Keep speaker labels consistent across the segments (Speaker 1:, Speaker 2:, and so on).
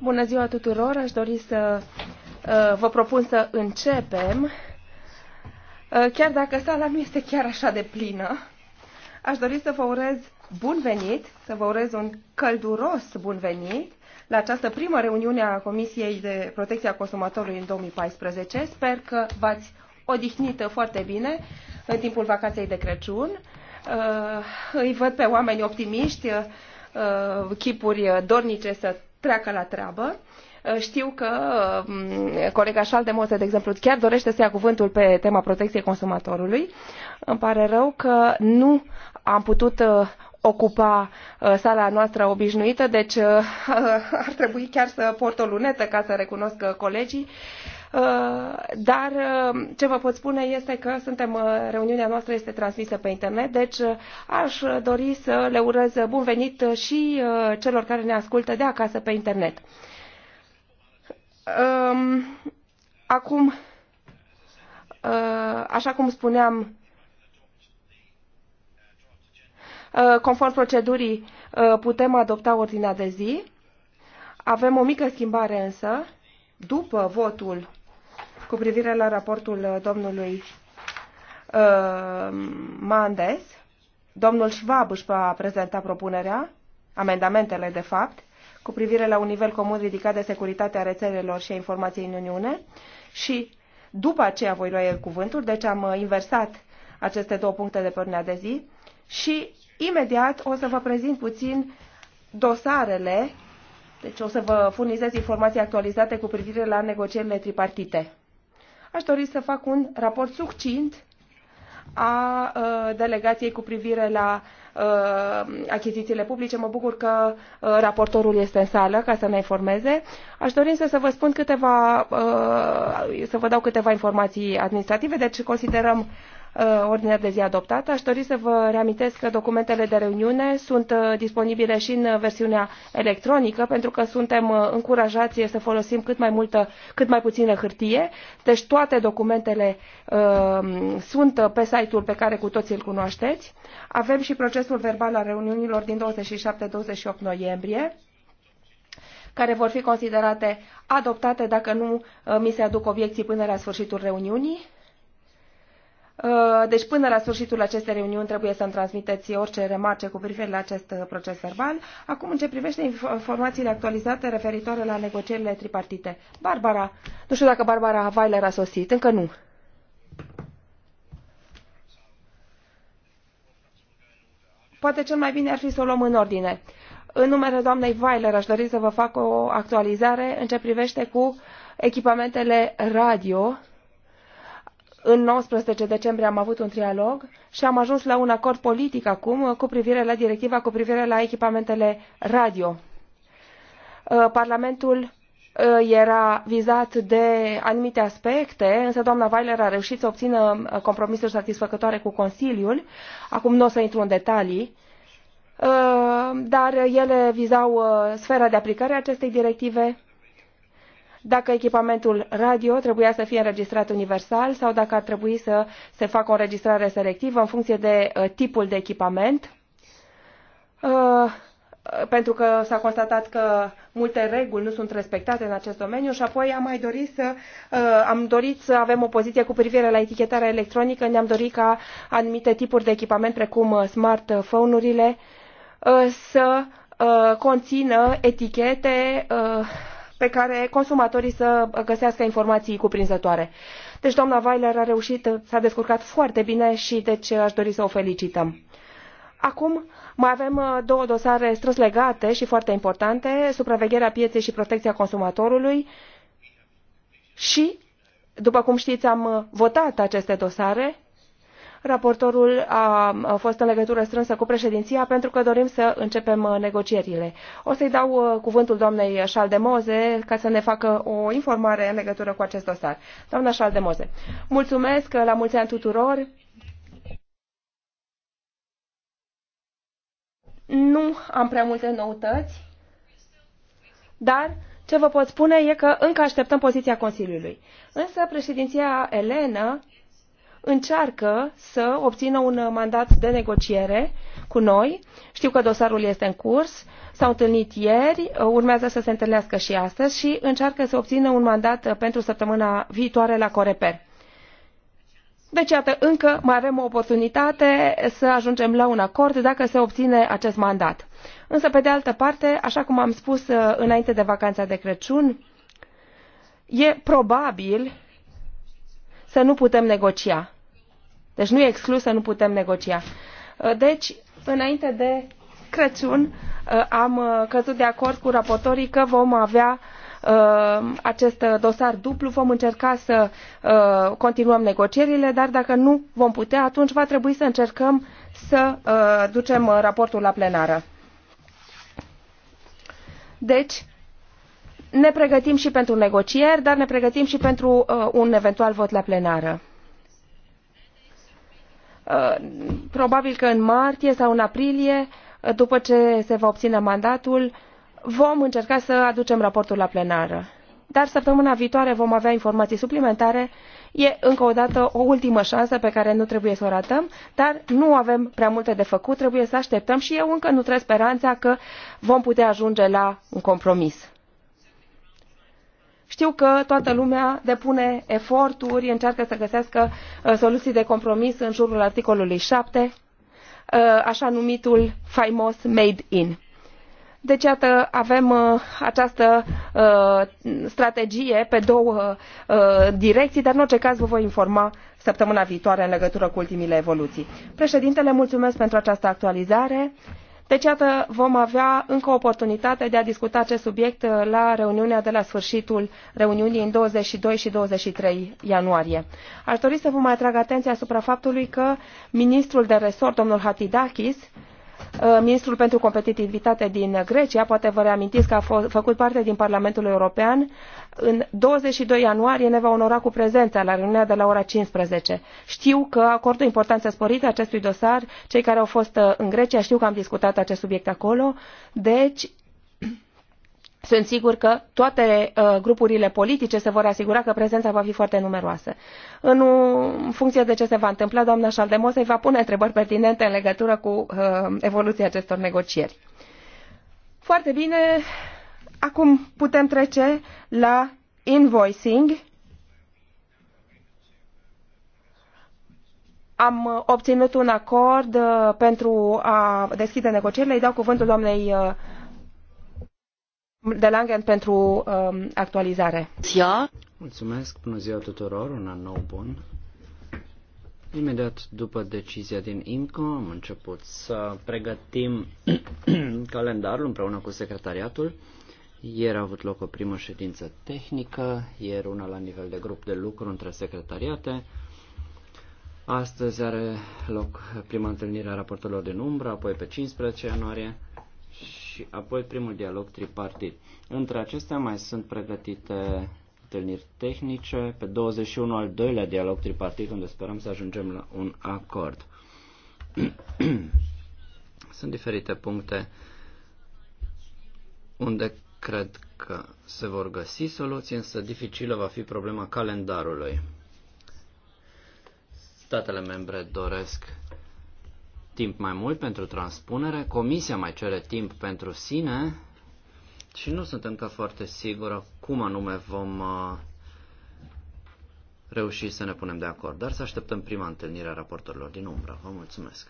Speaker 1: Bună ziua tuturor. Aș dori să uh, vă propun să începem, uh, chiar dacă sala nu este chiar așa de plină. Aș dori să vă urez bun venit, să vă urez un călduros bun venit la această primă reuniune a Comisiei de Protecție a Consumatorului în 2014. Sper că v-ați odihnit foarte bine în timpul vacanței de Crăciun. Uh, îi văd pe oameni optimiști Uh, chipuri dornice să treacă la treabă. Uh, știu că um, colega Șaldemoze, de exemplu, chiar dorește să ia cuvântul pe tema protecției consumatorului. Îmi pare rău că nu am putut uh, ocupa uh, sala noastră obișnuită, deci uh, ar trebui chiar să port o lunetă ca să recunosc uh, colegii. Dar ce vă pot spune este că suntem, reuniunea noastră este transmisă pe internet, deci aș dori să le urez bun venit și celor care ne ascultă de acasă pe internet. Um, acum, așa cum spuneam, Uh, conform procedurii, uh, putem adopta ordinea de zi. Avem o mică schimbare însă, după votul cu privire la raportul uh, domnului Mandes, domnul Schwab își va prezenta propunerea, amendamentele de fapt, cu privire la un nivel comun ridicat de securitate a rețelelor și a informației în Uniune și după aceea voi lua el cuvântul, deci am inversat aceste două puncte de pe de zi și Imediat o să vă prezint puțin dosarele, deci o să vă furnizez informații actualizate cu privire la negocierile tripartite. Aș dori să fac un raport succint a delegației cu privire la achizițiile publice. Mă bucur că raportorul este în sală ca să ne informeze. Aș dori să vă spun câteva, să vă dau câteva informații administrative. Deci considerăm Uh, ordinea de zi adoptată. Aș dori să vă reamintesc că documentele de reuniune sunt uh, disponibile și în versiunea electronică, pentru că suntem uh, încurajați să folosim cât mai, multă, cât mai puțină hârtie. Deci toate documentele uh, sunt pe site-ul pe care cu toții îl cunoașteți. Avem și procesul verbal al reuniunilor din 27-28 noiembrie care vor fi considerate adoptate dacă nu mi se aduc obiecții până la sfârșitul reuniunii. Uh, deci până la sfârșitul acestei reuniuni trebuie să-mi transmiteți orice remarce cu privire la acest uh, proces verbal. Acum, în ce privește informațiile actualizate referitoare la negocierile tripartite. Barbara, nu știu dacă Barbara Weiler a sosit, încă nu. Poate cel mai bine ar fi să o luăm în ordine. În numele doamnei Weiler aș dori să vă fac o actualizare în ce privește cu echipamentele radio în 19 decembrie am avut un trialog și am ajuns la un acord politic acum cu privire la directiva cu privire la echipamentele radio. Uh, Parlamentul uh, era vizat de anumite aspecte, însă doamna Weiler a reușit să obțină uh, compromisuri satisfăcătoare cu Consiliul. Acum nu o să intru în detalii, dar ele vizau sfera de aplicare a acestei directive, dacă echipamentul radio trebuia să fie înregistrat universal sau dacă ar trebui să se facă o înregistrare selectivă în funcție de uh, tipul de echipament uh, pentru că s-a constatat că multe reguli nu sunt respectate în acest domeniu și apoi am mai dorit să, uh, am dorit să avem o poziție cu privire la etichetarea electronică, ne-am dorit ca anumite tipuri de echipament precum smartphone-urile să conțină etichete pe care consumatorii să găsească informații cuprinzătoare. Deci doamna Weiler a reușit, s-a descurcat foarte bine și deci aș dori să o felicităm. Acum mai avem uh, două dosare strâns legate și foarte importante, supravegherea pieței și protecția consumatorului și, după cum știți, am uh, votat aceste dosare Raportorul a fost în legătură strânsă cu președinția pentru că dorim să începem uh, negocierile. O să-i dau uh, cuvântul doamnei Șaldemoze ca să ne facă o informare în legătură cu acest dosar. Doamna Șaldemoze, mulțumesc, uh, la mulți ani tuturor. Nu am prea multe noutăți, dar ce vă pot spune e că încă așteptăm poziția Consiliului. Însă președinția Elena încearcă să obțină un mandat de negociere cu noi. Știu că dosarul este în curs, s-au întâlnit ieri, urmează să se întâlnească și astăzi și încearcă să obțină un mandat pentru săptămâna viitoare la Coreper. Deci, iată, încă mai avem o oportunitate să ajungem la un acord dacă se obține acest mandat. Însă, pe de altă parte, așa cum am spus uh, înainte de vacanța de Crăciun, e probabil să nu putem negocia. Deci nu e exclus să nu putem negocia. Uh, deci, înainte de Crăciun, uh, am uh, căzut de acord cu raportorii că vom avea acest dosar duplu, vom încerca să continuăm negocierile, dar dacă nu vom putea, atunci va trebui să încercăm să ducem raportul la plenară. Deci, ne pregătim și pentru negocieri, dar ne pregătim și pentru uh, un eventual vot la plenară. Uh, probabil că în martie sau în aprilie, uh, după ce se va obține mandatul, vom încerca să aducem raportul la plenară. Dar săptămâna viitoare vom avea informații suplimentare. E încă o dată o ultimă șansă pe care nu trebuie să o ratăm, dar nu avem prea multe de făcut, trebuie să așteptăm și eu încă nu trăiesc speranța că vom putea ajunge la un compromis știu că toată lumea depune eforturi, încearcă să găsească uh, soluții de compromis în jurul articolului 7, uh, așa numitul faimos made in. Deci, iată, avem uh, această uh, strategie pe două uh, direcții, dar în orice caz vă voi informa săptămâna viitoare în legătură cu ultimile evoluții. Președintele, mulțumesc pentru această actualizare. Deci, iată, vom avea încă o oportunitate de a discuta acest subiect uh, la reuniunea de la sfârșitul reuniunii în 22 și 23 ianuarie. Aș dori să vă mai atrag atenția asupra faptului că ministrul de resort, domnul Hatidakis, uh, ministrul pentru competitivitate din Grecia, poate vă reamintiți că a făcut parte din Parlamentul European, în 22 ianuarie ne va onora cu prezența la reuniunea de la ora 15. Știu că acordă importanță sporită acestui dosar. Cei care au fost uh, în Grecia știu că am discutat acest subiect acolo. Deci, sunt sigur că toate uh, grupurile politice se vor asigura că prezența va fi foarte numeroasă. În, uh, funcție de ce se va întâmpla, doamna Șaldemosei va pune întrebări pertinente în legătură cu uh, evoluția acestor negocieri. Foarte bine, Acum putem trece la invoicing. Am uh, obținut un acord uh, pentru a deschide negocierile. Îi dau cuvântul doamnei uh, de Langen pentru um, actualizare.
Speaker 2: Mulțumesc, bună ziua tuturor, un an nou bun. Imediat după decizia din INCO am început să pregătim calendarul împreună cu secretariatul. Ieri a avut loc o primă ședință tehnică, ieri una la nivel de grup de lucru între secretariate. Astăzi are loc prima întâlnire a raportelor din umbră, apoi pe 15 ianuarie și apoi primul dialog tripartit. Între acestea mai sunt pregătite întâlniri tehnice, pe 21 al doilea dialog tripartit, unde sperăm să ajungem la un acord. Sunt diferite puncte unde Cred că se vor găsi soluții, însă dificilă va fi problema calendarului. Statele membre doresc timp mai mult pentru transpunere, Comisia mai cere timp pentru sine și nu sunt încă foarte sigură cum anume vom uh, reuși să ne punem de acord, dar să așteptăm prima întâlnire a raportorilor din umbră. Vă mulțumesc!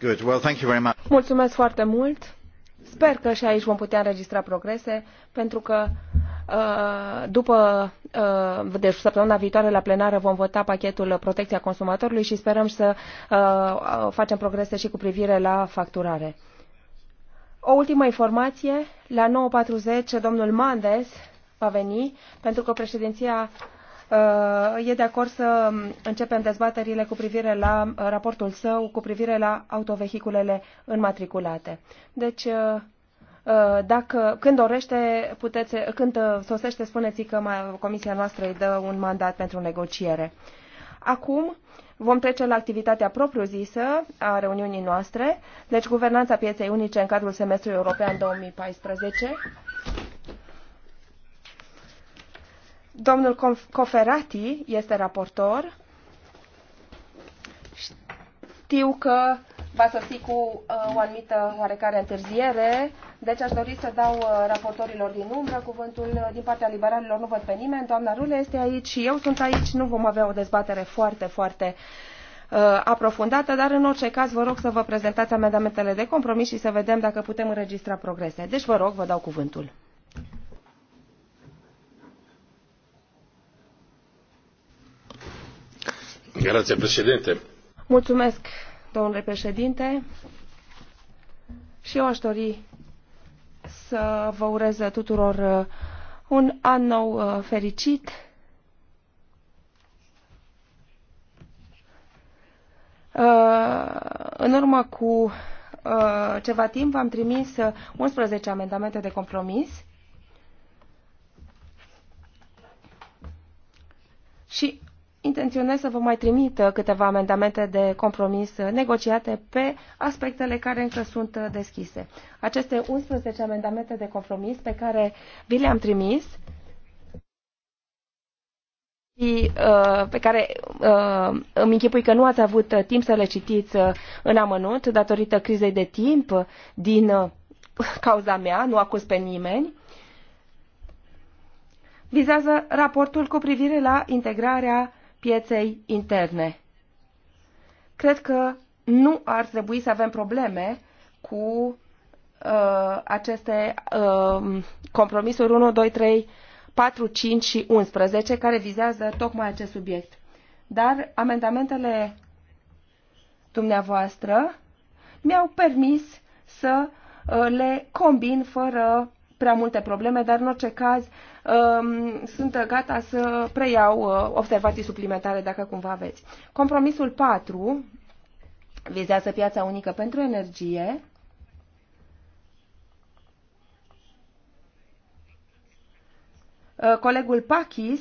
Speaker 3: Good. Well, thank you very much.
Speaker 1: Mulțumesc foarte mult! Sper că și aici vom putea înregistra progrese, pentru că uh, după, uh, deci săptămâna viitoare la plenară vom vota pachetul protecția consumatorului și sperăm să uh, facem progrese și cu privire la facturare. O ultimă informație, la 9.40 domnul Mandes va veni, pentru că președinția Uh, e de acord să începem dezbaterile cu privire la uh, raportul său, cu privire la autovehiculele înmatriculate. Deci, uh, dacă, când dorește, puteți, când sosește, spuneți că comisia noastră îi dă un mandat pentru negociere. Acum vom trece la activitatea propriu-zisă a reuniunii noastre, deci guvernanța pieței unice în cadrul semestrului european 2014. Domnul Coferati este raportor. Știu că va sosi cu uh, o anumită oarecare întârziere, deci aș dori să dau uh, raportorilor din umbră cuvântul uh, din partea liberalilor. Nu văd pe nimeni, doamna Rule este aici și eu sunt aici. Nu vom avea o dezbatere foarte, foarte uh, aprofundată, dar în orice caz vă rog să vă prezentați amendamentele de compromis și să vedem dacă putem înregistra progrese. Deci vă rog, vă dau cuvântul.
Speaker 3: Grazie, președinte.
Speaker 1: Mulțumesc, domnule președinte. Și eu aș dori să vă urez tuturor uh, un an nou uh, fericit. Uh, în urmă cu ceva timp v-am trimis 11 amendamente de compromis și intenționez să vă mai trimit uh, câteva amendamente de compromis uh, negociate pe aspectele care încă sunt uh, deschise. Aceste 11 amendamente de compromis pe care vi le-am trimis și pe care uh, îmi închipui că nu ați avut timp să le citiți în amănunt datorită crizei de timp din cauza mea, nu acuz pe nimeni, vizează raportul cu privire la integrarea pieței interne. Cred că nu ar trebui să avem probleme cu uh, aceste uh, compromisuri 1, 2, 3, 4, 5 și 11 care vizează tocmai acest subiect. Dar amendamentele dumneavoastră mi-au permis să uh, le combin fără prea multe probleme, dar în orice caz uh, Um, sunt gata să preiau uh, observații suplimentare dacă cumva aveți. Compromisul 4 vizează piața unică pentru energie. Uh, colegul Pachis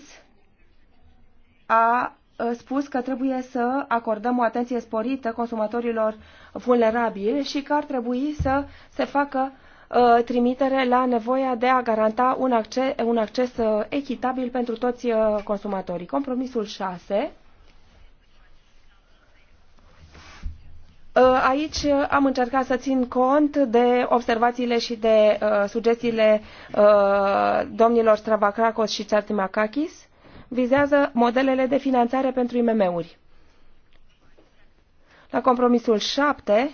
Speaker 1: a uh, spus că trebuie să acordăm o atenție sporită consumatorilor vulnerabili și că ar trebui să se facă Uh, trimitere la nevoia de a garanta un acces, un acces uh, echitabil pentru toți uh, consumatorii. Compromisul 6. Aici am încercat să țin cont de observațiile și de uh, sugestiile uh, domnilor Stravacracos și Tsartimakakis. Vizează modelele de finanțare pentru IMM-uri. La compromisul 7,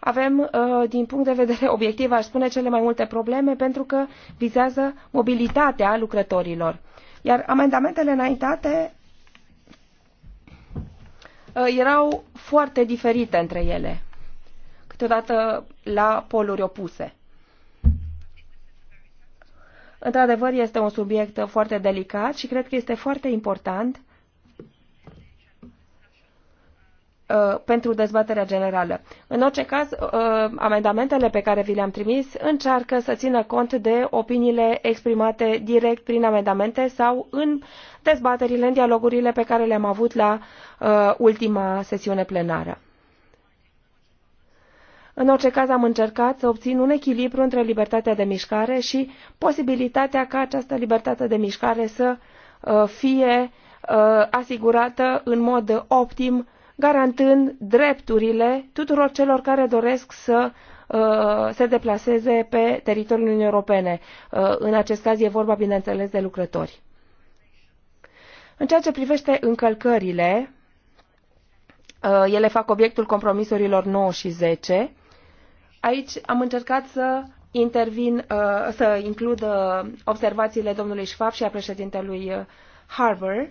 Speaker 1: avem, uh, din punct de vedere obiectiv, aș spune, cele mai multe probleme pentru că vizează mobilitatea lucrătorilor. Iar amendamentele înaintate uh, erau foarte diferite între ele, câteodată la poluri opuse. Într-adevăr, este un subiect foarte delicat și cred că este foarte important Uh, pentru dezbaterea generală. În orice caz, uh, amendamentele pe care vi le-am trimis încearcă să țină cont de opiniile exprimate direct prin amendamente sau în dezbaterile, în dialogurile pe care le-am avut la uh, ultima sesiune plenară. În orice caz am încercat să obțin un echilibru între libertatea de mișcare și posibilitatea ca această libertate de mișcare să fie asigurată în mod optim garantând drepturile tuturor celor care doresc să uh, se deplaseze pe teritoriul Uniunii Europene. Uh, în acest caz e vorba, bineînțeles, de lucrători. În ceea ce privește încălcările, uh, ele fac obiectul compromisurilor 9 și 10. Aici am încercat să intervin, să includ observațiile domnului Schwab și a președintelui Harbour.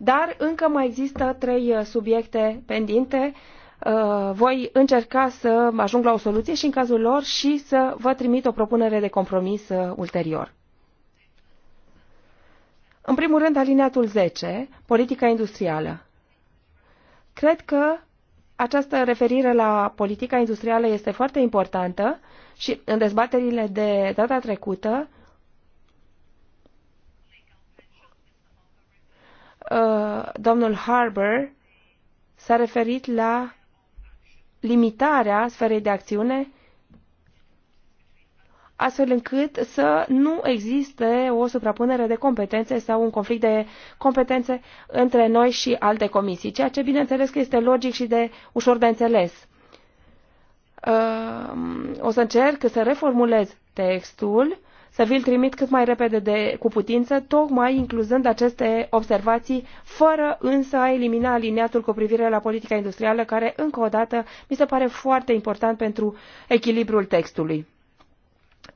Speaker 1: Dar încă mai există trei uh, subiecte pendinte. Uh, voi încerca să ajung la o soluție și în cazul lor și să vă trimit o propunere de compromis uh, ulterior. În primul rând, alineatul 10, politica industrială. Cred că această referire la politica industrială este foarte importantă și în dezbaterile de data trecută Uh, domnul Harbour s-a referit la limitarea sferei de acțiune astfel încât să nu existe o suprapunere de competențe sau un conflict de competențe între noi și alte comisii, ceea ce bineînțeles că este logic și de ușor de înțeles. Uh, o să încerc să reformulez textul să vi-l trimit cât mai repede de, cu putință, tocmai incluzând aceste observații, fără însă a elimina aliniatul cu privire la politica industrială, care, încă o dată, mi se pare foarte important pentru echilibrul textului.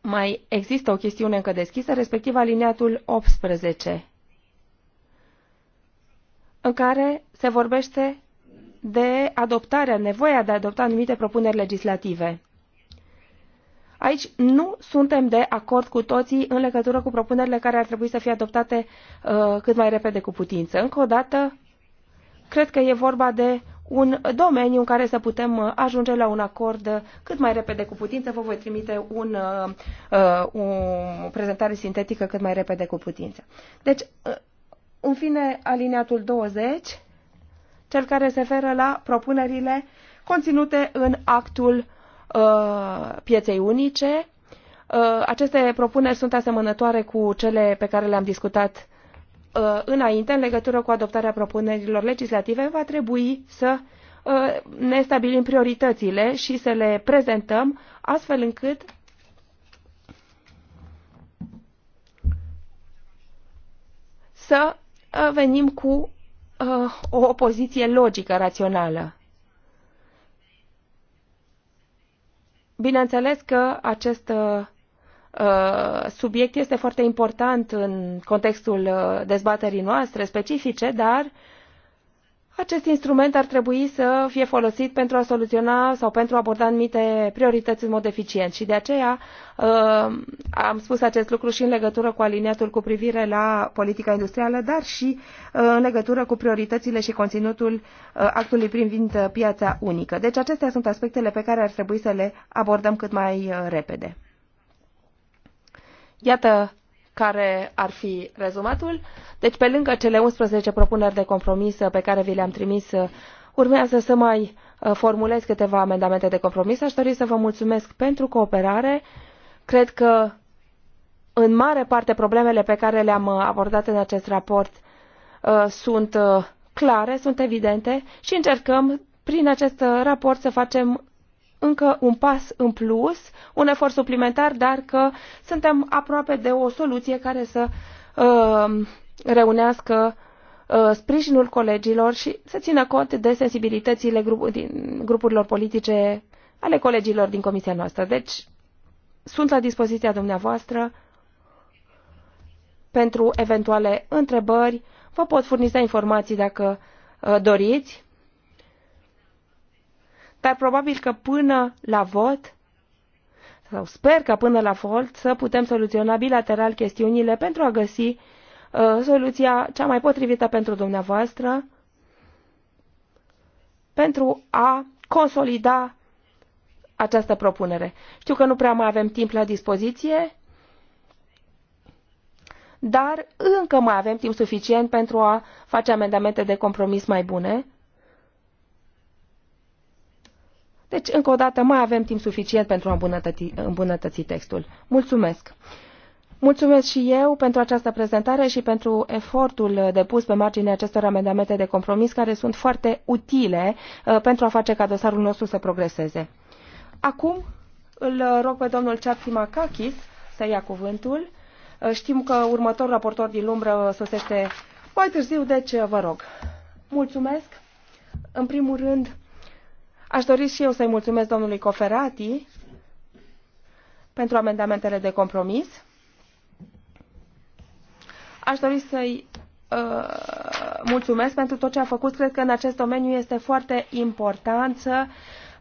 Speaker 1: Mai există o chestiune încă deschisă, respectiv aliniatul 18, în care se vorbește de adoptarea, nevoia de a adopta anumite propuneri legislative. Aici nu suntem de acord cu toții în legătură cu propunerile care ar trebui să fie adoptate uh, cât mai repede cu putință. Încă o dată, cred că e vorba de un domeniu în care să putem uh, ajunge la un acord cât mai repede cu putință. Vă voi trimite un, uh, uh o prezentare sintetică cât mai repede cu putință. Deci, uh, în fine, aliniatul 20, cel care se referă la propunerile conținute în actul Uh, pieței unice. Uh, aceste propuneri sunt asemănătoare cu cele pe care le-am discutat uh, înainte în legătură cu adoptarea propunerilor legislative. Va trebui să ne stabilim prioritățile și să le prezentăm astfel încât să venim cu o poziție logică, rațională. Bineînțeles că acest uh, uh, subiect este foarte important în contextul uh, dezbaterii noastre specifice, dar acest instrument ar trebui să fie folosit pentru a soluționa sau pentru a aborda anumite priorități în mod eficient și de aceea uh, am spus acest lucru și în legătură cu aliniatul cu privire la politica industrială, dar și uh, în legătură cu prioritățile și conținutul uh, actului privind piața unică. Deci acestea sunt aspectele pe care ar trebui să le abordăm cât mai repede. Iată care ar fi rezumatul. Deci, pe lângă cele 11 propuneri de compromis uh, pe care vi le-am trimis, uh, urmează să mai uh, formulez câteva amendamente de compromis. Aș dori să vă mulțumesc pentru cooperare. Cred că, în mare parte, problemele pe care le-am abordat în acest raport sunt clare, sunt evidente și încercăm prin acest raport să facem încă un pas în plus, un efort suplimentar, dar că suntem aproape de o soluție care să uh, reunească uh, sprijinul colegilor și să țină cont de sensibilitățile grup, din, grupurilor politice ale colegilor din comisia noastră. Deci, sunt la dispoziția dumneavoastră pentru eventuale întrebări. Vă pot furniza informații dacă uh, doriți dar probabil că până la vot sau sper că până la vot să putem soluționa bilateral chestiunile pentru a găsi uh, soluția cea mai potrivită pentru dumneavoastră pentru a consolida această propunere. Știu că nu prea mai avem timp la dispoziție, dar încă mai avem timp suficient pentru a face amendamente de compromis mai bune Deci, încă o dată, mai avem timp suficient pentru a îmbunătăți, îmbunătăți textul. Mulțumesc! Mulțumesc și eu pentru această prezentare și pentru efortul depus pe marginea acestor amendamente de compromis care sunt foarte utile uh, pentru a face ca dosarul nostru să progreseze. Acum îl rog pe domnul Macachis să ia cuvântul. Uh, știm că următorul raportor din umbră sosește mai târziu, deci uh, vă rog. Mulțumesc. În primul rând, Aș dori și eu să-i mulțumesc domnului Coferati pentru amendamentele de compromis. Aș dori să-i uh, mulțumesc pentru tot ce a făcut. Cred că în acest domeniu este foarte important să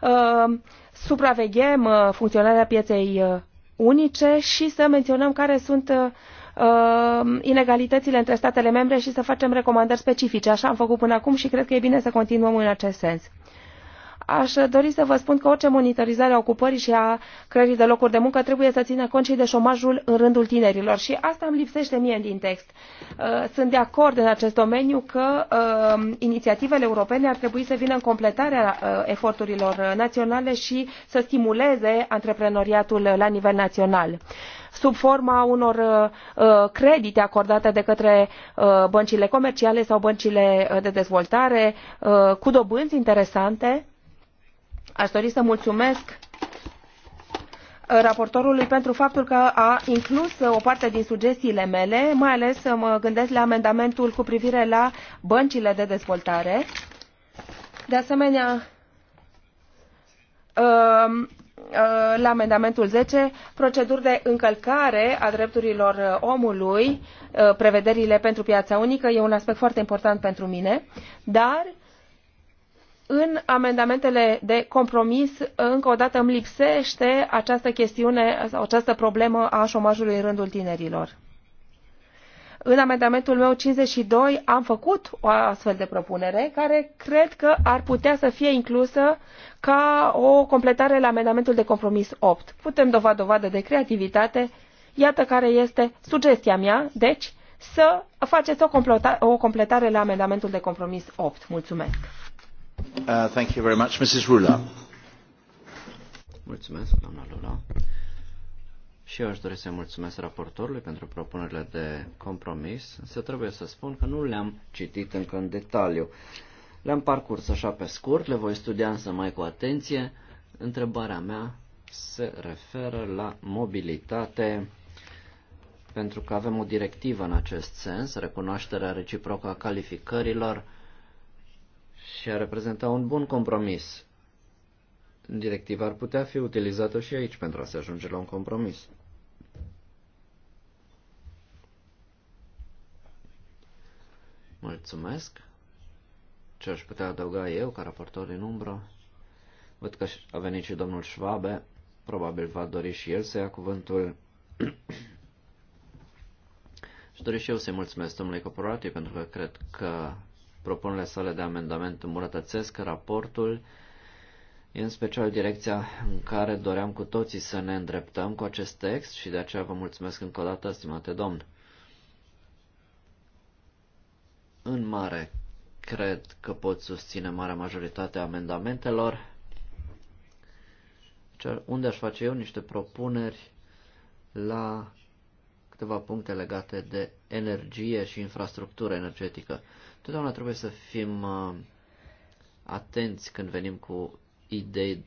Speaker 1: uh, supraveghem uh, funcționarea pieței uh, unice și să menționăm care sunt uh, inegalitățile între statele membre și să facem recomandări specifice. Așa am făcut până acum și cred că e bine să continuăm în acest sens aș dori să vă spun că orice monitorizare a ocupării și a creării de locuri de muncă trebuie să țină cont și de șomajul în rândul tinerilor și asta îmi lipsește mie din text. Uh, sunt de acord în acest domeniu că uh, inițiativele europene ar trebui să vină în completarea uh, eforturilor naționale și să stimuleze antreprenoriatul la nivel național sub forma unor credite acordate de către băncile comerciale sau băncile de dezvoltare cu dobânzi interesante Aș dori să mulțumesc uh, raportorului pentru faptul că a inclus uh, o parte din sugestiile mele, mai ales să uh, mă gândesc la amendamentul cu privire la băncile de dezvoltare. De asemenea, um, la amendamentul 10, proceduri de încălcare a drepturilor omului, prevederile pentru piața unică, e un aspect foarte important pentru mine, dar în amendamentele de compromis, încă o dată îmi lipsește această chestiune sau această problemă a șomajului în rândul tinerilor. În amendamentul meu 52 am făcut o astfel de propunere care cred că ar putea să fie inclusă ca o completare la amendamentul de compromis 8. Putem dova dovadă de creativitate. Iată care este sugestia mea, deci, să faceți o completare la amendamentul de compromis 8. Mulțumesc!
Speaker 3: Uh,
Speaker 2: mulțumesc, doamna Lula. Și eu aș dori să mulțumesc raportorului pentru propunerile de compromis, însă trebuie să spun că nu le-am citit încă în detaliu. Le-am parcurs așa pe scurt, le voi studia însă mai cu atenție. Întrebarea mea se referă la mobilitate, pentru că avem o directivă în acest sens, recunoașterea reciprocă a calificărilor, și a reprezenta un bun compromis. Directiva ar putea fi utilizată și aici pentru a se ajunge la un compromis. Mulțumesc. Ce aș putea adăuga eu ca raportor din umbră? Văd că a venit și domnul Schwabe. Probabil va dori și el să ia cuvântul. și dori și eu să-i mulțumesc domnului Coporati pentru că cred că propunerile sale de amendament îmbunătățesc raportul, în special direcția în care doream cu toții să ne îndreptăm cu acest text și de aceea vă mulțumesc încă o dată, stimate domn. În mare, cred că pot susține marea majoritate a amendamentelor. Unde aș face eu niște propuneri la câteva puncte legate de energie și infrastructură energetică. Totdeauna trebuie să fim uh, atenți când venim cu idei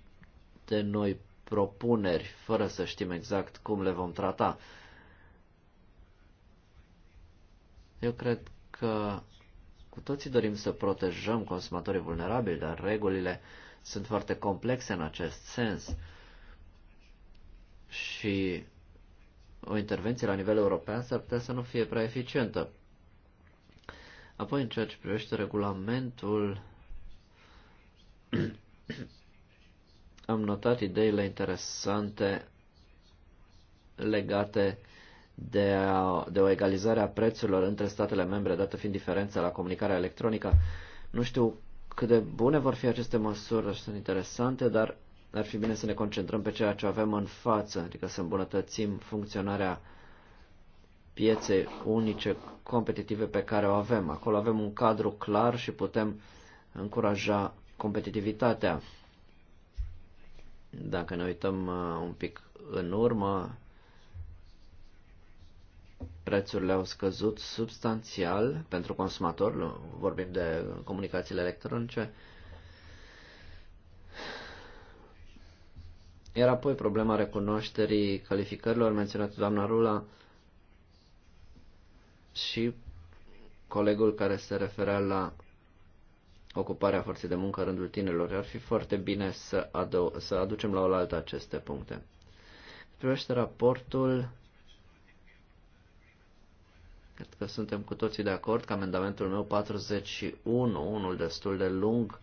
Speaker 2: de noi propuneri, fără să știm exact cum le vom trata. Eu cred că cu toții dorim să protejăm consumatorii vulnerabili, dar regulile sunt foarte complexe în acest sens. Și o intervenție la nivel european s-ar putea să nu fie prea eficientă. Apoi, în ceea ce privește regulamentul, am notat ideile interesante legate de, a, de o egalizare a prețurilor între statele membre, dată fiind diferența la comunicarea electronică. Nu știu cât de bune vor fi aceste măsuri, sunt interesante, dar ar fi bine să ne concentrăm pe ceea ce avem în față, adică să îmbunătățim funcționarea uh, piețe unice competitive pe care o avem. Acolo avem un cadru clar și putem încuraja competitivitatea. Dacă ne uităm uh, un pic în urmă, prețurile au scăzut substanțial pentru consumator, vorbim de comunicațiile electronice, iar apoi problema recunoașterii calificărilor menționată doamna Rula, și colegul care se referea la ocuparea forței de muncă în rândul tinerilor. Ar fi foarte bine să, adu- să aducem la oaltă aceste puncte. Privește raportul, cred că suntem cu toții de acord că amendamentul meu 41, unul destul de lung,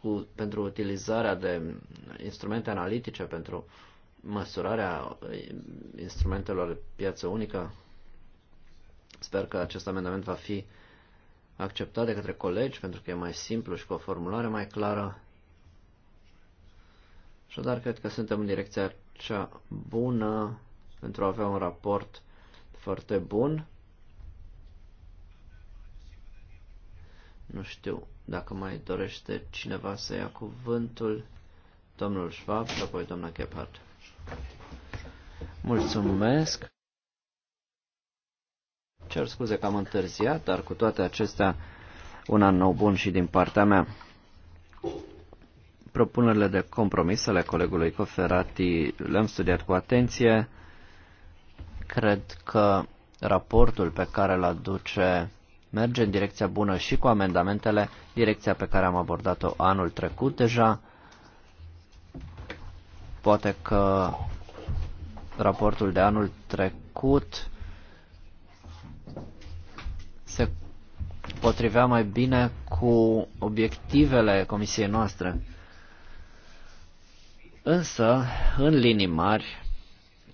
Speaker 2: cu, pentru utilizarea de instrumente analitice pentru măsurarea instrumentelor de piață unică. Sper că acest amendament va fi acceptat de către colegi pentru că e mai simplu și cu o formulare mai clară. Și dar cred că suntem în direcția cea bună pentru a avea un raport foarte bun. Nu știu dacă mai dorește cineva să ia cuvântul. Domnul Schwab și apoi doamna Gebhardt. Mulțumesc. Cer scuze că am întârziat, dar cu toate acestea, un an nou bun și din partea mea. Propunerile de compromis ale colegului Coferati le-am studiat cu atenție. Cred că raportul pe care îl aduce merge în direcția bună și cu amendamentele, direcția pe care am abordat-o anul trecut deja. Poate că raportul de anul trecut se potrivea mai bine cu obiectivele comisiei noastre. Însă, în linii mari,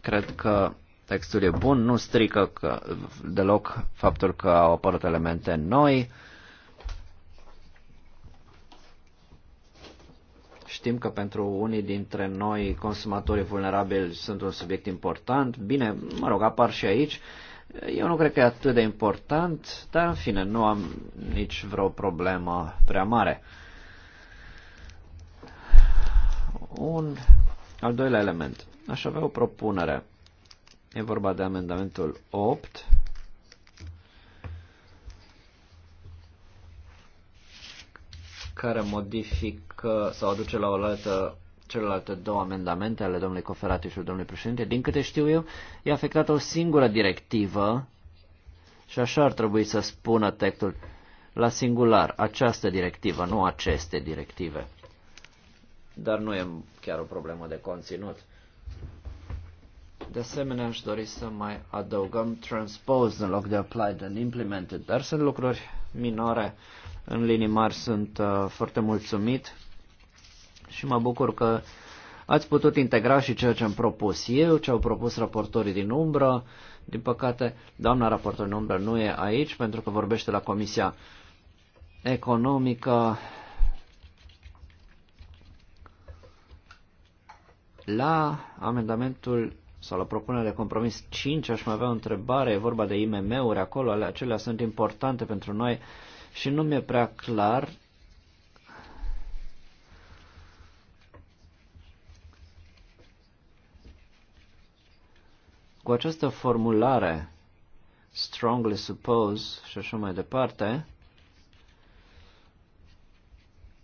Speaker 2: cred că textul e bun, nu strică că, deloc faptul că au apărut elemente noi, Știm că pentru unii dintre noi consumatorii vulnerabili sunt un subiect important. Bine, mă rog, apar și aici. Eu nu cred că e atât de important, dar în fine, nu am nici vreo problemă prea mare. Un al doilea element. Aș avea o propunere. E vorba de amendamentul 8 care modifică sau aduce la altă, celelalte două amendamente ale domnului Coferati și domnului președinte. Din câte știu eu, e afectată o singură directivă și așa ar trebui să spună textul la singular, această directivă, nu aceste directive. Dar nu e chiar o problemă de conținut. De asemenea, aș dori să mai adăugăm transposed în loc de applied and implemented, dar sunt lucruri minore. În linii mari sunt uh, foarte mulțumit și mă bucur că ați putut integra și ceea ce am propus eu, ce au propus raportorii din umbră. Din păcate, doamna raportor din umbră nu e aici pentru că vorbește la Comisia Economică. La amendamentul sau la propunerea de compromis 5 aș mai avea o întrebare, e vorba de IMM-uri acolo, ale acelea sunt importante pentru noi și nu mi-e prea clar cu această formulare strongly suppose și așa mai departe,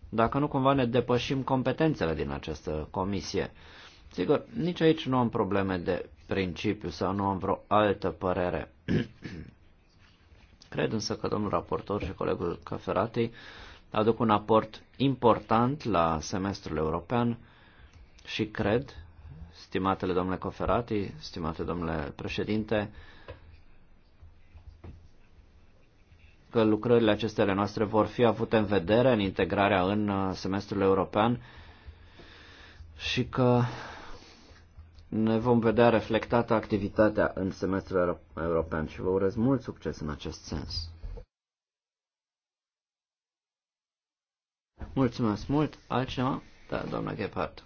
Speaker 2: dacă nu cumva ne depășim competențele din această comisie. Sigur, nici aici nu am probleme de principiu sau nu am vreo altă părere. Cred însă că domnul raportor și colegul Căferatei aduc un aport important la semestrul european și cred, stimatele domnule Coferati, stimate domnule președinte, că lucrările acestele noastre vor fi avute în vedere în integrarea în semestrul european și că ne vom vedea reflectată activitatea în semestrul european și vă urez mult succes în acest sens. Mulțumesc mult. Altcineva? Da, doamna Gephardt.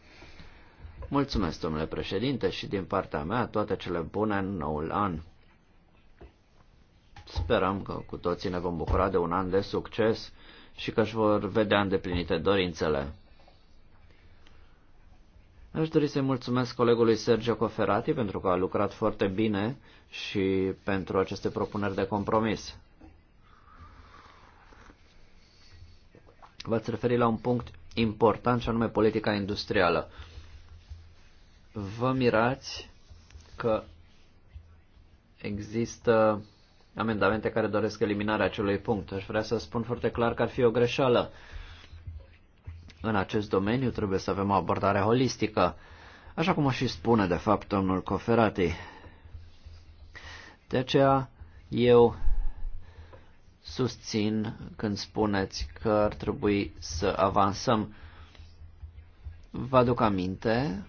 Speaker 2: Mulțumesc, domnule președinte, și din partea mea toate cele bune în noul an. Sperăm că cu toții ne vom bucura de un an de succes și că își vor vedea îndeplinite dorințele. Aș dori să-i mulțumesc colegului Sergio Coferati pentru că a lucrat foarte bine și pentru aceste propuneri de compromis. V-ați referit la un punct important și anume politica industrială. Vă mirați că există amendamente care doresc eliminarea acelui punct. Aș vrea să spun foarte clar că ar fi o greșeală. Uh, în acest domeniu trebuie să avem o abordare holistică, așa cum o și spune de fapt domnul Coferati. De aceea eu susțin când spuneți că ar trebui să avansăm. Vă aduc aminte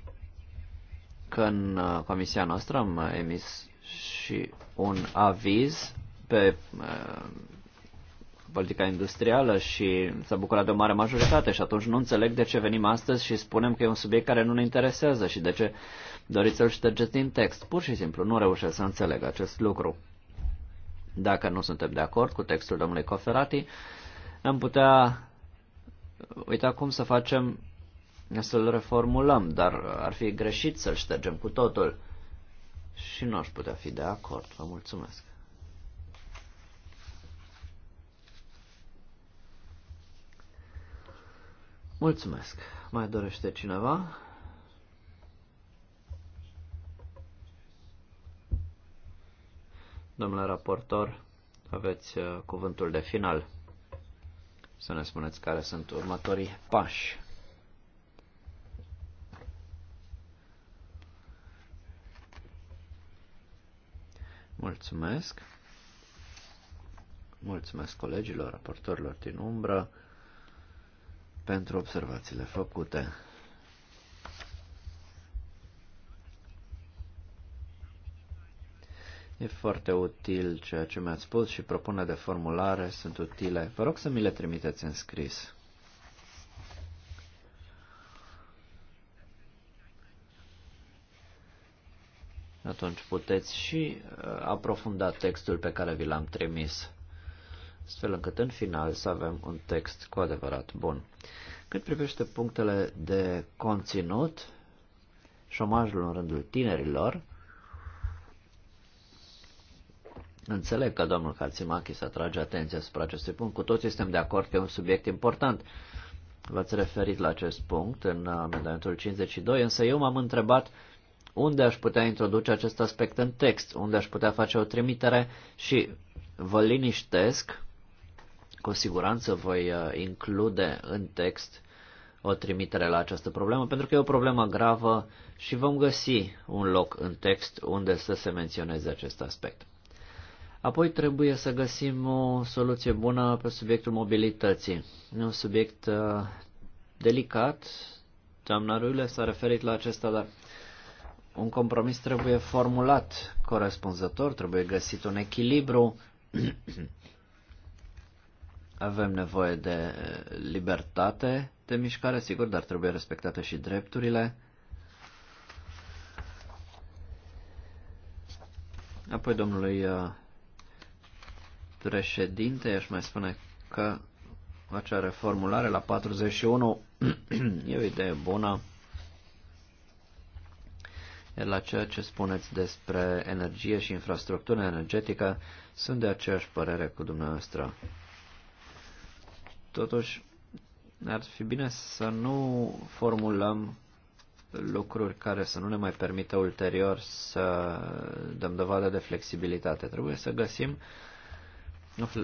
Speaker 2: că în comisia noastră am emis și un aviz pe politica industrială și s-a bucurat de o mare majoritate și atunci nu înțeleg de ce venim astăzi și spunem că e un subiect care nu ne interesează și de ce doriți să-l ștergeți din text. Pur și simplu nu reușesc să înțeleg acest lucru. Dacă nu suntem de acord cu textul domnului Coferati, am putea uita cum să facem să-l reformulăm, dar ar fi greșit să-l ștergem cu totul și nu aș putea fi de acord. Vă mulțumesc. Mulțumesc. Mai dorește cineva? Domnule raportor, aveți uh, cuvântul de final. Să ne spuneți care sunt următorii pași. Mulțumesc. Mulțumesc colegilor, raportorilor din umbră pentru observațiile făcute. E foarte util ceea ce mi-ați spus și propune de formulare sunt utile. Vă rog să mi le trimiteți în scris. Atunci puteți și uh, aprofunda textul pe care vi l-am trimis astfel încât în final să avem un text cu adevărat bun. Cât privește punctele de conținut, șomajul în rândul tinerilor, Înțeleg că domnul Calțimachis atrage atenția asupra acestui punct. Cu toții suntem de acord că e un subiect important. V-ați referit la acest punct în amendamentul 52, însă eu m-am întrebat unde aș putea introduce acest aspect în text, unde aș putea face o trimitere și vă liniștesc cu siguranță voi uh, include în text o trimitere la această problemă, pentru că e o problemă gravă și vom găsi un loc în text unde să se menționeze acest aspect. Apoi trebuie să găsim o soluție bună pe subiectul mobilității. E un subiect uh, delicat. Doamna Ruile s-a referit la acesta, dar un compromis trebuie formulat corespunzător, trebuie găsit un echilibru Avem nevoie de eh, libertate de mișcare, sigur, dar trebuie respectate și drepturile. Apoi domnului eh, președinte, aș mai spune că acea reformulare la 41 e o idee bună. Iar la ceea ce spuneți despre energie și infrastructură energetică, sunt de aceeași părere cu dumneavoastră. Totuși, ar fi bine să nu formulăm lucruri care să nu ne mai permită ulterior să dăm dovadă de flexibilitate. Trebuie să găsim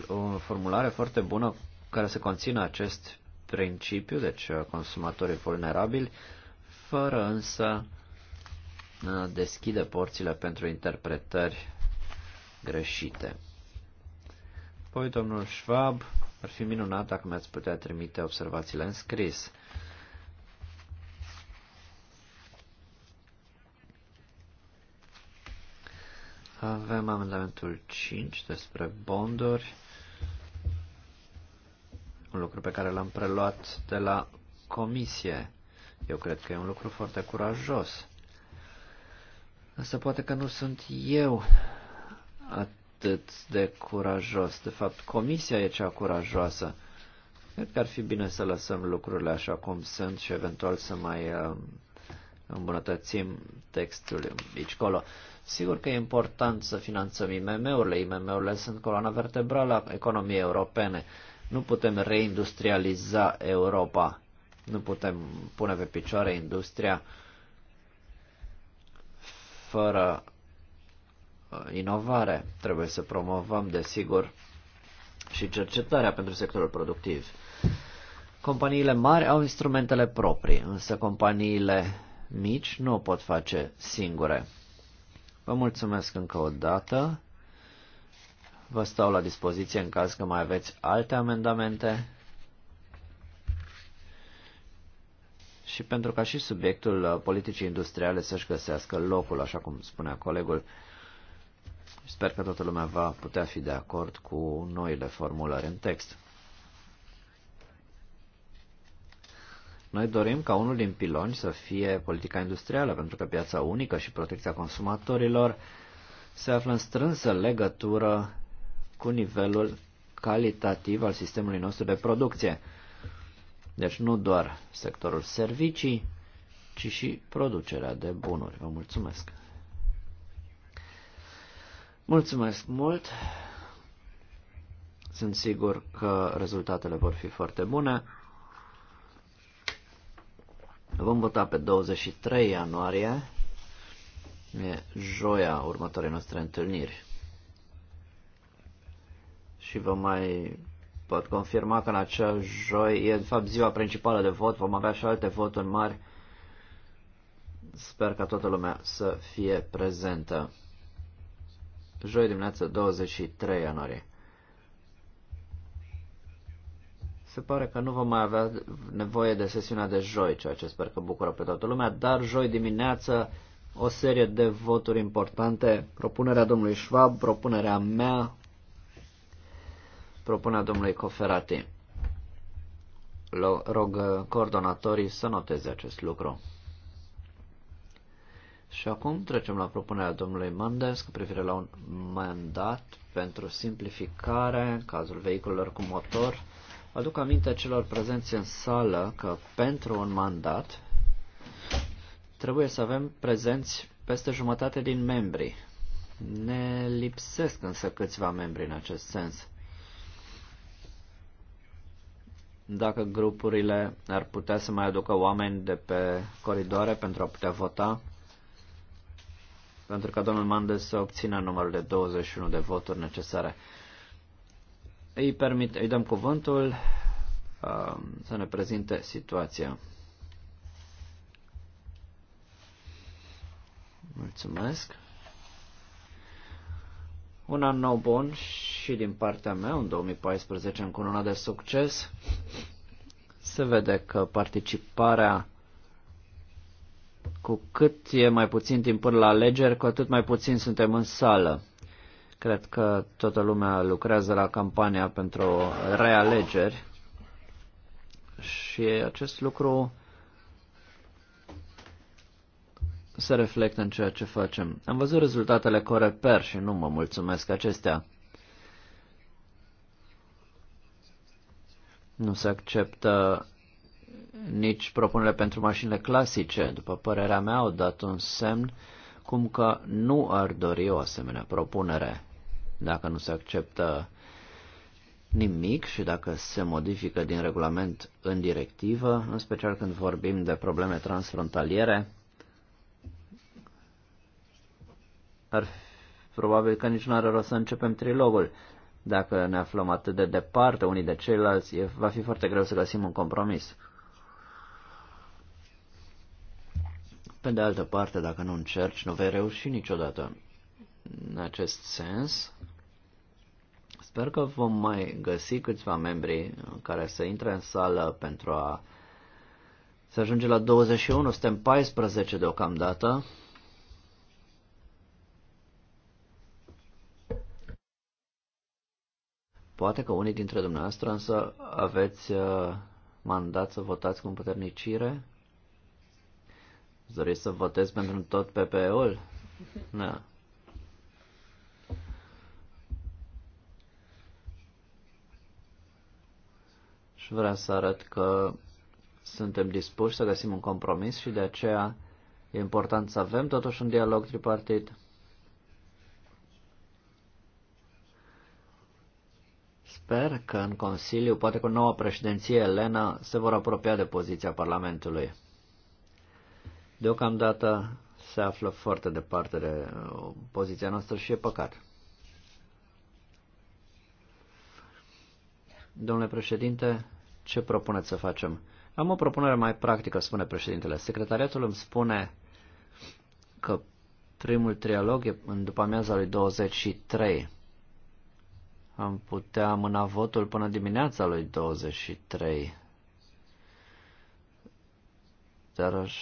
Speaker 2: o formulare foarte bună care să conțină acest principiu, deci uh, consumatorii vulnerabili, fără însă uh, deschide porțile pentru interpretări greșite. Poi domnul Schwab ar fi minunat dacă mi-ați putea trimite observațiile în scris. Avem amendamentul 5 despre bonduri, un lucru pe care l-am preluat de la comisie. Eu cred că e un lucru foarte curajos. Însă poate că nu sunt eu atât de curajos. De fapt, comisia e cea curajoasă. Cred că ar fi bine să lăsăm lucrurile așa cum sunt și eventual să mai uh, îmbunătățim textul aici colo. Sigur că e important să finanțăm IMM-urile. IMM-urile sunt coloana vertebrală a economiei europene. Nu putem reindustrializa Europa. Nu putem pune pe picioare industria fără Uh, inovare. Trebuie să promovăm, desigur, și cercetarea pentru sectorul productiv. Companiile mari au instrumentele proprii, însă companiile mici nu o pot face singure. Vă mulțumesc încă o dată. Vă stau la dispoziție în caz că mai aveți alte amendamente. Și pentru ca și subiectul uh, politicii industriale să-și găsească locul, așa cum spunea colegul, Sper că toată lumea va putea fi de acord cu noile formulări în text. Noi dorim ca unul din piloni să fie politica industrială, pentru că piața unică și protecția consumatorilor se află în strânsă legătură cu nivelul calitativ al sistemului nostru de producție. Deci nu doar sectorul servicii, ci și producerea de bunuri. Vă mulțumesc! Mulțumesc mult! Sunt sigur că rezultatele vor fi foarte bune. Vom vota pe 23 ianuarie, e joia următoarei noastre întâlniri. Și vă mai pot confirma că în acea joi, e de fapt ziua principală de vot, vom avea și alte voturi mari. Sper ca toată lumea să fie prezentă joi dimineața 23 ianuarie. Se pare că nu vom mai avea nevoie de sesiunea de joi, ceea ce sper că bucură pe toată lumea, dar joi dimineață o serie de voturi importante, propunerea domnului Schwab, propunerea mea, propunerea domnului Coferati. Rog coordonatorii să noteze acest lucru. Și acum trecem la propunerea domnului Mendes cu privire la un mandat pentru simplificare în cazul vehiculelor cu motor. Aduc aminte celor prezenți în sală că pentru un mandat trebuie să avem prezenți peste jumătate din membri. Ne lipsesc însă câțiva membri în acest sens. Dacă grupurile ar putea să mai aducă oameni de pe coridoare pentru a putea vota, pentru ca domnul Mandel să obțină numărul de 21 de voturi necesare. Îi, permit, îi dăm cuvântul uh, să ne prezinte situația. Mulțumesc. Un an nou bun și din partea mea, în 2014, încununat de succes, se vede că participarea cu cât e mai puțin timp până la alegeri, cu atât mai puțin suntem în sală. Cred că toată lumea lucrează la campania pentru realegeri și acest lucru se reflectă în ceea ce facem. Am văzut rezultatele Coreper și nu mă mulțumesc acestea. Nu se acceptă nici propunerile pentru mașinile clasice, după părerea mea, au dat un semn cum că nu ar dori o asemenea propunere. Dacă nu se acceptă nimic și dacă se modifică din regulament în directivă, în special când vorbim de probleme transfrontaliere, ar fi, probabil că nici nu are rost să începem trilogul. Dacă ne aflăm atât de departe unii de ceilalți, va fi foarte greu să găsim un compromis. Pe de altă parte, dacă nu încerci, nu vei reuși niciodată. În acest sens, sper că vom mai găsi câțiva membri care să intre în sală pentru a se ajunge la 21, suntem 14 deocamdată. Poate că unii dintre dumneavoastră însă aveți uh, mandat să votați cu împuternicire? Dori să votez pentru tot PPE-ul? Da. Și vreau să arăt că suntem dispuși să găsim un compromis și de aceea e important să avem totuși un dialog tripartit. Sper că în Consiliu, poate cu noua președinție, Elena, se vor apropia de poziția Parlamentului deocamdată se află foarte departe de uh, poziția noastră și e păcat. Domnule președinte, ce propuneți să facem? Am o propunere mai practică, spune președintele. Secretariatul îmi spune că primul trialog e în după amiaza lui 23. Am putea amâna votul până dimineața lui 23. Dar aș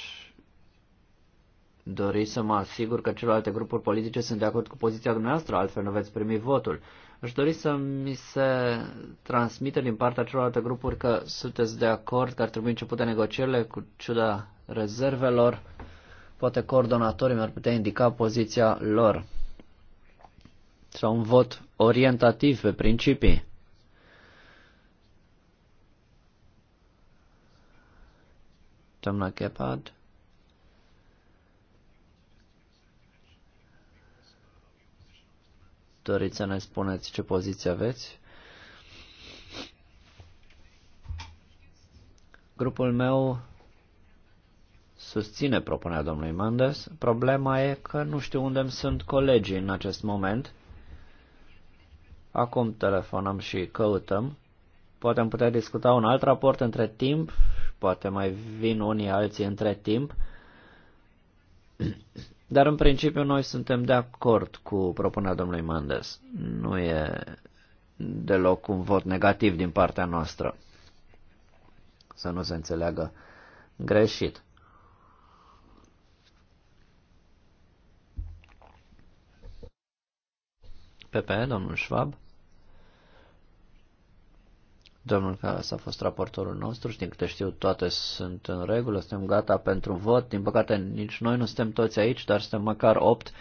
Speaker 2: dori să mă asigur că celelalte grupuri politice sunt de acord cu poziția dumneavoastră, altfel nu veți primi votul. Aș dori să mi se transmită din partea celorlalte grupuri că sunteți de acord că ar trebui începute negocierile cu ciuda rezervelor. Poate coordonatorii mi-ar putea indica poziția lor. Sau un vot orientativ pe principii. Doamna Chepard. Doriți să ne spuneți ce poziție aveți? Grupul meu susține propunerea domnului Mendes. Problema e că nu știu unde sunt colegii în acest moment. Acum telefonăm și căutăm. Poate am putea discuta un alt raport între timp, poate mai vin unii alții între timp. Dar în principiu noi suntem de acord cu propunerea domnului Mandes. Nu e deloc un vot negativ din partea noastră. Să nu se înțeleagă greșit. Pepe, domnul Schwab. Domnul s a fost raportorul nostru, știm câte știu, toate sunt în regulă, suntem gata pentru vot. Din păcate, nici noi nu suntem toți aici, dar suntem măcar opt.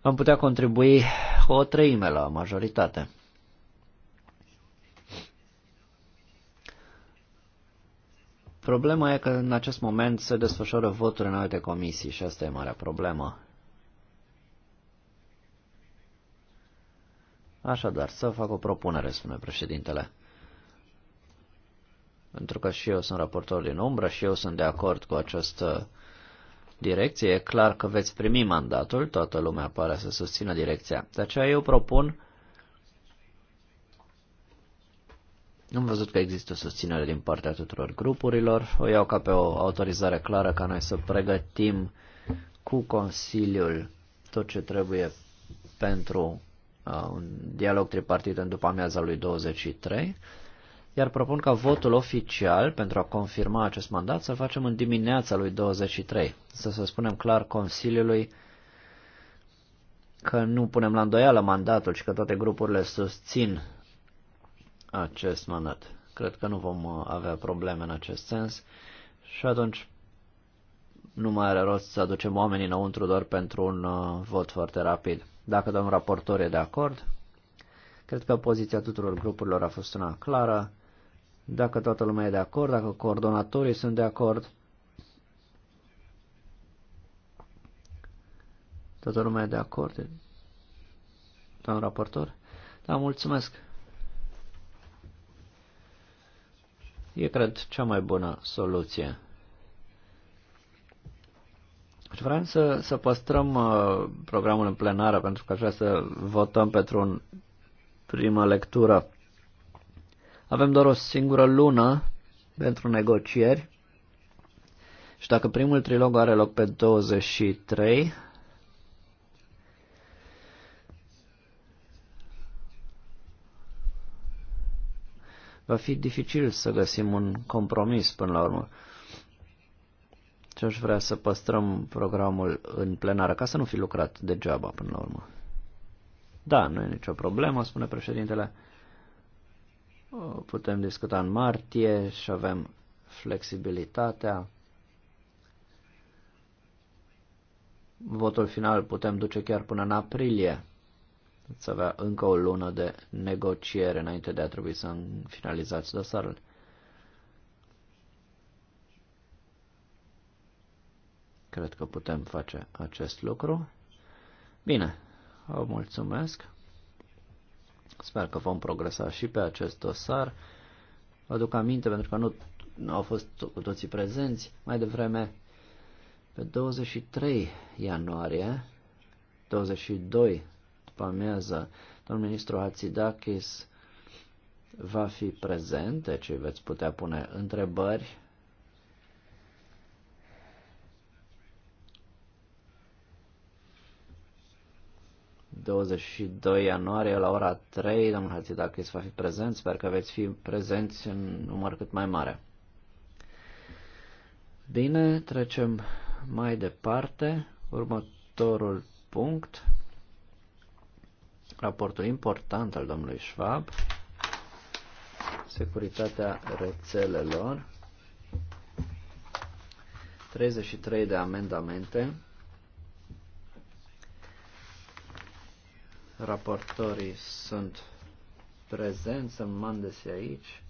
Speaker 2: Am putea contribui o treime la majoritate. Problema e că în acest moment se desfășoară voturi în alte comisii și asta e marea problemă. Așadar, să fac o propunere, spune președintele pentru că și eu sunt raportor din umbră și eu sunt de acord cu această direcție. E clar că veți primi mandatul, toată lumea pare să susțină direcția. De aceea eu propun nu Am văzut că există susținere din partea tuturor grupurilor. O iau ca pe o autorizare clară ca noi să pregătim cu Consiliul tot ce trebuie pentru uh, un dialog tripartit în după amiaza lui 23 iar propun ca votul oficial pentru a confirma acest mandat să facem în dimineața lui 23, să se spunem clar Consiliului că nu punem la îndoială mandatul și că toate grupurile susțin acest mandat. Cred că nu vom uh, avea probleme în acest sens și atunci nu mai are rost să aducem oamenii înăuntru doar pentru un uh, vot foarte rapid. Dacă domnul raportor e de acord, cred că poziția tuturor grupurilor a fost una clară. Dacă toată lumea e de acord, dacă coordonatorii sunt de acord, toată lumea e de acord, doamn raportor. Da, mulțumesc. E, cred, cea mai bună soluție. Aș vrea să, să păstrăm uh, programul în plenară, pentru că aș vrea să votăm pentru o primă lectură avem doar o singură lună pentru negocieri și dacă primul trilog are loc pe 23, va fi dificil să găsim un compromis până la urmă. Și aș vrea să păstrăm programul în plenară, ca să nu fi lucrat degeaba până la urmă. Da, nu e nicio problemă, spune președintele putem discuta în martie și avem flexibilitatea. Votul final putem duce chiar până în aprilie. Să avea încă o lună de negociere înainte de a trebui să finalizați dosarul. Cred că putem face acest lucru. Bine, vă mulțumesc. Sper că vom progresa și pe acest dosar. Vă aduc aminte, pentru că nu, nu au fost cu toții prezenți, mai devreme pe 23 ianuarie, 22 după amiază, domnul ministru Hatzidakis va fi prezent, deci veți putea pune întrebări 22 ianuarie la ora 3. Domnul îți va fi prezent. Sper că veți fi prezenți în număr cât mai mare. Bine, trecem mai departe. Următorul punct. Raportul important al domnului Schwab. Securitatea rețelelor. 33 de amendamente Raportorii sunt prezenți, în mandese aici.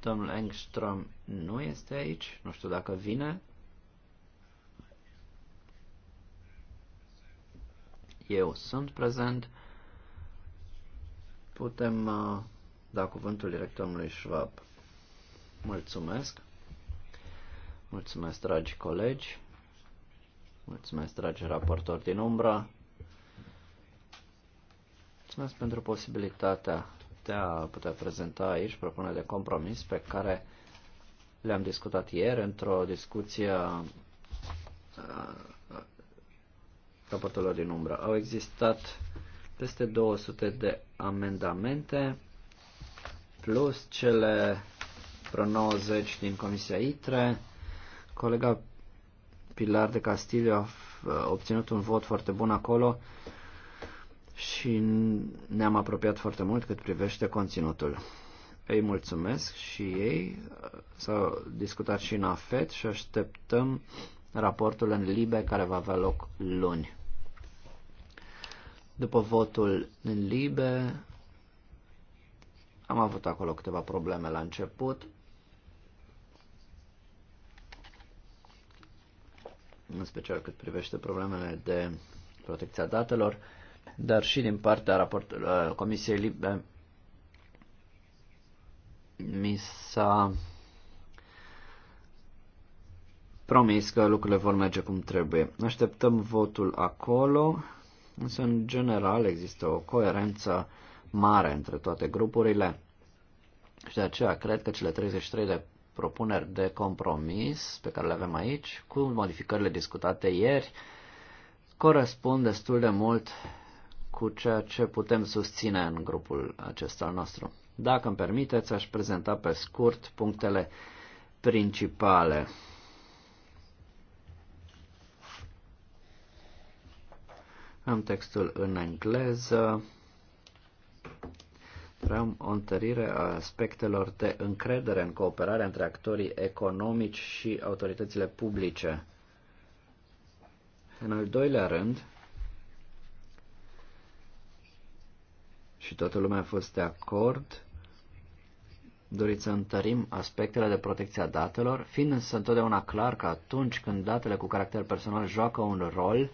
Speaker 2: Domnul Engström nu este aici, nu știu dacă vine. Eu sunt prezent. Putem uh, da cuvântul directorului Schwab. Mulțumesc. Mulțumesc, dragi colegi. Mulțumesc, dragi raportori din umbra. Mulțumesc pentru posibilitatea de a putea prezenta aici propuneri de compromis pe care le-am discutat ieri într-o discuție uh, uh, raportelor din umbră. Au existat peste 200 de amendamente plus cele vreo 90 din Comisia ITRE. Colega Pilar de Castillo a obținut un vot foarte bun acolo și ne-am apropiat foarte mult cât privește conținutul. Ei mulțumesc și ei. S-au discutat și în AFET și așteptăm raportul în LIBE care va avea loc luni. După votul în LIBE am avut acolo câteva probleme la început, în special cât privește problemele de protecția datelor, dar și din partea raportului uh, Comisiei Libe mi s-a promis că lucrurile vor merge cum trebuie. Așteptăm votul acolo, însă în general există o coerență mare între toate grupurile și de aceea cred că cele 33 de propuneri de compromis pe care le avem aici, cu modificările discutate ieri, corespund destul de mult cu ceea ce putem susține în grupul acesta al nostru. Dacă îmi permiteți, aș prezenta pe scurt punctele principale. Am textul în engleză vrem o întărire a aspectelor de încredere în cooperarea între actorii economici și autoritățile publice. În al doilea rând, și toată lumea a fost de acord, doriți să întărim aspectele de protecție a datelor, fiind însă întotdeauna clar că atunci când datele cu caracter personal joacă un rol,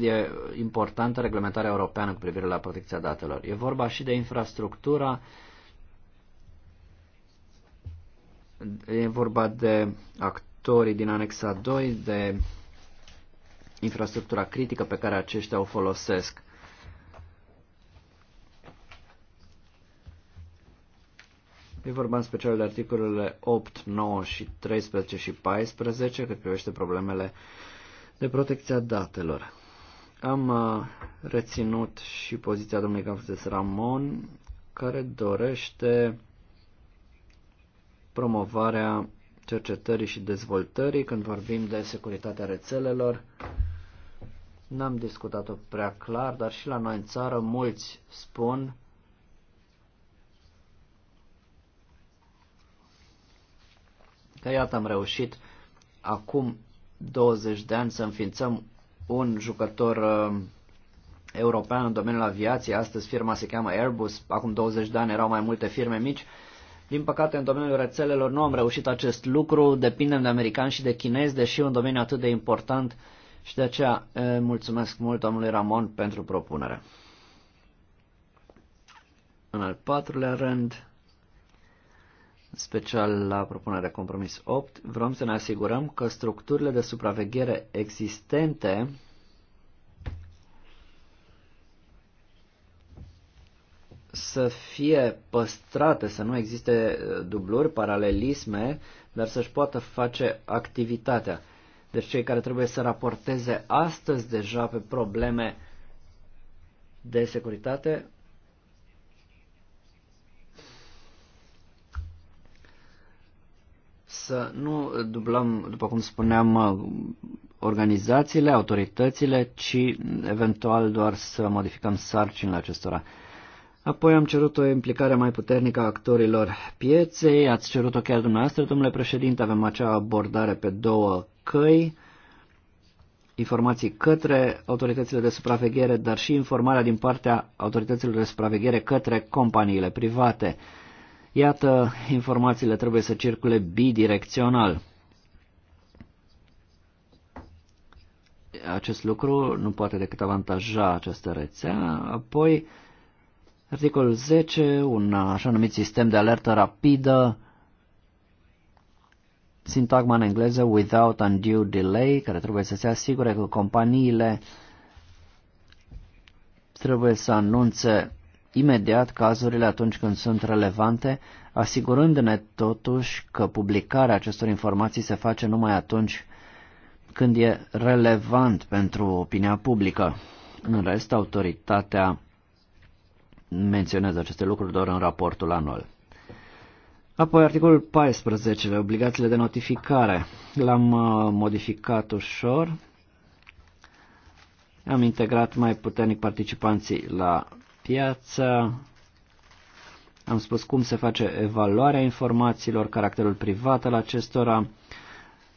Speaker 2: e importantă reglementarea europeană cu privire la protecția datelor. E vorba și de infrastructura, e vorba de actorii din anexa 2, de infrastructura critică pe care aceștia o folosesc. E vorba în special de articolele 8, 9 și 13 și 14 cât privește problemele de protecția datelor. Am uh, reținut și poziția domnului Gavzes Ramon, care dorește promovarea cercetării și dezvoltării când vorbim de securitatea rețelelor. N-am discutat-o prea clar, dar și la noi în țară mulți spun că iată am reușit acum 20 de ani să înființăm un jucător uh, european în domeniul aviației, astăzi firma se cheamă Airbus, acum 20 de ani erau mai multe firme mici. Din păcate, în domeniul rețelelor nu am reușit acest lucru, depindem de americani și de chinezi, deși un domeniu atât de important și de aceea uh, mulțumesc mult domnului Ramon pentru propunere. În al patrulea rând, special la propunerea compromis 8, vrem să ne asigurăm că structurile de supraveghere existente să fie păstrate, să nu existe uh, dubluri, paralelisme, dar să-și poată face activitatea. Deci cei care trebuie să raporteze astăzi deja pe probleme de securitate să nu dublăm, după cum spuneam, organizațiile, autoritățile, ci eventual doar să modificăm sarcinile acestora. Apoi am cerut o implicare mai puternică a actorilor pieței, ați cerut-o chiar dumneavoastră, domnule președinte, avem acea abordare pe două căi, informații către autoritățile de supraveghere, dar și informarea din partea autorităților de supraveghere către companiile private. Iată, informațiile trebuie să circule bidirecțional. Acest lucru nu poate decât avantaja această rețea. Apoi, articolul 10, un așa numit sistem de alertă rapidă, sintagma în engleză without undue delay, care trebuie să se asigure că companiile trebuie să anunțe imediat cazurile atunci când sunt relevante, asigurându-ne totuși că publicarea acestor informații se face numai atunci când e relevant pentru opinia publică. În rest, autoritatea menționează aceste lucruri doar în raportul anual. Apoi articolul 14, obligațiile de notificare. L-am uh, modificat ușor. Am integrat mai puternic participanții la piață, am spus cum se face evaluarea informațiilor, caracterul privat al acestora,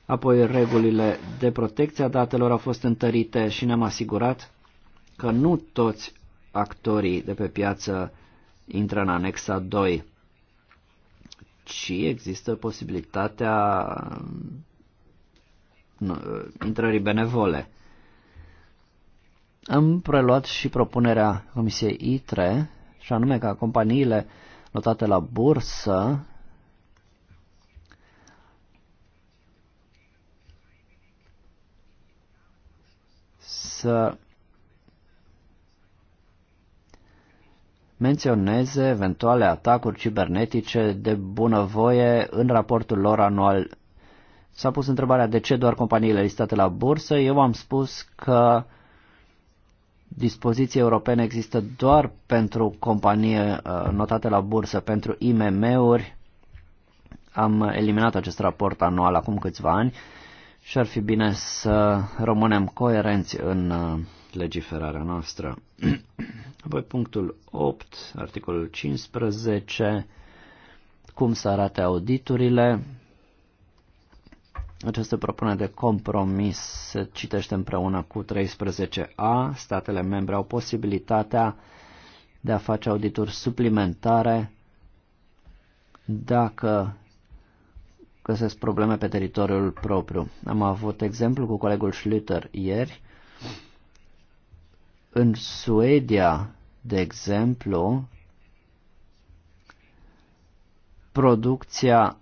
Speaker 2: apoi regulile de protecție a datelor au fost întărite și ne-am asigurat că nu toți actorii de pe piață intră în anexa 2, ci există posibilitatea intrării benevole. Am preluat și propunerea Comisiei ITRE, și anume ca companiile notate la bursă să menționeze eventuale atacuri cibernetice de bunăvoie în raportul lor anual. S-a pus întrebarea de ce doar companiile listate la bursă. Eu am spus că dispoziții europene există doar pentru companie uh, notate la bursă, pentru IMM-uri. Am eliminat acest raport anual acum câțiva ani și ar fi bine să rămânem coerenți în uh, legiferarea noastră. Apoi punctul 8, articolul 15, cum să arate auditurile, această propunere de compromis se citește împreună cu 13a. Statele membre au posibilitatea de a face audituri suplimentare dacă găsesc probleme pe teritoriul propriu. Am avut exemplu cu colegul Schlüter ieri. În Suedia, de exemplu, producția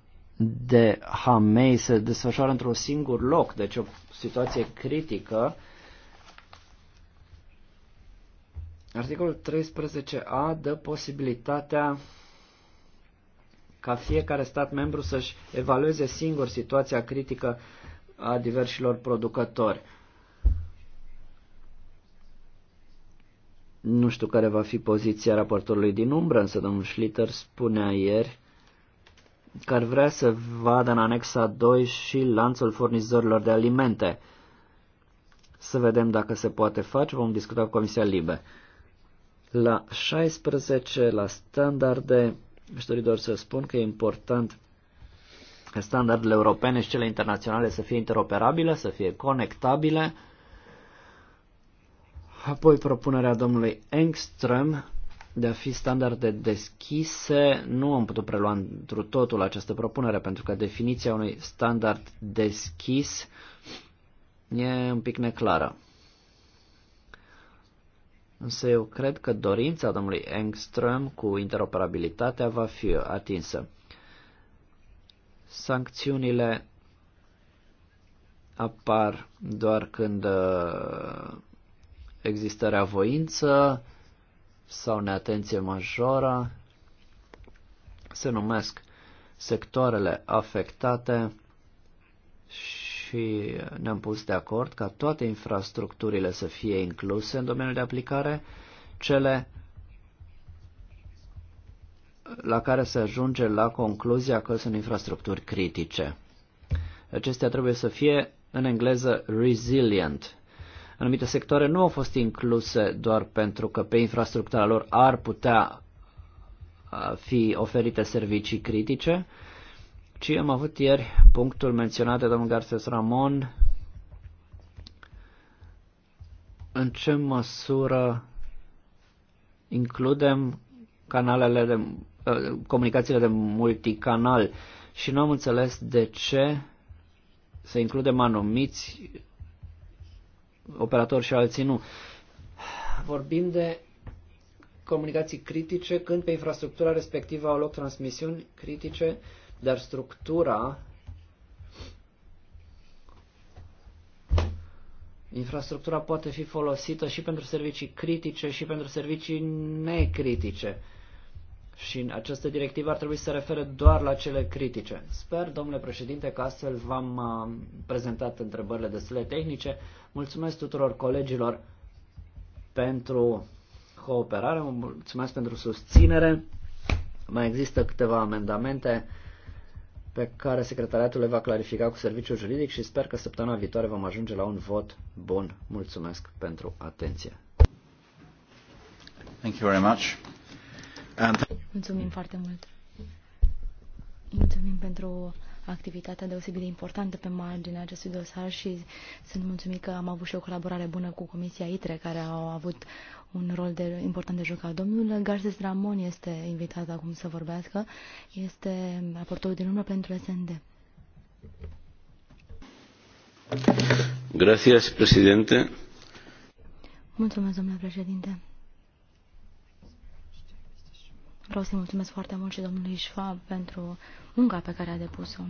Speaker 2: de Hamei se desfășoară într-un singur loc, deci o situație critică. Articolul 13a dă posibilitatea ca fiecare stat membru să-și evalueze singur situația critică a diversilor producători. Nu știu care va fi poziția raportorului din umbră, însă domnul Schlitter spunea ieri că ar vrea să vadă în anexa 2 și lanțul furnizorilor de alimente. Să vedem dacă se poate face, vom discuta cu Comisia Libe. La 16, la standarde, aș dori doar să spun că e important ca standardele europene și cele internaționale să fie interoperabile, să fie conectabile. Apoi propunerea domnului Engström de a fi standarde deschise, nu am putut prelua întru totul această propunere, pentru că definiția unui standard deschis e un pic neclară. Însă eu cred că dorința domnului Engström cu interoperabilitatea va fi atinsă. Sancțiunile apar doar când uh, există voință, sau neatenție majoră se numesc sectoarele afectate și ne-am pus de acord ca toate infrastructurile să fie incluse în domeniul de aplicare, cele la care se ajunge la concluzia că sunt infrastructuri critice. Acestea trebuie să fie, în engleză, resilient, Anumite sectoare nu au fost incluse doar pentru că pe infrastructura lor ar putea fi oferite servicii critice, ci am avut ieri punctul menționat de domnul Garces Ramon în ce măsură includem canalele de comunicațiile de multicanal și nu am înțeles de ce să includem anumiți operatori și alții nu. Vorbim de comunicații critice când pe infrastructura respectivă au loc transmisiuni critice, dar structura infrastructura poate fi folosită și pentru servicii critice și pentru servicii necritice. Și această directivă ar trebui să se refere doar la cele critice. Sper, domnule președinte, că astfel v-am uh, prezentat întrebările de de tehnice. Mulțumesc tuturor colegilor pentru cooperare, mulțumesc pentru susținere. Mai există câteva amendamente pe care secretariatul le va clarifica cu serviciul juridic și sper că săptămâna viitoare vom ajunge la un vot bun. Mulțumesc pentru atenție.
Speaker 3: Thank you very much. And...
Speaker 4: Mulțumim foarte mult. Mulțumim pentru activitatea deosebit de importantă pe marginea acestui dosar și sunt mulțumit că am avut și o colaborare bună cu Comisia ITRE, care au avut un rol de, important de jucat. Domnul Garces Ramon este invitat acum să vorbească. Este raportorul din urmă pentru SND.
Speaker 3: Gracias, presidente.
Speaker 4: Mulțumesc, domnule președinte. Vreau să-i mulțumesc foarte mult și domnului Schwab pentru munca pe care a depus-o.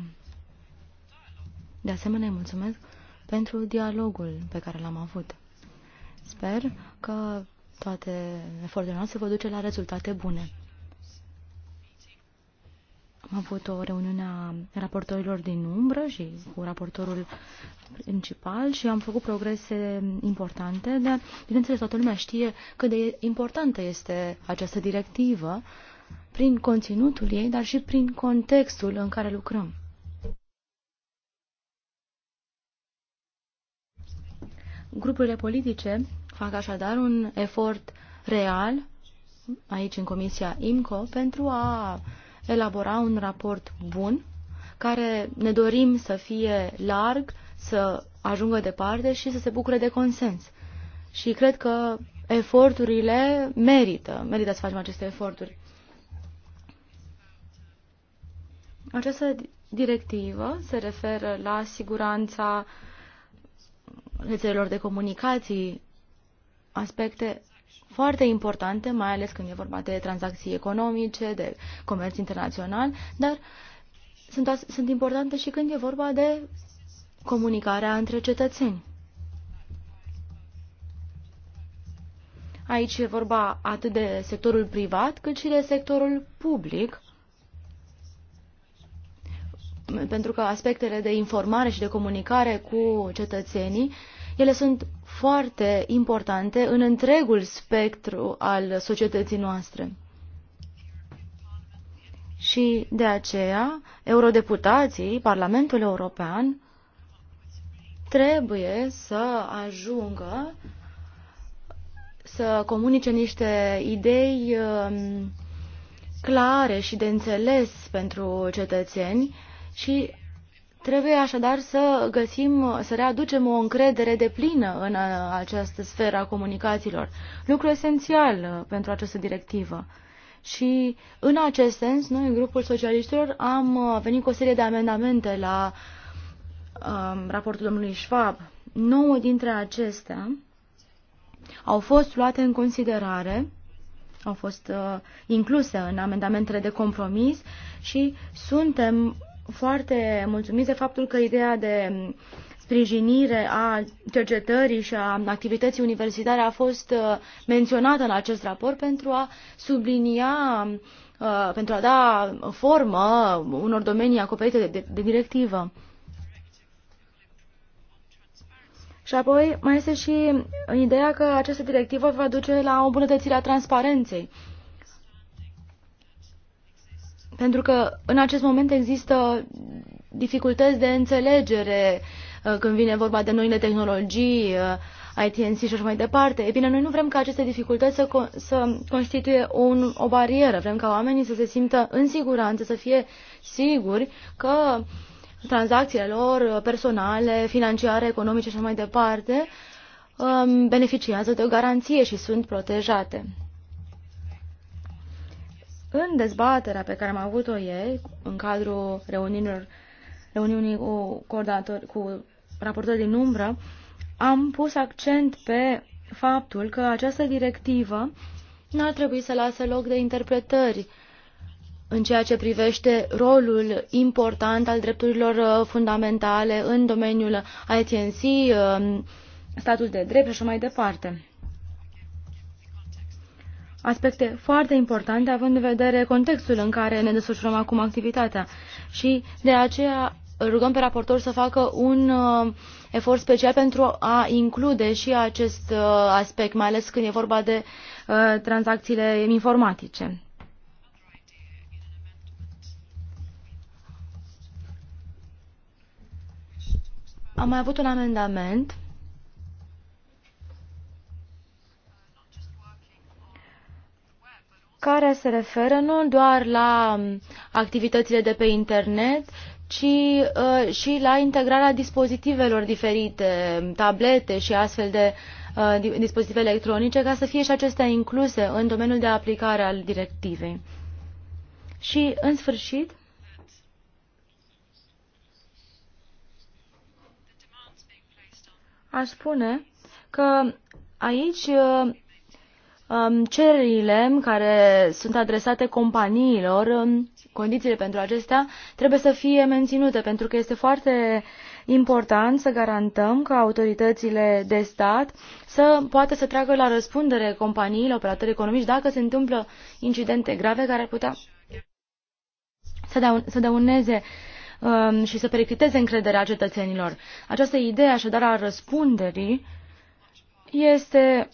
Speaker 4: De asemenea, îi mulțumesc pentru dialogul pe care l-am avut. Sper că toate eforturile noastre vă duce la rezultate bune. Am avut o reuniune a raportorilor din umbră și cu raportorul principal și am făcut progrese importante, dar bineînțeles toată lumea știe cât de importantă este această directivă prin conținutul ei, dar și prin contextul în care lucrăm. Grupurile politice fac așadar un efort real aici în Comisia IMCO pentru a elabora un raport bun, care ne dorim să fie larg, să ajungă departe și să se bucure de consens. Și cred că eforturile merită, merită să facem aceste eforturi. Această directivă se referă la siguranța rețelelor de comunicații, aspecte foarte importante, mai ales când e vorba de tranzacții economice, de comerț internațional, dar sunt, sunt importante și când e vorba de comunicarea între cetățeni. Aici e vorba atât de sectorul privat, cât și de sectorul public, pentru că aspectele de informare și de comunicare cu cetățenii, ele sunt foarte importante în întregul spectru al societății noastre. Și de aceea, eurodeputații, Parlamentul European, trebuie să ajungă să comunice niște idei um, clare și de înțeles pentru cetățeni și Trebuie așadar să găsim, să readucem o încredere de plină în uh, această sferă a comunicațiilor, lucru esențial uh, pentru această directivă. Și în acest sens, noi, în grupul socialiștilor, am uh, venit cu o serie de amendamente la um, raportul domnului Schwab. Nouă dintre acestea au fost luate în considerare, au fost uh, incluse în amendamentele de compromis și suntem foarte mulțumiți de faptul că ideea de sprijinire a cercetării și a activității universitare a fost uh, menționată în acest raport pentru a sublinia, uh, pentru a da formă unor domenii acoperite de, de, de directivă. Și apoi mai este și ideea că această directivă va duce la o îmbunătățire a transparenței. Uh, pentru că în acest moment există dificultăți de înțelegere uh, când vine vorba de noile tehnologii, uh, ITNC și așa mai departe. E bine, noi nu vrem ca aceste dificultăți să, să constituie un, o barieră. Vrem ca oamenii să se simtă în siguranță, să fie siguri că tranzacțiile lor personale, financiare, economice și așa mai departe um, beneficiază de o garanție și sunt protejate. În dezbaterea pe care am avut-o ieri, în cadrul reuniunilor, reuniunii cu, coordonator, cu raportori din umbră, am pus accent pe faptul că această directivă nu ar trebui să lase loc de interpretări în ceea ce privește rolul important al drepturilor uh, fundamentale în domeniul ITNC, uh, statul de drept și așa mai departe aspecte foarte importante, având în vedere contextul în care ne desfășurăm acum activitatea. Și de aceea rugăm pe raportor să facă un uh, efort special pentru a include și acest uh, aspect, mai ales când e vorba de uh, tranzacțiile informatice. Am mai avut un amendament care se referă nu doar la um, activitățile de pe internet, ci uh, și la integrarea dispozitivelor diferite, um, tablete și astfel de uh, dispozitive electronice, ca să fie și acestea incluse în domeniul de aplicare al directivei. Și, în sfârșit, aș spune că aici uh, Um, cererile care sunt adresate companiilor, um, condițiile pentru acestea, trebuie să fie menținute, pentru că este foarte important să garantăm că autoritățile de stat să poată să tragă la răspundere companiile, operatorii economici, dacă se întâmplă incidente grave care ar putea să, dăuneze dauneze um, și să pericliteze încrederea cetățenilor. Această idee, așadar, a răspunderii este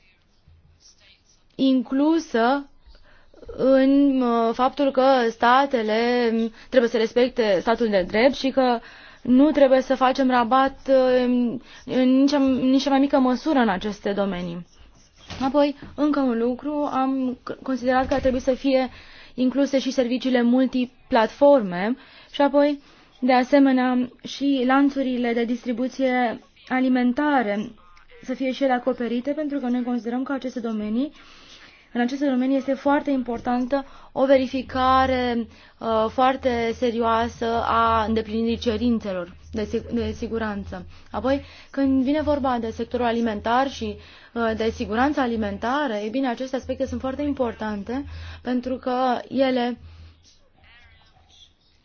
Speaker 4: inclusă în uh, faptul că statele trebuie să respecte statul de drept și că nu trebuie să facem rabat uh, în nici mai mică măsură în aceste domenii. Apoi, încă un lucru, am considerat că ar trebui să fie incluse și serviciile multiplatforme și apoi, de asemenea, și lanțurile de distribuție alimentare să fie și ele acoperite, pentru că noi considerăm că aceste domenii uh, în aceste domenii este foarte importantă o verificare uh, foarte serioasă a îndeplinirii cerințelor de, de siguranță. Apoi, când vine vorba de sectorul alimentar și uh, de siguranță alimentară, e bine, aceste aspecte sunt foarte importante pentru că ele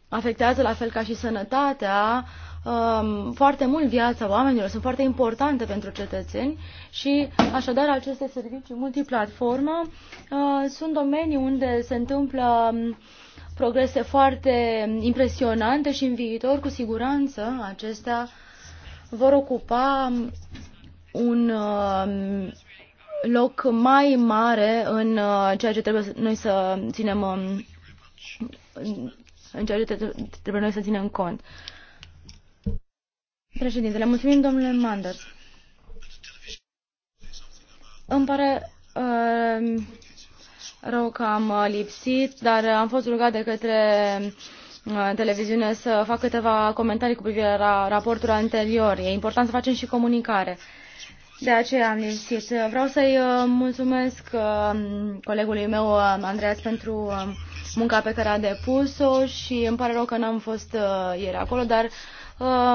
Speaker 4: afectează la fel ca și sănătatea uh, um, foarte mult viața oamenilor, sunt foarte importante pentru cetățeni și așadar aceste servicii multiplatformă uh, sunt domenii unde se întâmplă um, progrese foarte impresionante și în viitor, cu siguranță, acestea vor ocupa um, un um, loc mai mare în uh, ceea ce trebuie noi să ținem um, în ceea ce trebuie noi să ținem cont. Președintele, mulțumim, domnule Manders. Îmi pare uh, rău că am uh, lipsit, dar uh, am fost rugat de către uh, televiziune să fac câteva comentarii cu privire la raportul anterior. E important să facem și comunicare. De aceea am lipsit. Vreau să-i mulțumesc colegului meu, Andreas, pentru munca pe care a depus-o și îmi pare rău că n-am fost ieri acolo, dar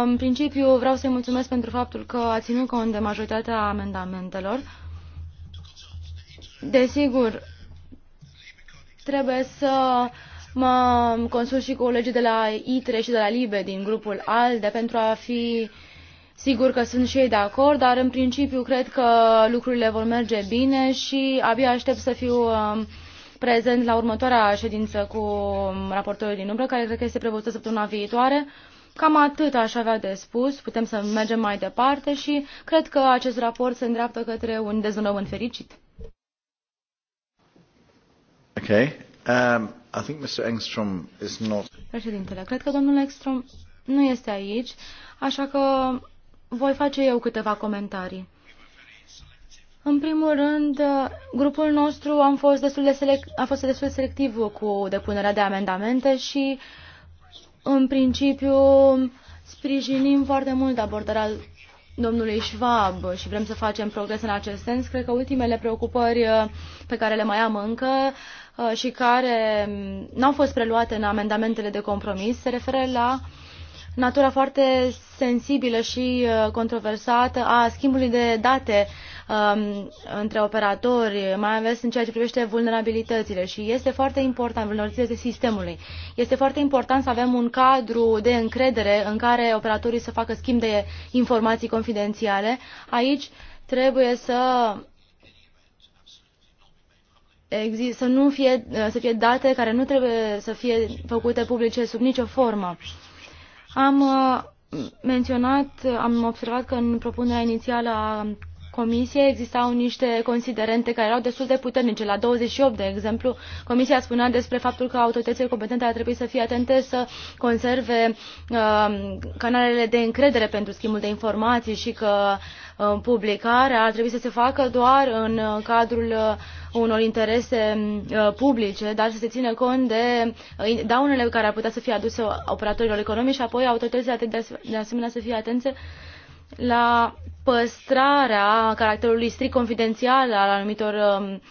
Speaker 4: în principiu, vreau să-i mulțumesc pentru faptul că a ținut cont de majoritatea amendamentelor. Desigur, trebuie să mă consult și cu colegii de la ITRE și de la LIBE din grupul ALDE pentru a fi sigur că sunt și ei de acord, dar în principiu cred că lucrurile vor merge bine și abia aștept să fiu um, prezent la următoarea ședință cu um, raportorul din umbră, care cred că este prevăzută săptămâna viitoare. Cam atât aș avea de spus, putem să mergem mai departe și cred că acest raport se îndreaptă către un dezvoltament fericit.
Speaker 3: Okay. Um, I think Mr. Engstrom is not...
Speaker 4: Președintele, cred că domnul Engstrom nu este aici, așa că voi face eu câteva comentarii. În primul rând, grupul nostru am fost destul de select, a fost destul de selectiv cu depunerea de amendamente și uh, în principiu, sprijinim foarte mult abordarea domnului Schwab și vrem să facem progres în acest sens. Cred că ultimele preocupări uh, pe care le mai am încă uh, și care um, n-au fost preluate în amendamentele de compromis se referă la natura foarte sensibilă și uh, controversată a schimbului de date Um, între operatori, mai ales în ceea ce privește vulnerabilitățile și este foarte important, vulnerabilitățile sistemului. Este foarte important să avem un cadru de încredere în care operatorii să facă schimb de informații confidențiale. Aici trebuie să să nu fie, să fie date care nu trebuie să fie făcute publice sub nicio formă. Am uh, menționat, am observat că în propunerea inițială a Comisie existau niște considerente care erau destul de puternice. La 28, de exemplu, Comisia spunea despre faptul că autoritățile competente ar trebui să fie atente să conserve uh, canalele de încredere pentru schimbul de informații și că uh, publicarea ar trebui să se facă doar în uh, cadrul uh, unor interese um, uh, publice, dar să se țină cont de uh, daunele care ar putea să fie aduse operatorilor economici și apoi autoritățile de asemenea să fie atente la păstrarea caracterului strict confidențial al anumitor um,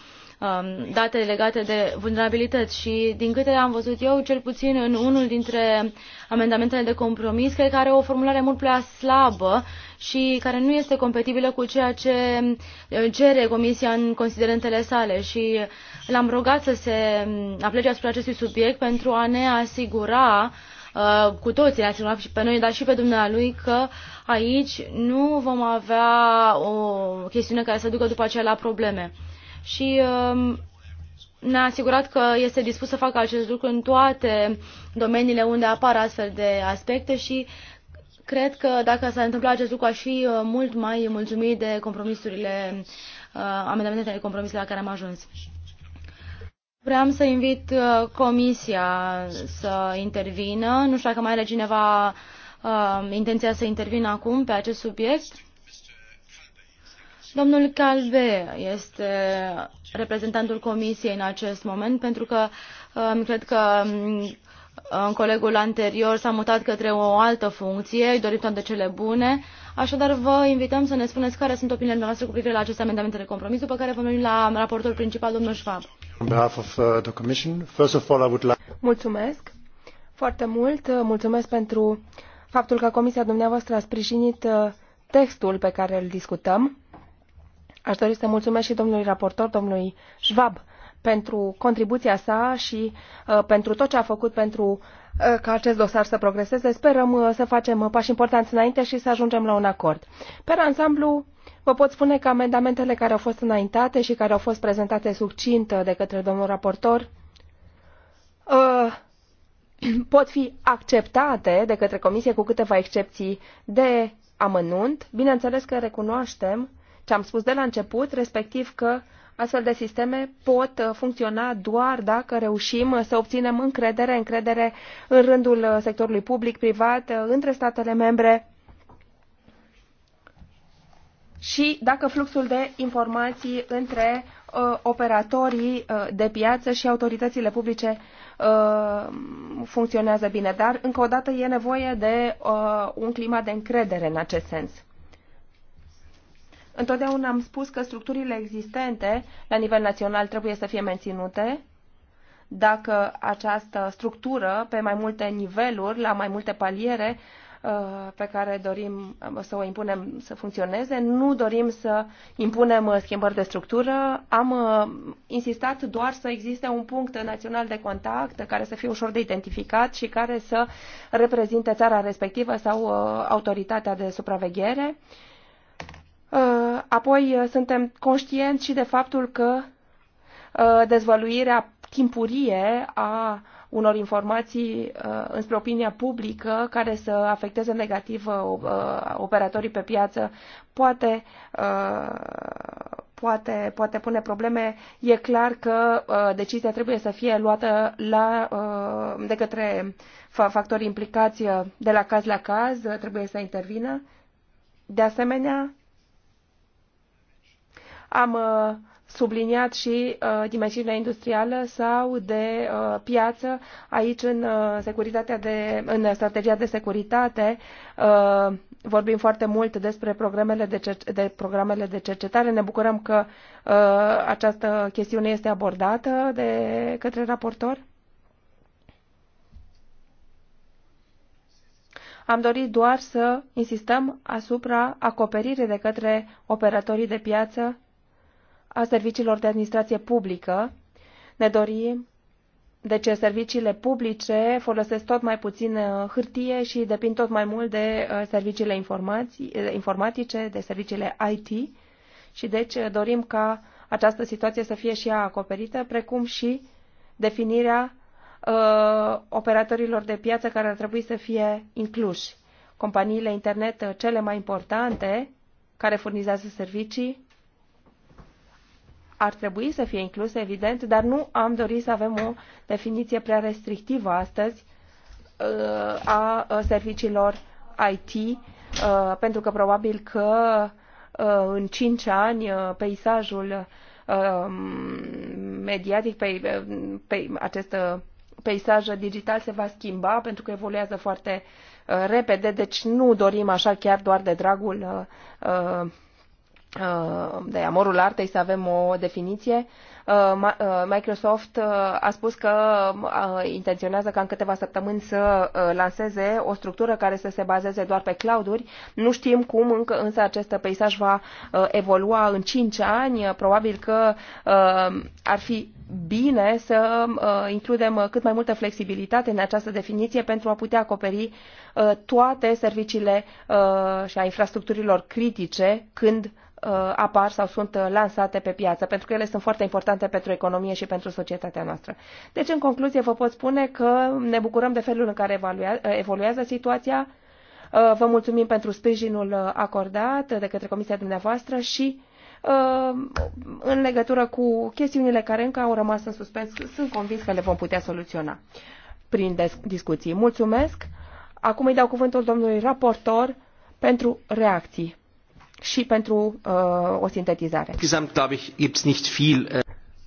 Speaker 4: um, date legate de vulnerabilități și din câte am văzut eu, cel puțin în unul dintre amendamentele de compromis, cred că are o formulare mult prea slabă și care nu este compatibilă cu ceea ce uh, cere Comisia în considerentele sale și l-am rugat să se um, aplece asupra acestui subiect pentru a ne asigura uh, Uh, cu toții ne-a sigurat și pe noi, dar și pe dumnealui că aici nu vom avea o chestiune care să ducă după aceea la probleme. Și um, ne-a asigurat că este dispus să facă acest lucru în toate domeniile unde apar astfel de aspecte și cred că dacă s-a întâmplat acest lucru, aș fi uh, mult mai mulțumit de compromisurile, uh, amendamentele de compromis la care am ajuns. Vreau să invit uh, comisia să intervină. Nu știu dacă mai are cineva uh, intenția să intervină acum pe acest subiect. Domnul Calve este reprezentantul comisiei în acest moment pentru că um, cred că um, colegul anterior s-a mutat către o altă funcție. Îi dorim toate cele bune. Așadar, vă invităm să ne spuneți care sunt opiniile noastre cu privire la aceste amendamente de compromis, după care vom veni la raportul principal, domnul Schwab.
Speaker 3: Uh,
Speaker 1: mulțumesc foarte mult. Mulțumesc pentru faptul că Comisia dumneavoastră a sprijinit uh, textul pe care îl discutăm. Aș dori să mulțumesc și domnului raportor, domnului Schwab, pentru contribuția sa și uh, pentru tot ce a făcut pentru Uh, ca acest dosar să progreseze. Sperăm uh, să facem uh, pași importanți înainte și să ajungem la un acord. Pe ansamblu, vă pot spune că amendamentele care au fost înaintate și care au fost prezentate succint de către domnul raportor pot fi acceptate de către Comisie cu câteva excepții de amănunt. Bineînțeles că recunoaștem ce am spus de la început, respectiv că Astfel de sisteme pot uh, funcționa doar dacă reușim uh, să obținem încredere, încredere în rândul uh, sectorului public, privat, între statele membre și dacă fluxul de informații între uh, operatorii uh, de piață și autoritățile publice uh, funcționează bine. Dar, încă o dată, e nevoie de uh, un climat de încredere în acest sens. Întotdeauna am spus că structurile existente la nivel național trebuie să fie menținute. Dacă această structură pe mai multe niveluri, la mai multe paliere, uh, pe care dorim uh, să o impunem să funcționeze. Nu dorim să impunem uh, schimbări de structură. Am insistat doar să existe un punct național de contact care să fie ușor de identificat și care să reprezinte țara respectivă sau autoritatea de supraveghere Uh, apoi uh, suntem conștienți și de faptul că uh, dezvăluirea timpurie a unor informații înspre opinia publică care să afecteze negativ operatorii pe piață poate, poate, poate pune probleme. E clar că decizia trebuie să fie luată la, de către factorii implicați de la caz la caz, trebuie să intervină. De asemenea, am uh, subliniat și uh, dimensiunea industrială sau de uh, piață aici în securitatea de în strategia de securitate vorbim foarte mult despre programele de, cer- de programele de cercetare. Ne bucurăm că această chestiune este abordată de către raportor. am dorit doar să insistăm asupra acoperirii de către operatorii de piață a serviciilor de administrație publică. Ne dorim de ce serviciile publice folosesc tot mai puțin uh, hârtie și depind tot mai mult de uh, serviciile uh, informatice, de serviciile IT și deci dorim ca această situație să fie și ea acoperită, precum și definirea uh, operatorilor de piață care ar trebui să fie incluși. Companiile internet cele mai importante care furnizează servicii ar trebui să fie incluse, evident, dar nu am dorit să avem o definiție prea restrictivă astăzi uh, a serviciilor IT, uh, pentru că probabil că uh, în 5 ani peisajul mediatic, pe, pe, acest peisaj digital se va schimba pentru că evoluează foarte repede, deci nu dorim așa chiar doar de dragul Uh, de amorul artei, să avem o definiție. Uh, uh, Microsoft a spus că intenționează ca în câteva săptămâni să lanseze o structură care să se bazeze doar pe clouduri. Nu știm cum încă, însă acest peisaj va evolua în 5 ani. Probabil că ar fi bine să includem cât mai multă flexibilitate în această definiție pentru a putea acoperi toate serviciile și a infrastructurilor critice când Uh, apar sau sunt uh, lansate pe piață, pentru că ele sunt foarte importante pentru economie și pentru societatea noastră. Deci, în concluzie, vă pot spune că ne bucurăm de felul în care uh, evoluează situația, vă mulțumim pentru sprijinul acordat de către Comisia dumneavoastră și în legătură cu chestiunile care încă au rămas în suspens, sunt convins că le vom putea soluționa prin discuții. Mulțumesc! Acum îi dau cuvântul domnului raportor pentru reacții și pentru uh, o sintetizare. Äh,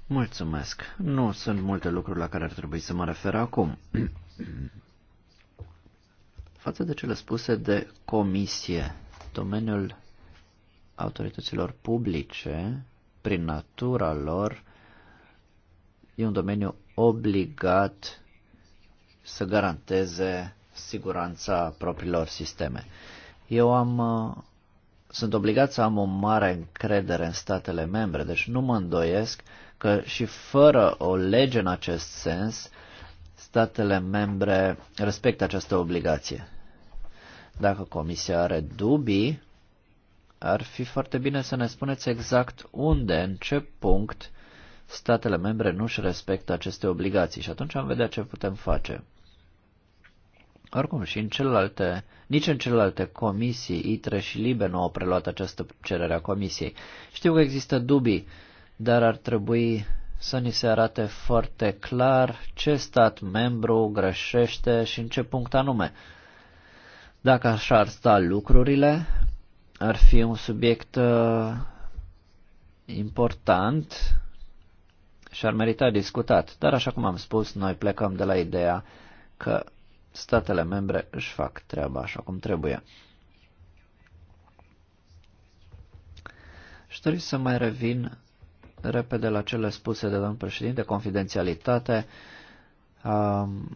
Speaker 2: Mulțumesc. Nu sunt multe lucruri la care ar trebui să mă refer acum. Față de cele spuse de comisie, domeniul autorităților publice, prin natura lor, e un domeniu obligat să garanteze siguranța propriilor sisteme. Eu am uh, sunt obligat să am o mare încredere în statele membre, deci nu mă îndoiesc că și fără o lege în acest sens, statele membre respectă această obligație. Dacă Comisia are dubii, ar fi foarte bine să ne spuneți exact unde, în ce punct statele membre nu își respectă aceste obligații și atunci am vedea ce putem face. Oricum, și în celelalte, nici în celelalte comisii, ITRE și LIBE nu au preluat această cerere a comisiei. Știu că există dubii, dar ar trebui să ni se arate foarte clar ce stat membru greșește și în ce punct anume. Dacă așa ar sta lucrurile, ar fi un subiect uh, important și ar merita discutat. Dar, așa cum am spus, noi plecăm de la ideea că statele membre își fac treaba așa cum trebuie. Și dori să mai revin repede la cele spuse de domnul președinte, confidențialitate. Um,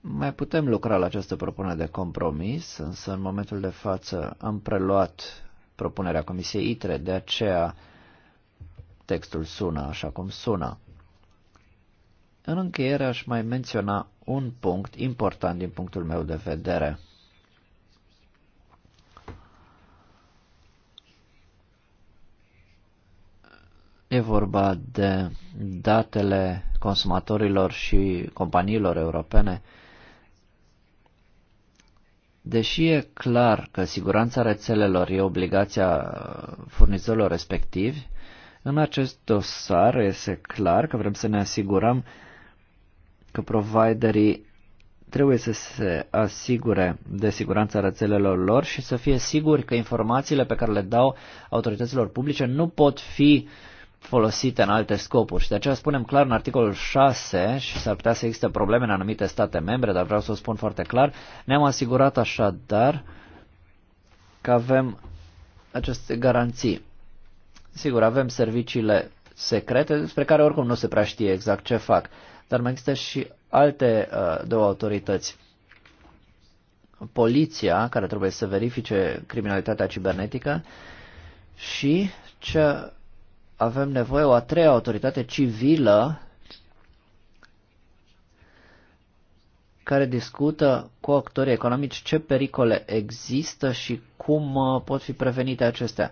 Speaker 2: mai putem lucra la această propunere de compromis, însă în momentul de față am preluat propunerea Comisiei ITRE, de aceea textul sună așa cum sună. În încheiere aș mai menționa un punct important din punctul meu de vedere. E vorba de datele consumatorilor și companiilor europene. Deși e clar că siguranța rețelelor e obligația furnizorilor respectivi, în acest dosar este clar că vrem să ne asigurăm uh, că providerii trebuie să se asigure de siguranța rețelelor lor și să fie siguri că informațiile pe care le dau autorităților publice nu pot fi folosite în alte scopuri. Și de aceea spunem clar în articolul 6, și s-ar putea să existe probleme în anumite state membre, dar vreau să o spun foarte clar, ne-am asigurat așadar că avem aceste garanții. Sigur, avem serviciile secrete despre care oricum nu se prea știe exact ce fac. Dar mai există și alte uh, două autorități. Poliția, care trebuie să verifice criminalitatea cibernetică, și ce avem nevoie, o a treia autoritate civilă care discută cu actorii economici ce pericole există și cum uh, pot fi prevenite acestea.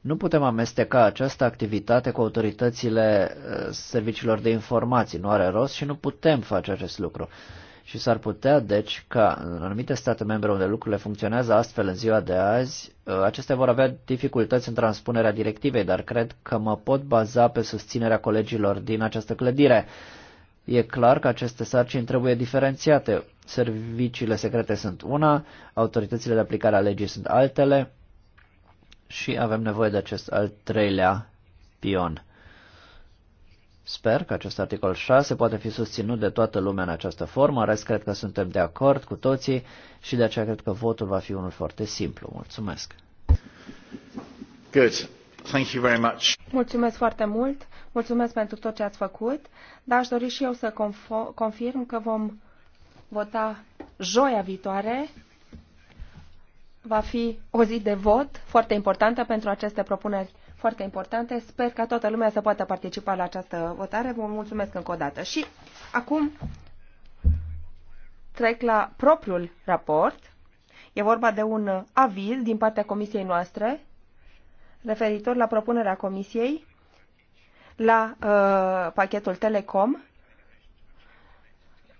Speaker 2: Nu putem amesteca această activitate cu autoritățile uh, serviciilor de informații. Nu are rost și nu putem face acest lucru. Și s-ar putea, deci, ca în anumite state membre unde lucrurile funcționează astfel în ziua de azi, uh, acestea vor avea dificultăți în transpunerea directivei, dar cred că mă pot baza pe susținerea colegilor din această clădire. E clar că aceste sarcini trebuie diferențiate. Serviciile secrete sunt una, autoritățile de aplicare a legii sunt altele, și avem nevoie de acest al treilea pion. Sper că acest articol 6 poate fi susținut de toată lumea în această formă, rest cred că suntem de acord cu toții și de aceea cred că votul va fi unul foarte simplu. Mulțumesc!
Speaker 3: Good. Thank you very much.
Speaker 1: Mulțumesc foarte mult, mulțumesc pentru tot ce ați făcut, dar aș dori și eu să confirm că vom vota joia viitoare va fi o zi de vot foarte importantă pentru aceste propuneri foarte importante. Sper ca toată lumea să poată participa la această votare. Vă mulțumesc încă o dată. Și acum trec la propriul raport. E vorba de un aviz din partea comisiei noastre referitor la propunerea comisiei la uh, pachetul Telecom,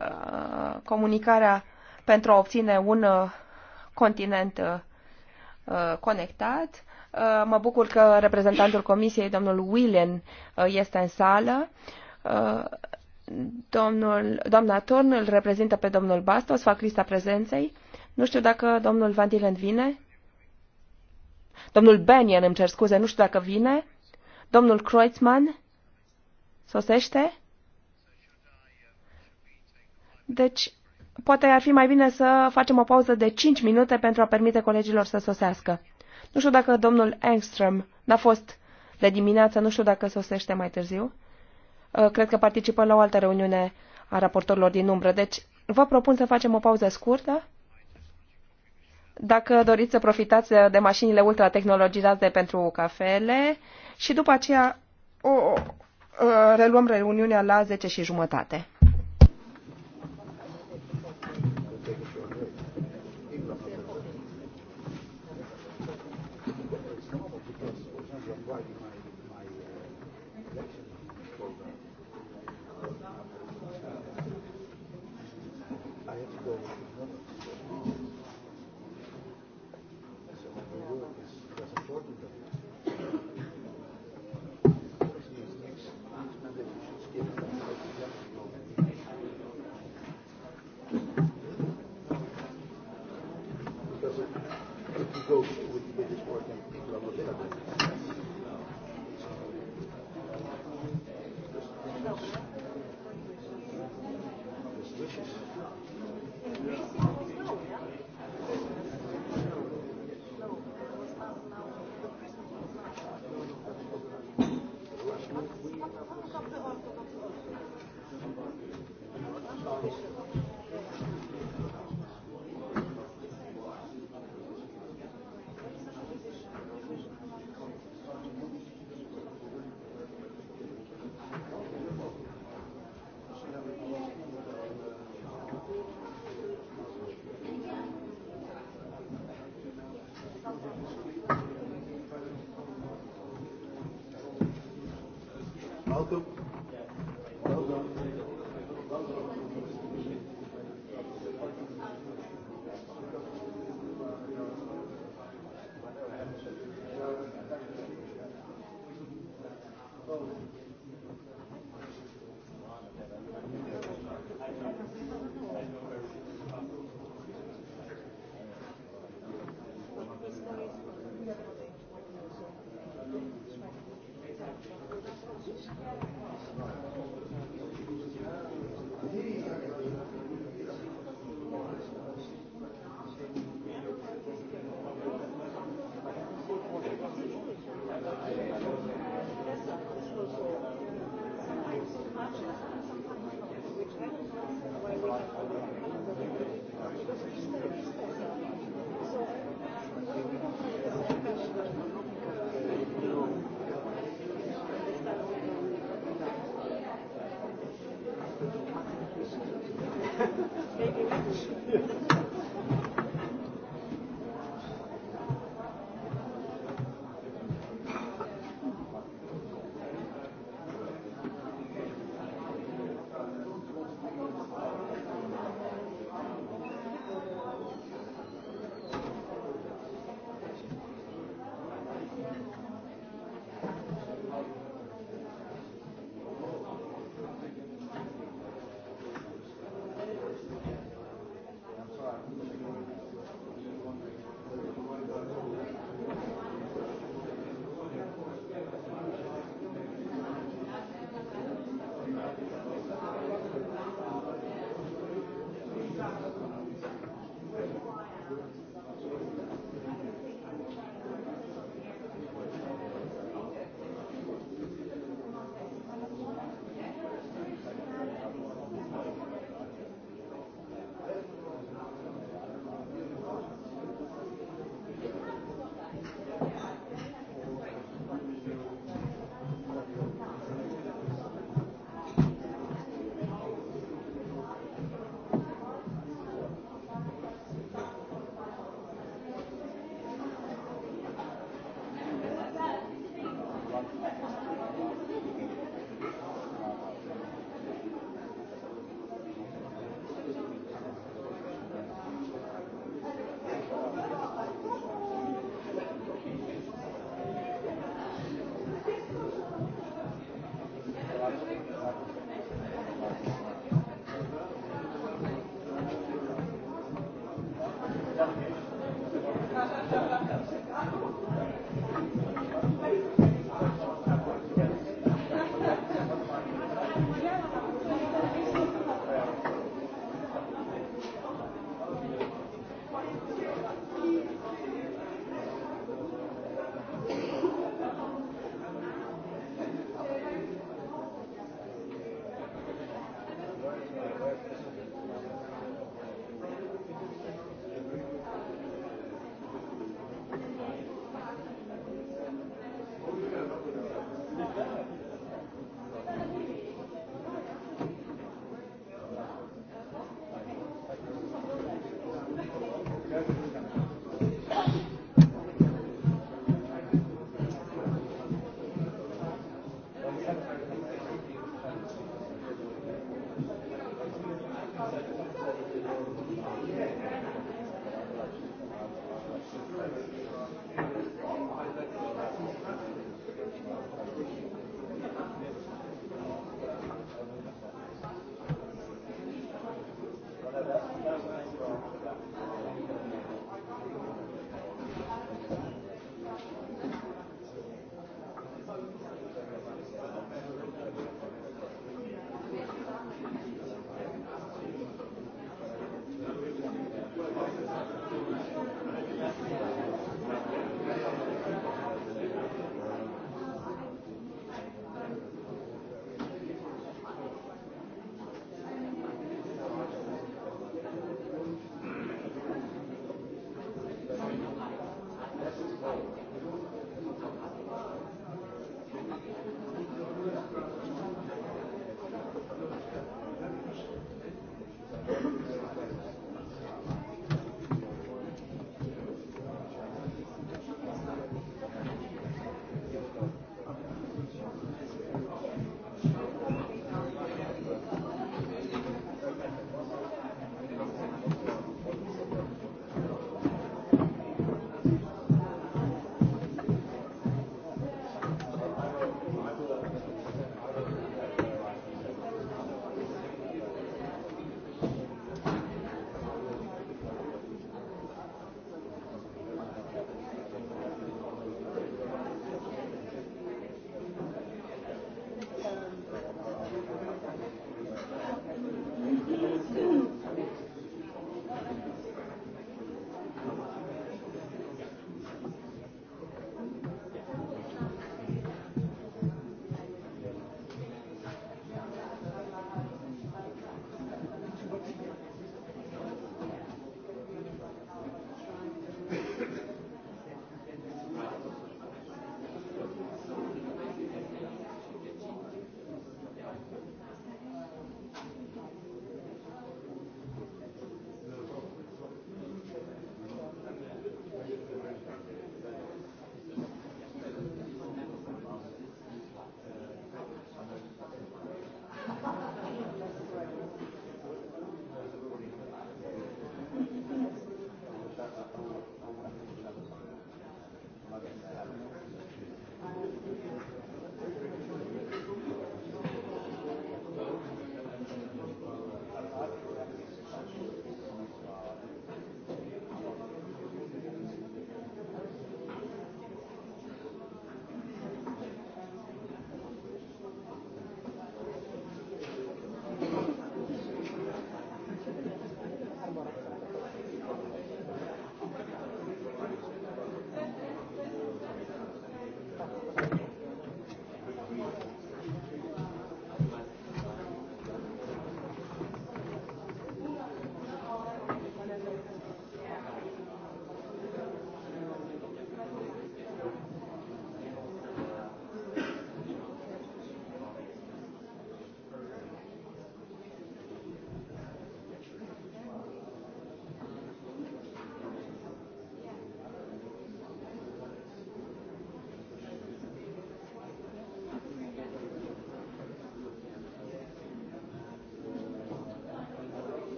Speaker 1: uh, comunicarea pentru a obține un uh, continent uh, uh, conectat. Uh, mă bucur că reprezentantul Comisiei, domnul Willen, este în sală. Domnul, doamna Torn îl reprezintă pe domnul Bastos, fac lista prezenței. Nu știu dacă domnul Van Dillen vine. Domnul Benian îmi cer scuze, nu știu dacă vine. Domnul Kreutzmann sosește. Deci, Poate ar fi mai bine să facem o pauză de 5 minute pentru a permite colegilor să sosească. Nu știu dacă domnul Engström n-a fost de dimineață, nu știu dacă sosește mai târziu. Uh, cred că participă la o altă reuniune a raportorilor din umbră, deci vă propun să facem o pauză scurtă. Dacă doriți să profitați de mașinile ultra-tehnologizate pentru cafele și după aceea o, o, uh, reluăm reuniunea la 10 și jumătate. quote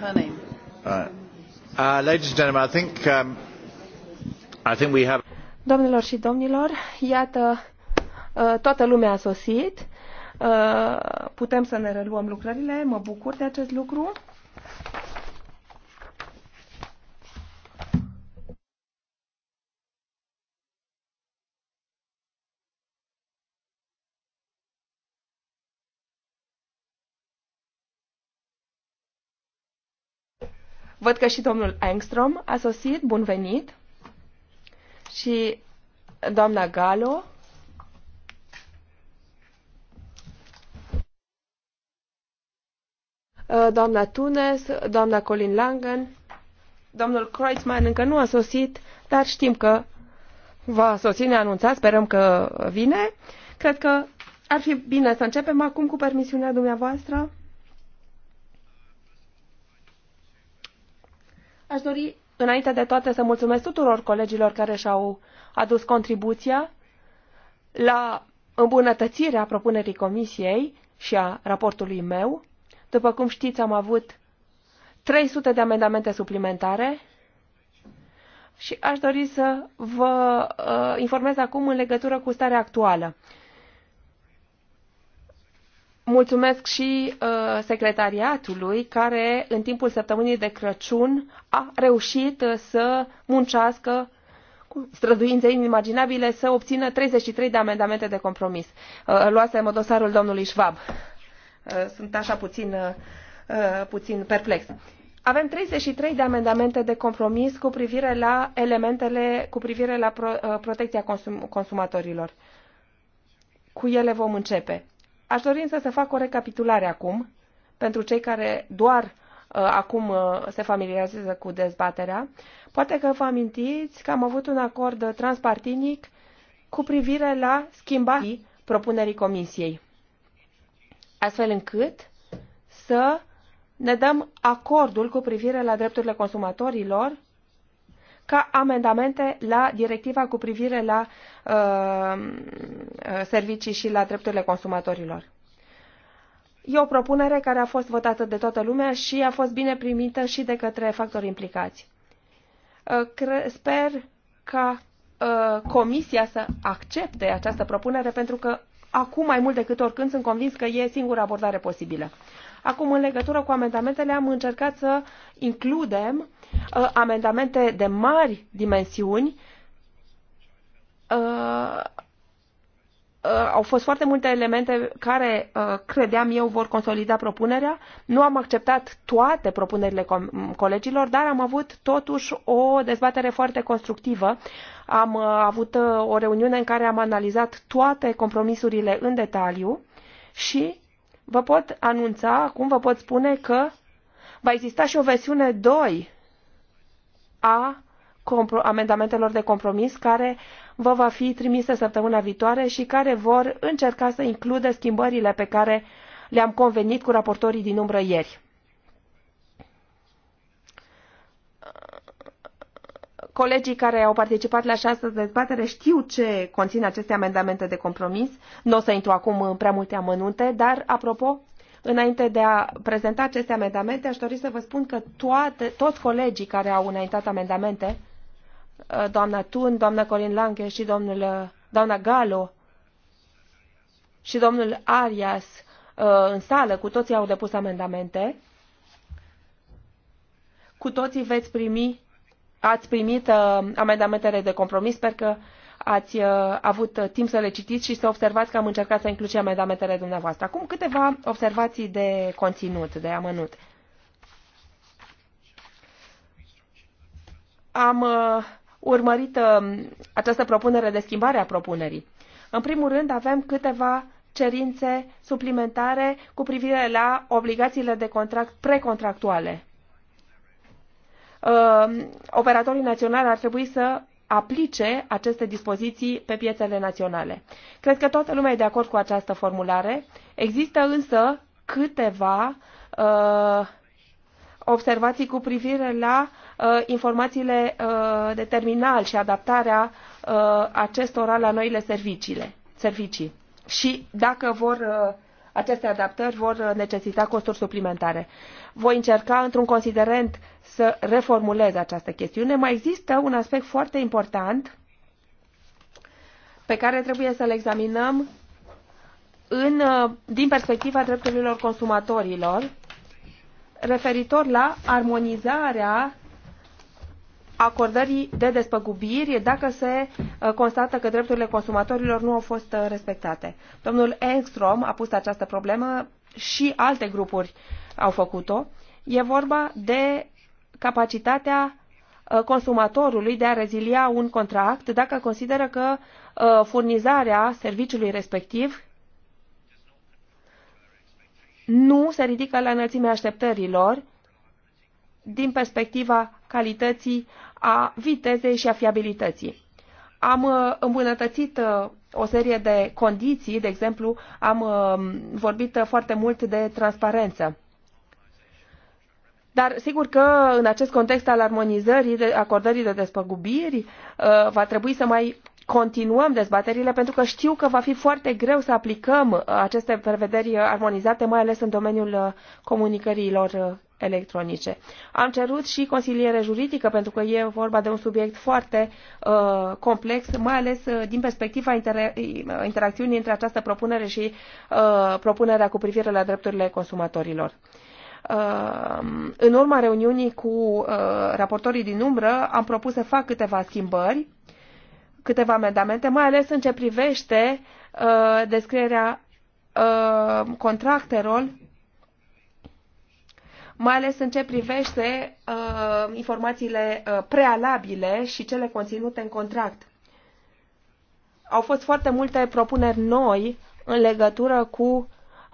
Speaker 1: her name.
Speaker 3: Uh, uh, ladies and gentlemen, I think, um, I think we have...
Speaker 1: Domnilor și domnilor, iată, uh, toată lumea a sosit. Uh, putem să ne reluăm lucrările. Mă bucur de acest lucru. Văd că și domnul Engstrom a sosit, bun venit, și doamna Galo. Uh, doamna Tunes, doamna Colin Langen, domnul Kreutzmann încă nu a sosit, dar știm că va sosi anunța, sperăm că vine. Cred că ar fi bine să începem acum cu permisiunea dumneavoastră. dori, înainte de toate, să mulțumesc tuturor colegilor care și-au adus contribuția la îmbunătățirea propunerii comisiei și a raportului meu. După cum știți, am avut 300 de amendamente suplimentare și aș dori să vă uh, informez acum în legătură cu starea actuală. Mulțumesc și uh, secretariatului care în timpul săptămânii de Crăciun a reușit uh, să muncească cu străduințe inimaginabile să obțină 33 de amendamente de compromis. Uh, luasem dosarul domnului Schwab. Uh, sunt așa puțin, uh, uh puțin perplex. Avem 33 de amendamente de compromis cu privire la elementele cu privire la pro, uh, protecția consum, consumatorilor. Cu ele vom începe Aș dori însă să fac o recapitulare acum, pentru cei care doar uh, acum uh, se familiarizează cu dezbaterea. Poate că vă amintiți că am avut un acord transpartinic cu privire la schimbarea propunerii Comisiei, astfel încât să ne dăm acordul cu privire la drepturile consumatorilor ca amendamente la directiva cu privire la uh, servicii și la drepturile consumatorilor. E o propunere care a fost votată de toată lumea și a fost bine primită și de către factori implicați. Uh, sper ca uh, Comisia să accepte această propunere pentru că acum mai mult decât oricând sunt convins că e singura abordare posibilă. Acum, în legătură cu amendamentele, am încercat să includem uh, amendamente de mari dimensiuni. Uh, uh au fost foarte multe elemente care uh, credeam eu vor consolida propunerea. Nu am acceptat toate propunerile co- colegilor, dar am avut totuși o dezbatere foarte constructivă. Am uh, avut o reuniune în care am analizat toate compromisurile în detaliu și vă pot anunța, acum vă pot spune că va exista și o versiune 2 a amendamentelor de compromis care vă va fi trimisă săptămâna viitoare și care vor încerca să includă schimbările pe care le-am convenit cu raportorii din umbră ieri. Colegii care au participat la această dezbatere știu ce conțin aceste amendamente de compromis. Nu o să intru acum în prea multe amănunte, dar, apropo, înainte de a prezenta aceste amendamente, aș dori să vă spun că toate, toți colegii care au înaintat amendamente, uh, doamna Tun, doamna Corin Lange și domnul, uh, doamna Galo și domnul Arias uh, în sală, cu toții au depus amendamente, cu toții veți primi ați primit uh, amendamentele de compromis. Sper că ați uh, avut uh, timp să le citiți și să observați că am încercat să includ și amendamentele dumneavoastră. Acum câteva observații de conținut, de amănut. Am urmărit această propunere de schimbare a propunerii. În primul rând, avem câteva cerințe suplimentare cu privire la obligațiile de contract precontractuale Uh, operatorii naționali ar trebui să aplice aceste dispoziții pe piețele naționale. Cred că toată lumea e de acord cu această formulare. Există însă câteva uh, observații cu privire la uh, informațiile uh, de terminal și adaptarea uh, acestora la noile serviciile, servicii. Și dacă vor uh, aceste adaptări vor uh, necesita costuri suplimentare voi încerca într-un considerent să reformulez această chestiune. Mai există un aspect foarte important pe care trebuie să-l examinăm în, din perspectiva drepturilor consumatorilor, referitor la armonizarea acordării de despăgubiri dacă se uh, constată că drepturile consumatorilor nu au fost uh, respectate. Domnul Engstrom a pus această problemă și alte grupuri uh, au făcut-o. E vorba de capacitatea uh, consumatorului de a rezilia un contract dacă consideră că uh, furnizarea serviciului respectiv nu se ridică la înălțimea așteptărilor din perspectiva calității, a vitezei și a fiabilității. Am uh, îmbunătățit o serie de condiții, de exemplu, am vorbit foarte mult de transparență. Dar sigur că în acest context al armonizării, de acordării de despăgubiri, uh, va trebui să mai continuăm dezbaterile pentru că știu că va fi foarte greu să aplicăm uh, aceste prevederi uh, armonizate, mai ales în domeniul comunicărilor electronice. Am cerut și consiliere juridică pentru că e vorba de un subiect foarte uh, complex, mai ales uh, din perspectiva inter interacțiunii între această propunere și uh, propunerea cu privire la drepturile consumatorilor. Ehm, în urma reuniunii cu eh, raportorii din umbră am propus să fac câteva schimbări, câteva amendamente, mai ales în ce privește eh, descrierea ehm, contractelor mai ales în ce privește ehm, informațiile eh, prealabile și cele conținute în contract. Au fost foarte multe propuneri noi în legătură cu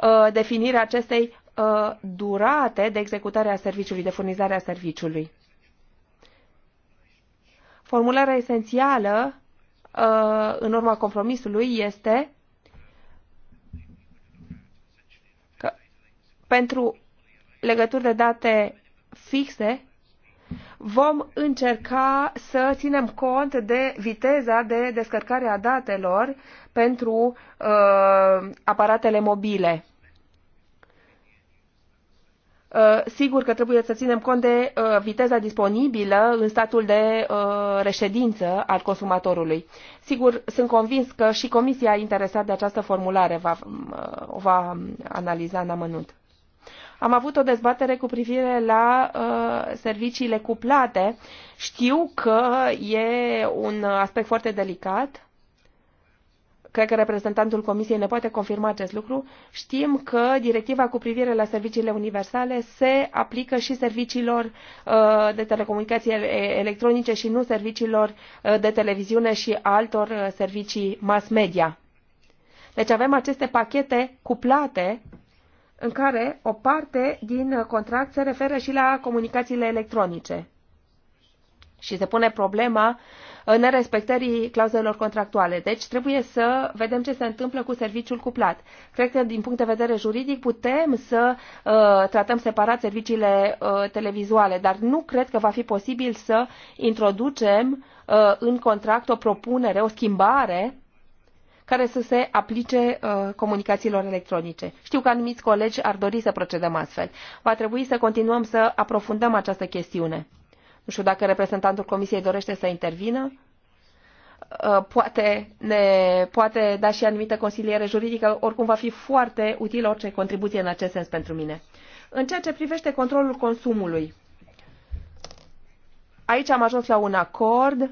Speaker 1: uh, definirea acestei Uh, durate de executare a serviciului, de furnizare a serviciului. Formularea esențială uh, în urma compromisului este că pentru legături de date fixe vom încerca să ținem cont de viteza de descărcare a datelor pentru uh, aparatele mobile Uh, sigur că trebuie să ținem cont de uh, viteza disponibilă în statul de uh, reședință al consumatorului. Sigur, sunt convins că și Comisia interesată de această formulare va, o va analiza în amănunt. Am avut o dezbatere cu privire la uh, serviciile cuplate. Știu că e un aspect foarte delicat cred că reprezentantul Comisiei ne poate confirma acest lucru, știm că directiva cu privire la serviciile universale se aplică și serviciilor uh, de telecomunicații electronice și nu serviciilor uh, de televiziune și altor uh, servicii mass media. Deci avem aceste pachete cuplate în care o parte din contract se referă și la comunicațiile electronice. Și se pune problema uh, Uh, nerespectării clauzelor contractuale. Deci trebuie să vedem ce se întâmplă cu serviciul cuplat. Cred că din punct de vedere juridic putem să uh, tratăm separat serviciile uh, televizuale, dar nu cred că va fi posibil să introducem uh, în contract o propunere, o schimbare care să se aplice uh, comunicațiilor electronice. Știu că anumiți colegi ar dori să procedăm astfel. Va trebui să continuăm să aprofundăm această chestiune. Nu știu dacă reprezentantul Comisiei dorește să intervină. Uh, poate, ne, poate da și anumită consiliere juridică, oricum va fi foarte util orice contribuție în acest sens pentru mine. În ceea ce privește controlul consumului, aici am ajuns la un acord, uh,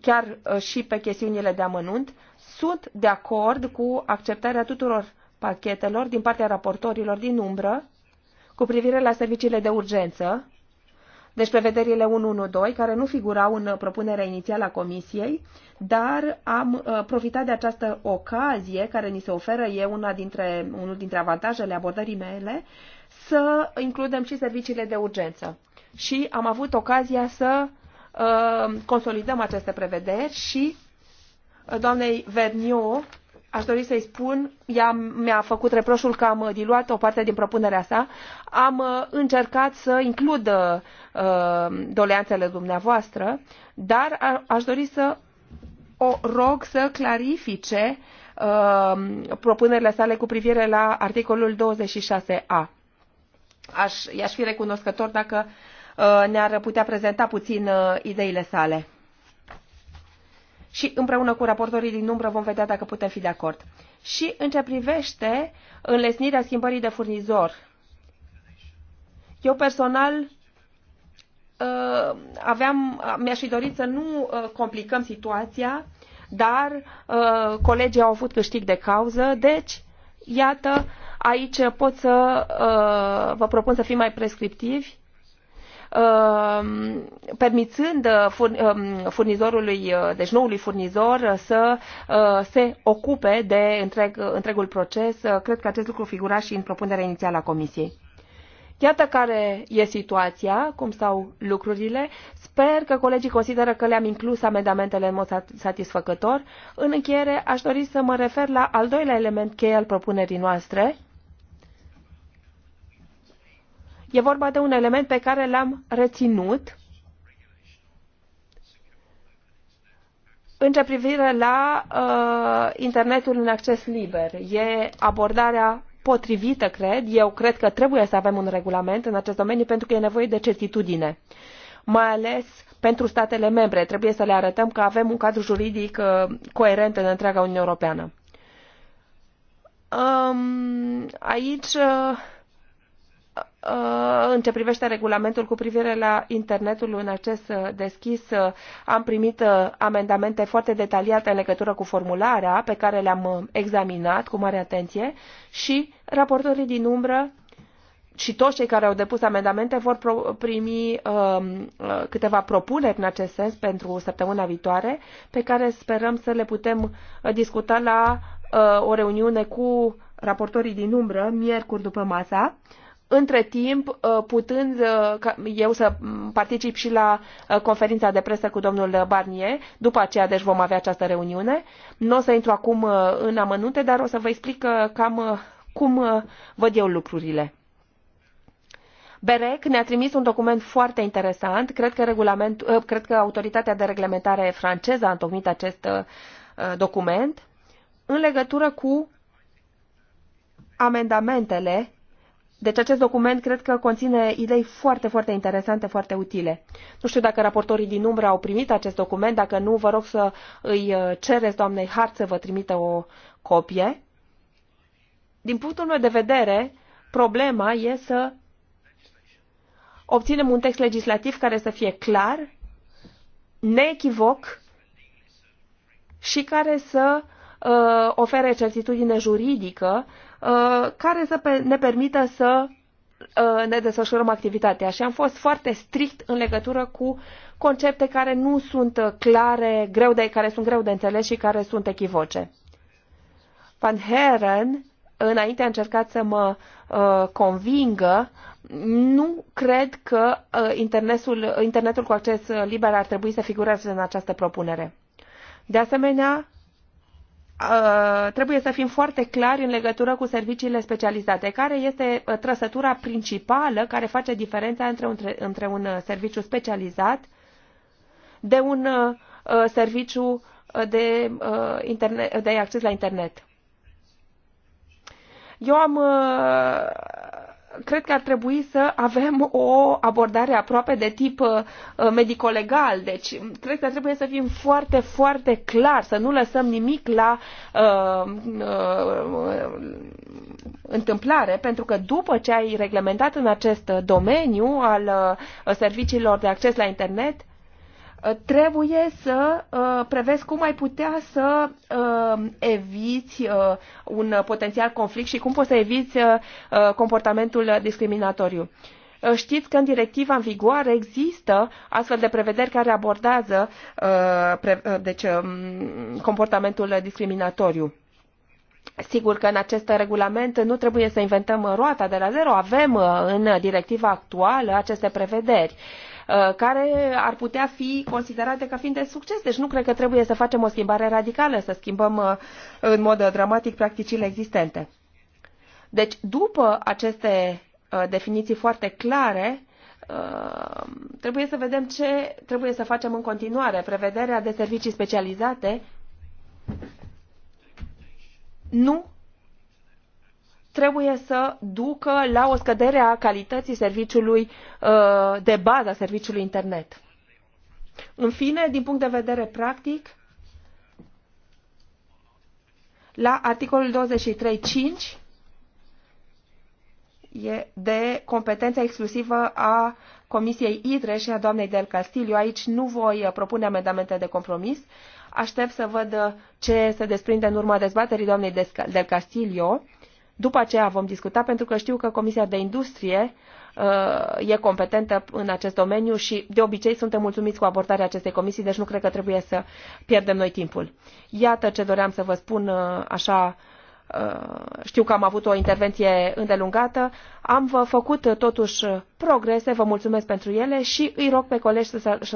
Speaker 1: chiar uh, și pe chestiunile de amănunt. Sunt de acord cu acceptarea tuturor pachetelor din partea raportorilor din umbră cu privire la serviciile de urgență, deci prevederile 112, care nu figurau în uh, propunerea inițială a Comisiei, dar am uh, profitat de această ocazie care ni se oferă, e una dintre, unul dintre avantajele abordării mele, să includem și serviciile de urgență. Și am avut ocazia să uh, consolidăm aceste prevederi și uh, doamnei Verniu aș dori să-i spun, ea mi-a făcut reproșul că am diluat o parte din propunerea sa, am uh, încercat să includ uh, doleanțele dumneavoastră, dar aș dori să o rog să clarifice uh, propunerile sale cu privire la articolul 26a. Aș, i-aș fi recunoscător dacă uh, ne-ar putea prezenta puțin uh, ideile sale și împreună cu raportorii din umbră vom vedea dacă putem fi de acord. Și în ce privește înlesnirea schimbării de furnizor, eu personal uh, aveam, mi-aș fi dorit să nu uh, complicăm situația, dar uh, colegii au avut câștig de cauză, deci, iată, aici pot să vă propun să fim mai prescriptivi Um, permițând uh, um, furnizorului, uh, deci noului furnizor să uh, se ocupe de întreg, întregul proces. Cred că acest lucru figura și în propunerea inițială a Comisiei. Iată care e situația, cum stau lucrurile. Sper că colegii consideră că le-am inclus amendamentele în mod satisfăcător. În încheiere, aș dori să mă refer la al doilea element cheie al propunerii noastre, E vorba de un element pe care l-am reținut în ce privire la uh, internetul în acces liber. E abordarea potrivită, cred. Eu cred că trebuie să avem un regulament în acest domeniu pentru că e nevoie de certitudine, mai ales pentru statele membre. Trebuie să le arătăm că avem un cadru juridic uh, coerent în întreaga Uniune Europeană. Um, aici uh, în ce privește regulamentul cu privire la internetul în acces deschis, am primit amendamente foarte detaliate în legătură cu formularea pe care le-am examinat cu mare atenție și raportorii din umbră și toți cei care au depus amendamente vor primi um, câteva propuneri în acest sens pentru săptămâna viitoare, pe care sperăm să le putem discuta la uh, o reuniune cu raportorii din umbră, miercuri după masa, între timp, uh, putând uh, eu să particip și la uh, conferința de presă cu domnul Barnier, după aceea deci vom avea această reuniune. Nu o să intru acum în amănunte, dar o să vă explic cam cum văd eu lucrurile. BEREC ne-a trimis un document foarte interesant. Cred că, regulament, cred că autoritatea de reglementare franceză a întocmit acest document în legătură cu amendamentele deci acest document cred că conține idei foarte, foarte interesante, foarte utile. Nu știu dacă raportorii din umbră au primit acest document, dacă nu, vă rog să îi uh, cereți doamnei Hart să vă trimită o copie. Din punctul meu de vedere, problema e să obținem un text legislativ care să fie clar, neechivoc și care să uh, ofere certitudine juridică Uh, care să ne permită să uh, ne desfășurăm activitatea și am fost foarte strict în legătură cu concepte care nu sunt clare, greu de, care sunt greu de înțeles și care sunt echivoce. Van Heren, înainte a încercat să mă uh, convingă, nu cred că uh, internetul, internetul cu acces liber ar trebui să figureze în această propunere. De asemenea, Uh, trebuie să fim foarte clari în legătură cu serviciile specializate, care este uh, trăsătura principală care face diferența între un, între un uh, serviciu specializat de un serviciu de, de acces la internet. Eu am cred că ar trebui să avem o abordare aproape de tip uh, medico-legal. Deci, cred că trebuie să fim foarte, foarte clar, să nu lăsăm nimic la uh, uh, întâmplare, pentru că după ce ai reglementat în acest domeniu al uh, serviciilor de acces la internet, Uh, trebuie să uh, prevezi cum ai putea să uh, eviți un potențial conflict și cum poți să eviți comportamentul discriminatoriu. Știți că în directiva în vigoare există astfel de prevederi care abordează deci, um, comportamentul discriminatoriu. Sigur că în acest regulament nu trebuie să inventăm roata de la zero, avem în directiva actuală aceste prevederi. Uh, Uh, care ar putea fi considerate ca fiind de succes. Deci nu cred că trebuie să facem o schimbare radicală, să schimbăm uh, în mod uh, dramatic practicile existente. Deci, după aceste definiții foarte clare, trebuie să vedem ce trebuie să facem în continuare. Prevederea de servicii specializate nu trebuie să ducă la o scădere a calității serviciului uh, de bază, a serviciului internet. În fine, din punct de vedere practic, la articolul 23.5 e de competența exclusivă a Comisiei ITRE și a doamnei Del Castillo. Aici nu voi propune amendamente de compromis. Aștept să văd ce se desprinde în urma dezbaterii doamnei Del Castillo după aceea vom discuta, pentru că știu că Comisia de Industrie uh, e competentă în acest domeniu și de obicei suntem mulțumiți cu abordarea acestei comisii, deci nu cred că trebuie să pierdem noi timpul. Iată ce doream să vă spun uh, așa Uh, știu că am avut o intervenție îndelungată. Am uh, făcut uh, totuși progrese, vă mulțumesc pentru ele și îi rog pe colegi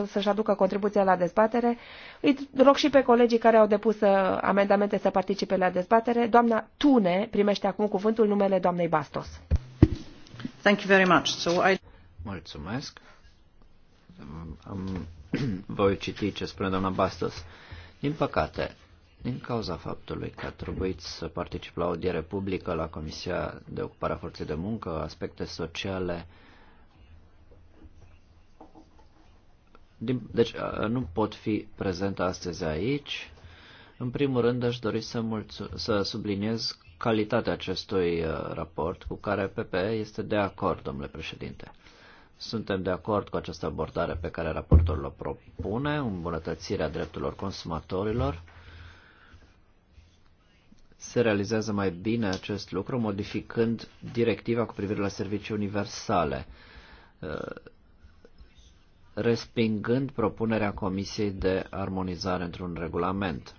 Speaker 1: să-și aducă contribuția la dezbatere. Îi rog și pe colegii care au depus amendamente să participe la dezbatere. Doamna Tune primește acum cuvântul numele doamnei Bastos. Thank you very much. So I...
Speaker 2: Mulțumesc. Am... Voi citi ce spune doamna Bastos. Din păcate, din cauza faptului că a trebuit să particip la audiere publică la Comisia de Ocupare a Forței de Muncă, aspecte sociale. Deci nu pot fi prezent astăzi aici. În primul rând aș dori să, mulțu- să subliniez calitatea acestui raport cu care PPE este de acord, domnule președinte. Suntem de acord cu această abordare pe care raportorul o propune, îmbunătățirea drepturilor consumatorilor, se realizează mai bine acest lucru modificând directiva cu privire la servicii universale, uh, respingând propunerea Comisiei de armonizare într-un regulament.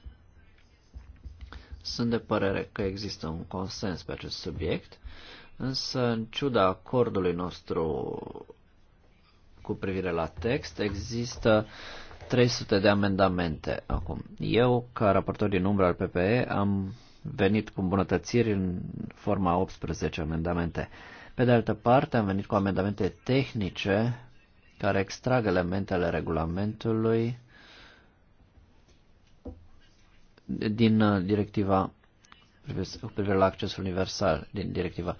Speaker 2: Sunt de părere că există un consens pe acest subiect, însă în ciuda acordului nostru cu privire la text, există 300 de amendamente acum. Eu, ca raportor din umbră al PPE, am venit cu îmbunătățiri în forma 18 amendamente. Pe de altă parte, am venit cu amendamente tehnice care extrag elementele regulamentului din uh, directiva cu privire la accesul universal din directiva.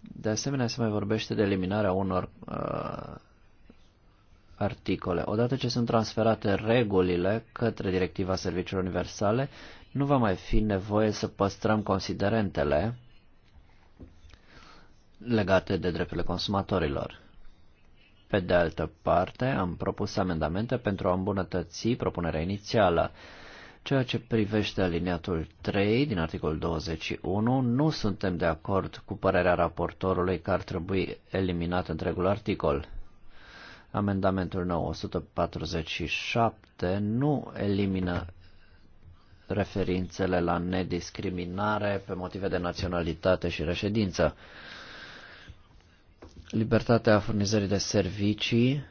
Speaker 2: De asemenea, se mai vorbește de eliminarea unor uh, articole. Odată ce sunt transferate regulile către Directiva Serviciilor Universale, nu va mai fi nevoie să păstrăm considerentele legate de drepturile consumatorilor. Pe de altă parte, am propus amendamente pentru a îmbunătăți propunerea inițială. Ceea ce privește aliniatul 3 din articolul 21, nu suntem de acord cu părerea raportorului că ar trebui eliminat întregul articol. Amendamentul 947 nu elimină referințele la nediscriminare pe motive de naționalitate și reședință. Libertatea furnizării de servicii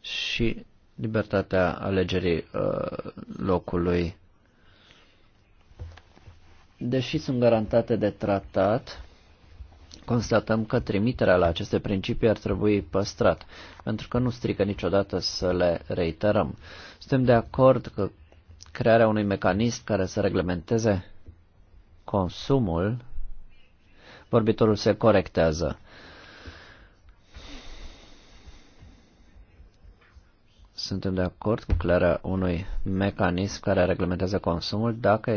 Speaker 2: și libertatea alegerii uh, locului. Deși sunt garantate de tratat, constatăm că trimiterea la aceste principii ar trebui păstrat, pentru că nu strică niciodată să le reiterăm. Suntem de acord că crearea unui mecanism care să reglementeze consumul, vorbitorul se corectează. Suntem de acord cu crearea unui mecanism care reglementează consumul dacă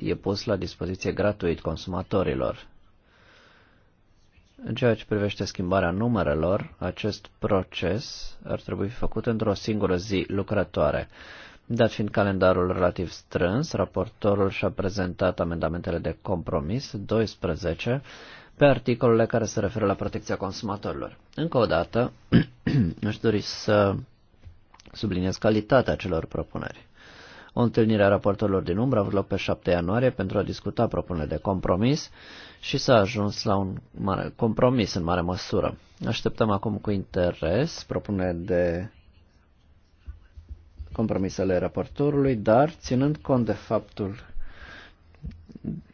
Speaker 2: e pus la dispoziție gratuit consumatorilor. În ceea ce privește schimbarea numerelor, acest proces ar trebui făcut într-o singură zi lucrătoare. Dat fiind calendarul relativ strâns, raportorul și-a prezentat amendamentele de compromis 12 pe articolele care se referă la protecția consumatorilor. Încă o dată, aș dori să subliniez calitatea celor propuneri. O întâlnire a raportorilor din umbră a avut loc pe 7 ianuarie pentru a discuta propunerile de compromis și s-a ajuns la un mare compromis în mare măsură. Așteptăm acum cu interes propunerile de compromisele raportorului, dar ținând cont de faptul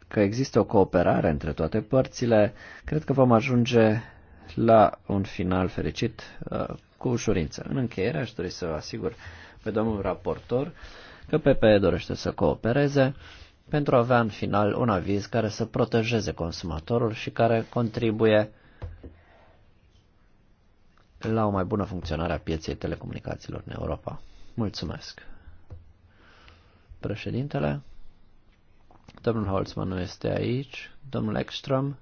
Speaker 2: că există o cooperare între toate părțile, cred că vom ajunge la un final fericit uh, cu ușurință. În încheiere aș dori să vă asigur pe domnul raportor că PPE dorește să coopereze pentru a avea în final un aviz care să protejeze consumatorul și care contribuie la o mai bună funcționare a pieței telecomunicațiilor în Europa. Mulțumesc. Președintele, domnul Holzman nu este aici, domnul Ekström,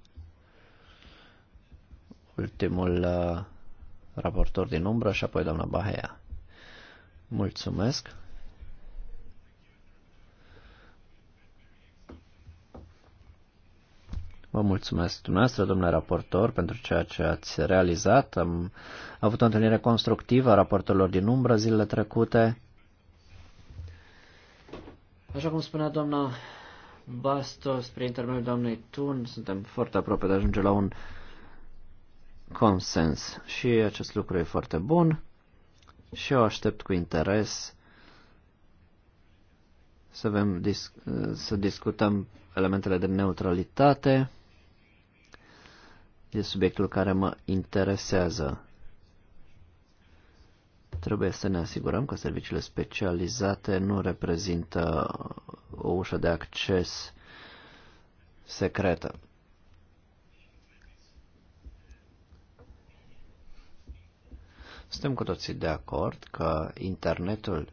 Speaker 2: ultimul uh, raportor din umbră și apoi doamna Bahea. Mulțumesc. Vă mulțumesc dumneavoastră, domnule raportor, pentru ceea ce ați realizat. Am avut o întâlnire constructivă a raportorilor din umbră zilele trecute. Așa cum spunea doamna Bastos, prin intermediul doamnei Tun, suntem foarte aproape de a ajunge la un consens și acest lucru e foarte bun și eu aștept cu interes să, avem, să discutăm elementele de neutralitate de subiectul care mă interesează. Trebuie să ne asigurăm că serviciile specializate nu reprezintă o ușă de acces secretă. Suntem cu toții de acord că internetul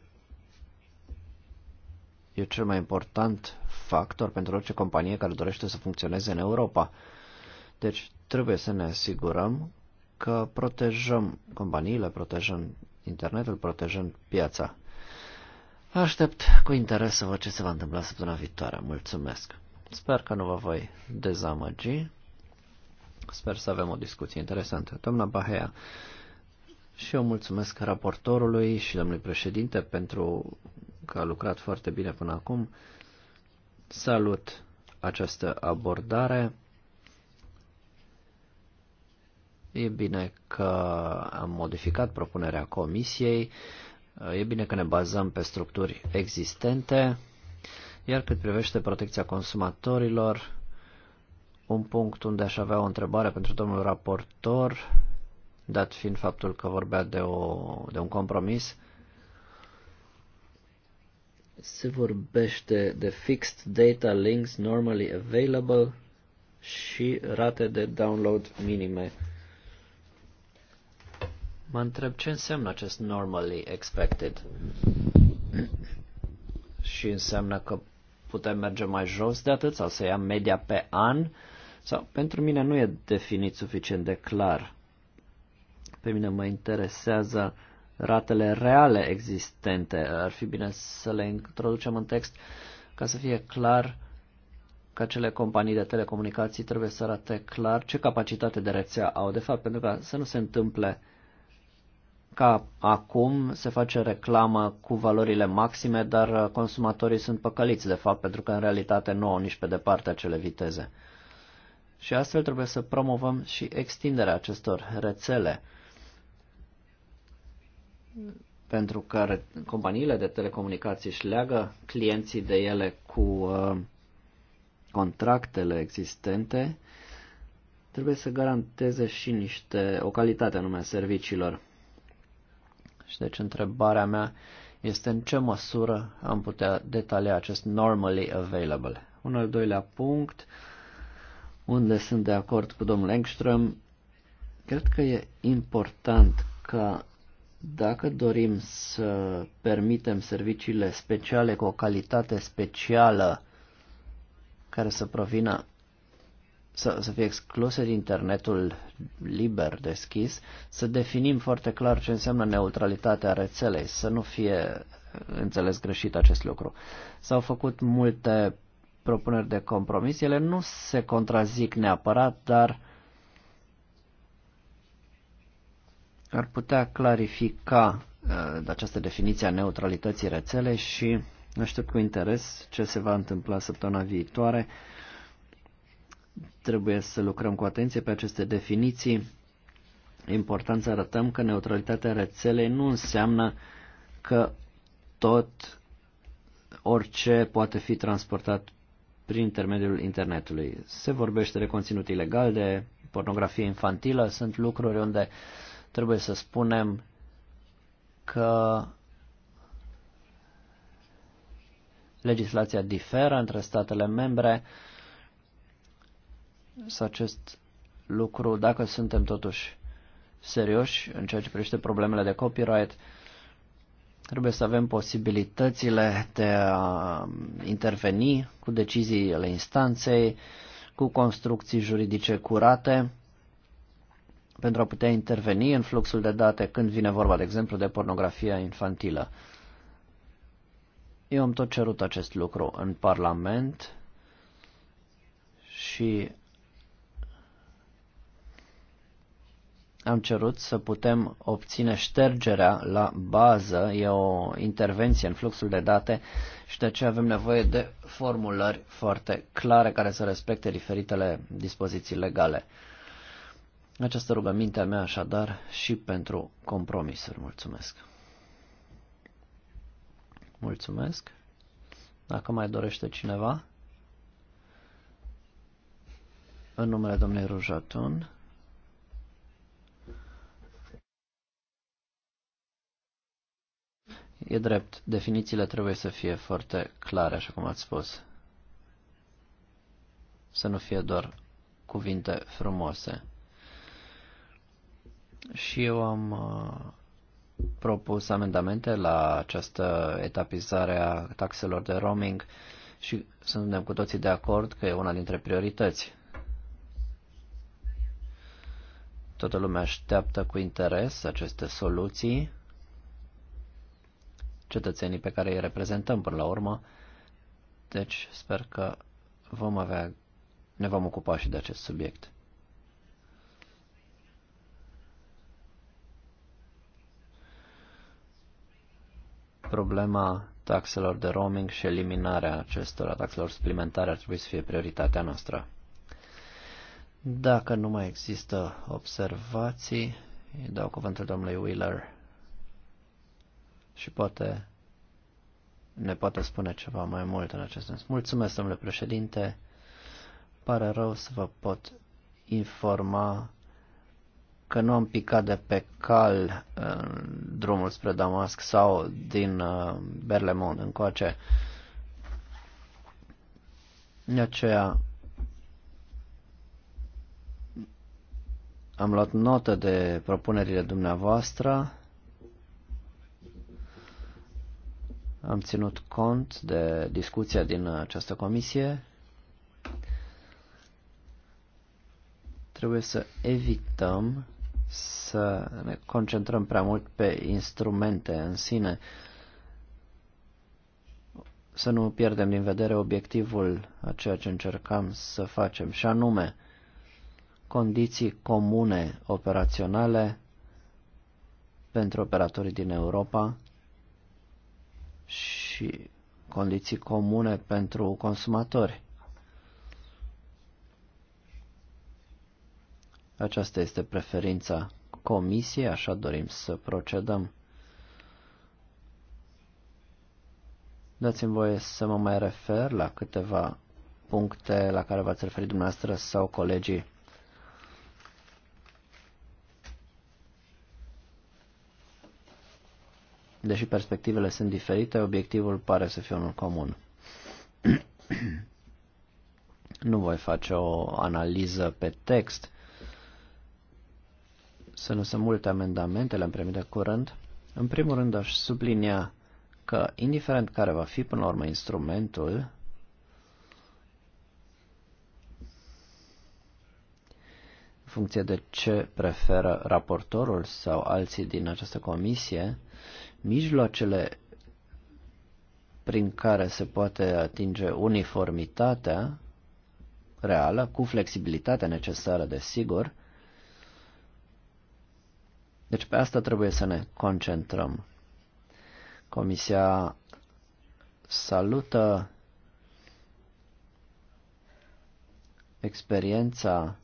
Speaker 2: e cel mai important factor pentru orice companie care dorește să funcționeze în Europa. Deci trebuie să ne asigurăm că protejăm companiile, protejăm internetul, protejăm piața. Aștept cu interes să văd ce se va întâmpla săptămâna viitoare. Mulțumesc! Sper că nu vă voi dezamăgi. Sper să avem o discuție interesantă. Doamna Bahea, și eu mulțumesc raportorului și domnului președinte pentru că a lucrat foarte bine până acum. Salut această abordare E bine că am modificat propunerea comisiei, e bine că ne bazăm pe structuri existente, iar cât privește protecția consumatorilor, un punct unde aș avea o întrebare pentru domnul raportor, dat fiind faptul că vorbea de, o, de un compromis, se vorbește de fixed data links normally available și rate de download minime. Mă întreb ce înseamnă acest normally expected și înseamnă că putem merge mai jos de atât sau să ia media pe an sau pentru mine nu e definit suficient de clar. Pe mine mă interesează ratele reale existente. Ar fi bine să le introducem în text ca să fie clar că acele companii de telecomunicații trebuie să arate clar ce capacitate de rețea au de fapt, pentru ca să nu se întâmple ca acum se face reclamă cu valorile maxime, dar consumatorii sunt păcăliți, de fapt, pentru că în realitate nu au nici pe departe acele viteze. Și astfel trebuie să promovăm și extinderea acestor rețele, pentru că companiile de telecomunicații își leagă clienții de ele cu uh, contractele existente, trebuie să garanteze și niște, o calitate anume a serviciilor. Și deci întrebarea mea este în ce măsură am putea detalia acest normally available. Un al doilea punct, unde sunt de acord cu domnul Engström, cred că e important ca dacă dorim să permitem serviciile speciale cu o calitate specială care să provină să, să fie excluse din internetul liber, deschis, să definim foarte clar ce înseamnă neutralitatea rețelei, să nu fie înțeles greșit acest lucru. S-au făcut multe propuneri de compromis, ele nu se contrazic neapărat, dar ar putea clarifica uh, această definiție a neutralității rețelei și aștept cu interes ce se va întâmpla săptămâna viitoare Trebuie să lucrăm cu atenție pe aceste definiții. important să arătăm că neutralitatea rețelei nu înseamnă că tot orice poate fi transportat prin intermediul internetului. Se vorbește de conținut ilegal, de pornografie infantilă, sunt lucruri unde trebuie să spunem că legislația diferă între statele membre, să acest lucru, dacă suntem totuși serioși în ceea ce privește problemele de copyright, trebuie să avem posibilitățile de a um, interveni cu deciziile instanței, cu construcții juridice curate, pentru a putea interveni în fluxul de date când vine vorba, de exemplu, de pornografia infantilă. Eu am tot cerut acest lucru în Parlament și am cerut să putem obține ștergerea la bază, e o intervenție în fluxul de date și de aceea avem nevoie de formulări foarte clare care să respecte diferitele dispoziții legale. Această rugăminte a mea așadar și pentru compromisuri. Mulțumesc. Mulțumesc. Dacă mai dorește cineva, în numele domnului Rujatun, E drept, definițiile trebuie să fie foarte clare, așa cum ați spus. Să nu fie doar cuvinte frumoase. Și eu am uh, propus amendamente la această etapizare a taxelor de roaming și suntem cu toții de acord că e una dintre priorități. Toată lumea așteaptă cu interes aceste soluții cetățenii pe care îi reprezentăm până la urmă. Deci sper că vom avea, ne vom ocupa și de acest subiect. Problema taxelor de roaming și eliminarea acestora, taxelor suplimentare, ar trebui să fie prioritatea noastră. Dacă nu mai există observații, îi dau cuvântul domnului Wheeler și poate ne poate spune ceva mai mult în acest sens. Mulțumesc, domnule președinte. Pare rău să vă pot informa că nu am picat de pe cal în uh, drumul spre Damasc sau din uh, Berlemont încoace. De aceea am luat notă de propunerile dumneavoastră Am ținut cont de discuția din această comisie. Trebuie să evităm să ne concentrăm prea mult pe instrumente în sine, să nu pierdem din vedere obiectivul a ceea ce încercam să facem, și anume condiții comune operaționale pentru operatorii din Europa, și condiții comune pentru consumatori. Aceasta este preferința comisiei, așa dorim să procedăm. Dați-mi voie să mă mai refer la câteva puncte la care v-ați referit dumneavoastră sau colegii. Deși perspectivele sunt diferite, obiectivul pare să fie unul comun. nu voi face o analiză pe text. Să nu sunt multe amendamente, le-am primit de curând. În primul rând aș sublinia că, indiferent care va fi până la urmă instrumentul, în funcție de ce preferă raportorul sau alții din această comisie, mijloacele prin care se poate atinge uniformitatea reală, cu flexibilitatea necesară, desigur. Deci pe asta trebuie să ne concentrăm. Comisia salută experiența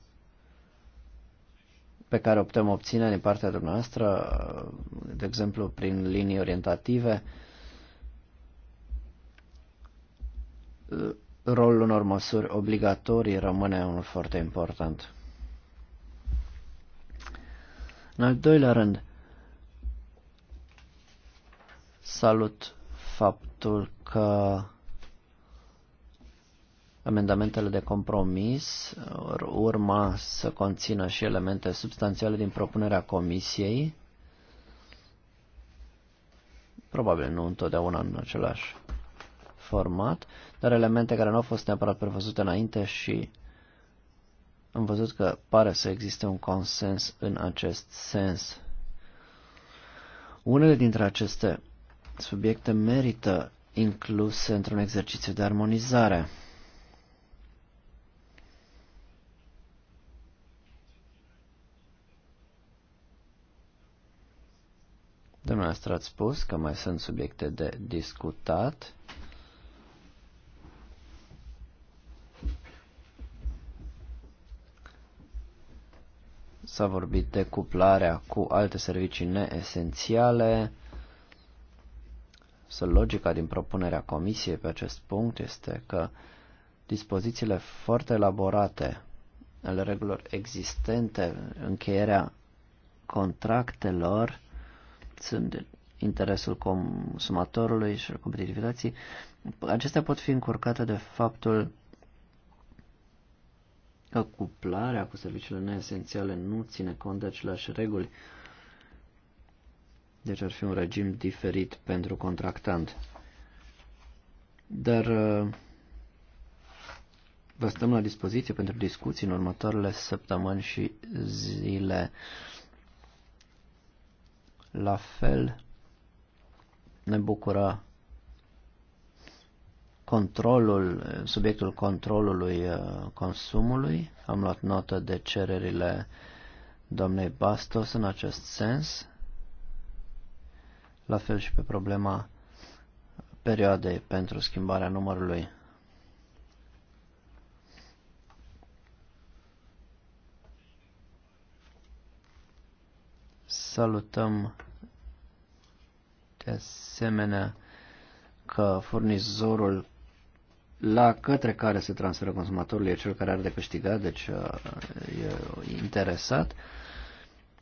Speaker 2: pe care o putem obține din partea dumneavoastră, de exemplu prin linii orientative, rolul unor măsuri obligatorii rămâne unul foarte important. În al doilea rând, salut faptul că Amendamentele de compromis urma să conțină și elemente substanțiale din propunerea comisiei, probabil nu întotdeauna în același format, dar elemente care nu au fost neapărat prevăzute înainte și am văzut că pare să existe un consens în acest sens. Unele dintre aceste subiecte merită incluse într-un exercițiu de armonizare. Dumneavoastră ați spus că mai sunt subiecte de discutat. S-a vorbit de cuplarea cu alte servicii neesențiale. Să logica din propunerea comisiei pe acest punct este că dispozițiile foarte elaborate ale regulilor existente, încheierea contractelor, sunt interesul consumatorului și al competitivității, acestea pot fi încurcate de faptul că cuplarea cu serviciile neesențiale nu ține cont de aceleași reguli. Deci ar fi un regim diferit pentru contractant. Dar uh, vă stăm la dispoziție pentru discuții în următoarele săptămâni și zile. La fel ne bucură controlul, subiectul controlului uh, consumului. Am luat notă de cererile doamnei Bastos în acest sens. La fel și pe problema perioadei pentru schimbarea numărului Salutăm de asemenea că furnizorul la către care se transferă consumatorul e cel care are de câștigat, deci uh, e interesat.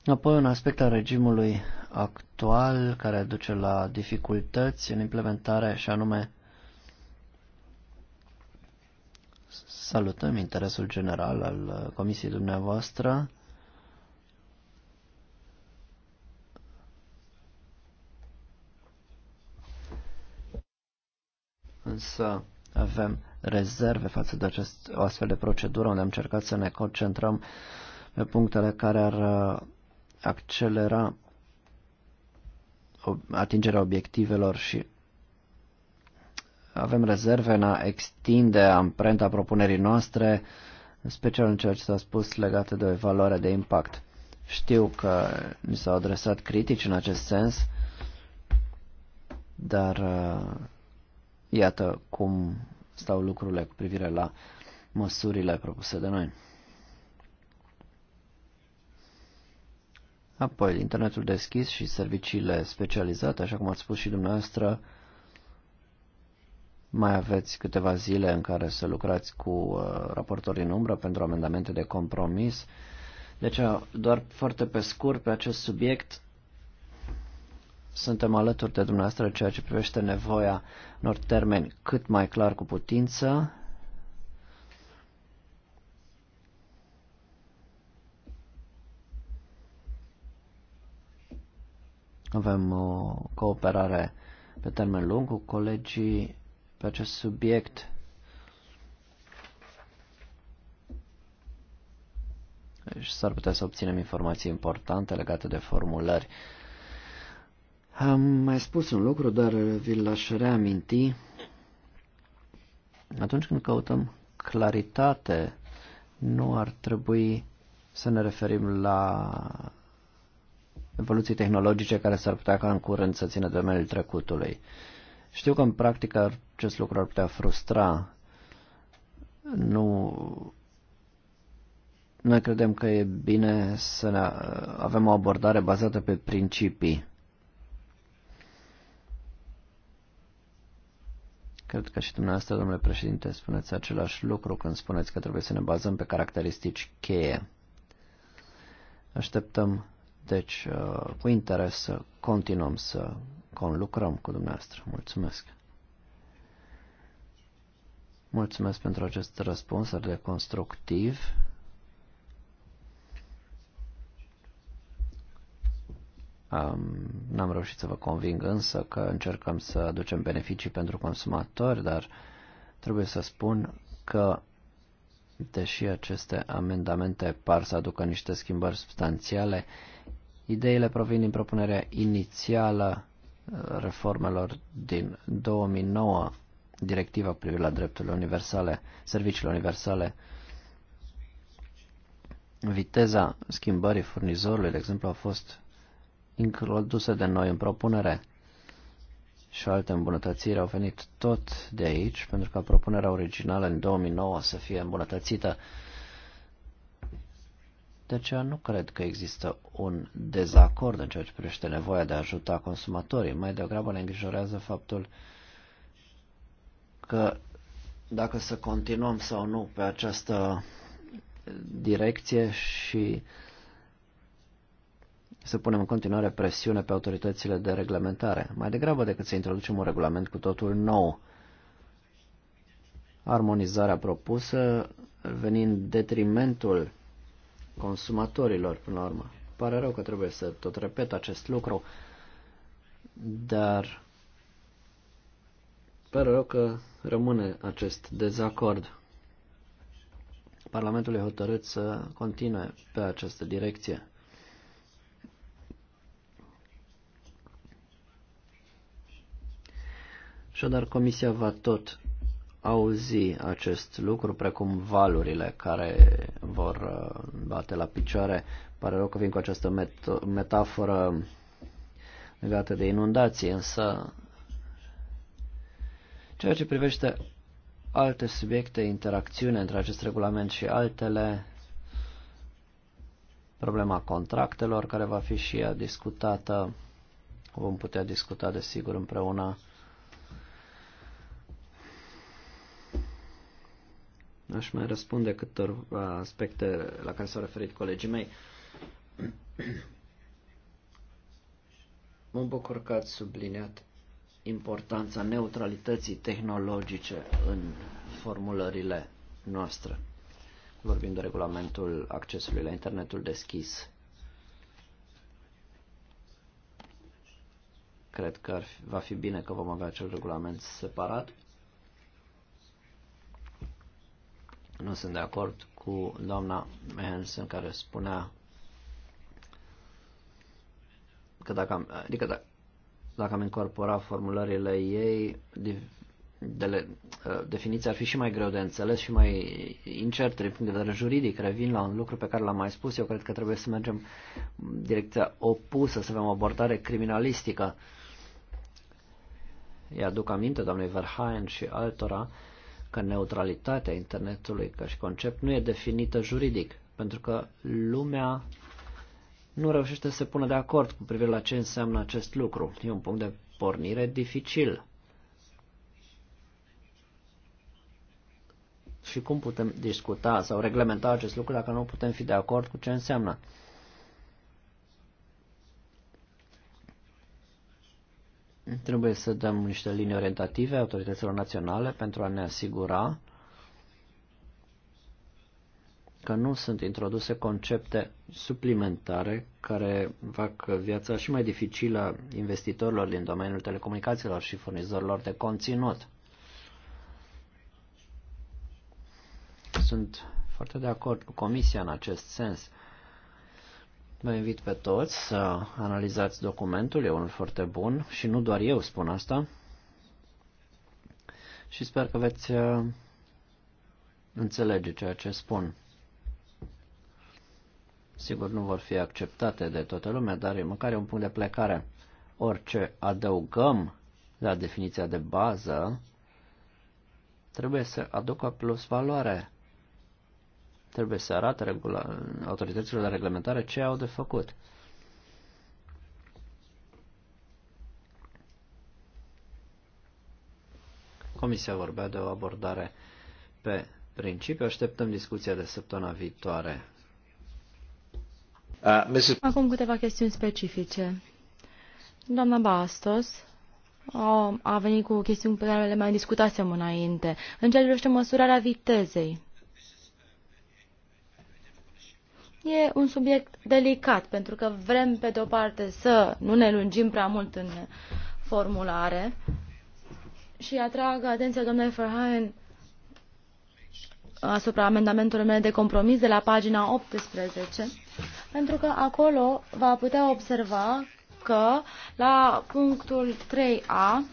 Speaker 2: Apoi un aspect al regimului actual care duce la dificultăți în implementare și anume salutăm interesul general al uh, comisiei dumneavoastră însă avem rezerve față de acest, o astfel de procedură unde am încercat să ne concentrăm pe punctele care ar uh, accelera atingerea obiectivelor și avem rezerve în a extinde amprenta propunerii noastre, în special în ceea ce s-a spus legate de o evaluare de impact. Știu că mi s-au adresat critici în acest sens, dar uh, Iată cum stau lucrurile cu privire la măsurile propuse de noi. Apoi, internetul deschis și serviciile specializate, așa cum ați spus și dumneavoastră, mai aveți câteva zile în care să lucrați cu uh, raportorii în umbră pentru amendamente de compromis. Deci, uh, doar foarte pe scurt pe acest subiect, suntem alături de dumneavoastră ceea ce privește nevoia unor termeni cât mai clar cu putință. Avem o cooperare pe termen lung cu colegii pe acest subiect. și deci s-ar putea să obținem informații importante legate de formulări am mai spus un lucru, dar vi l-aș reaminti. Atunci când căutăm claritate, nu ar trebui să ne referim la evoluții tehnologice care s-ar putea ca în curând să țină domeniul trecutului. Știu că în practică acest lucru ar putea frustra. Nu... Noi credem că e bine să ne avem o abordare bazată pe principii. Cred că și dumneavoastră, domnule președinte, spuneți același lucru când spuneți că trebuie să ne bazăm pe caracteristici cheie. Așteptăm, deci, uh, cu interes să continuăm să conlucrăm cu dumneavoastră. Mulțumesc! Mulțumesc pentru acest răspuns de constructiv. Um, n-am reușit să vă conving însă că încercăm să aducem beneficii pentru consumatori, dar trebuie să spun că deși aceste amendamente par să aducă niște schimbări substanțiale, ideile provin din propunerea inițială uh, reformelor din 2009, directiva privind la drepturile universale, serviciile universale, viteza schimbării furnizorului, de exemplu, a fost introduse de noi în propunere. Și alte îmbunătățiri au venit tot de aici, pentru ca propunerea originală în 2009 să fie îmbunătățită. De aceea nu cred că există un dezacord în ceea ce privește nevoia de a ajuta consumatorii. Mai degrabă ne îngrijorează faptul că dacă să continuăm sau nu pe această direcție și să punem în continuare presiune pe autoritățile de reglementare, mai degrabă decât să introducem un regulament cu totul nou. Armonizarea propusă venind în detrimentul consumatorilor, până la urmă. Pare rău că trebuie să tot repet acest lucru, dar pare rău că rămâne acest dezacord. Parlamentul e hotărât să continue pe această direcție. Așadar, Comisia va tot auzi acest lucru, precum valurile care vor uh, bate la picioare. Pare rău că vin cu această metaforă legată de inundații, însă ceea ce privește alte subiecte, interacțiune între acest regulament și altele, problema contractelor care va fi și ea discutată, vom putea discuta desigur împreună Aș mai răspunde câteva aspecte la care s-au referit colegii mei. Mă bucur că ați subliniat importanța neutralității tehnologice în formulările noastre. Vorbim de regulamentul accesului la internetul deschis. Cred că ar fi, va fi bine că vom avea acel regulament separat Nu sunt de acord cu doamna Mehensen care spunea că dacă am, adică dacă, dacă am incorporat formulările ei, de le, ă, definiția ar fi și mai greu de înțeles și mai incert din punct de vedere juridic. Revin la un lucru pe care l-am mai spus. Eu cred că trebuie să mergem în direcția opusă, să avem o abordare criminalistică. Îi aduc aminte doamnei Verhaen și altora că neutralitatea internetului ca și concept nu e definită juridic, pentru că lumea nu reușește să se pună de acord cu privire la ce înseamnă acest lucru. E un punct de pornire dificil. Și cum putem discuta sau reglementa acest lucru dacă nu putem fi de acord cu ce înseamnă? Trebuie să dăm niște linii orientative autorităților naționale pentru a ne asigura că nu sunt introduse concepte suplimentare care fac viața și mai dificilă investitorilor din domeniul telecomunicațiilor și furnizorilor de conținut. Sunt foarte de acord cu Comisia în acest sens. Vă invit pe toți să analizați documentul, e unul foarte bun și nu doar eu spun asta. Și sper că veți uh, înțelege ceea ce spun. Sigur, nu vor fi acceptate de toată lumea, dar e măcar un punct de plecare. Orice adăugăm la definiția de bază trebuie să aducă plus valoare trebuie să arate regula, autoritățile de reglementare ce au de făcut. Comisia vorbea de o abordare pe principiu. Așteptăm discuția de săptămâna viitoare. Uh,
Speaker 4: Acum câteva chestiuni specifice. Doamna Bastos a venit cu chestiuni pe care le mai discutasem înainte. În ceea ce privește măsurarea vitezei, E un subiect delicat, pentru că vrem, pe de o parte, să nu ne lungim prea mult în formulare și atrag atenția domnului Ferhain asupra amendamentelor mele de compromis de la pagina 18, pentru că acolo va putea observa că la punctul 3a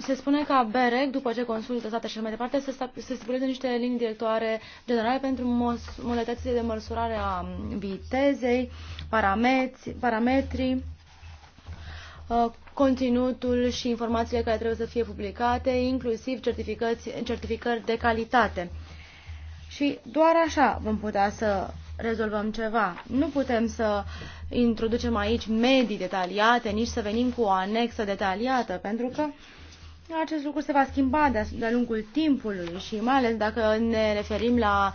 Speaker 4: se spune ca BEREC, după ce consultă statele și mai departe, să, se stipuleze niște linii directoare generale pentru modalitățile de măsurare a vitezei, parametri, parametri uh, conținutul și informațiile care trebuie să fie publicate, inclusiv certificări de calitate. Și doar așa vom putea să rezolvăm ceva. Nu putem să introducem aici medii detaliate, nici să venim cu o anexă detaliată, pentru că uh, acest lucru se va schimba de-a lungul timpului și mai ales dacă ne referim la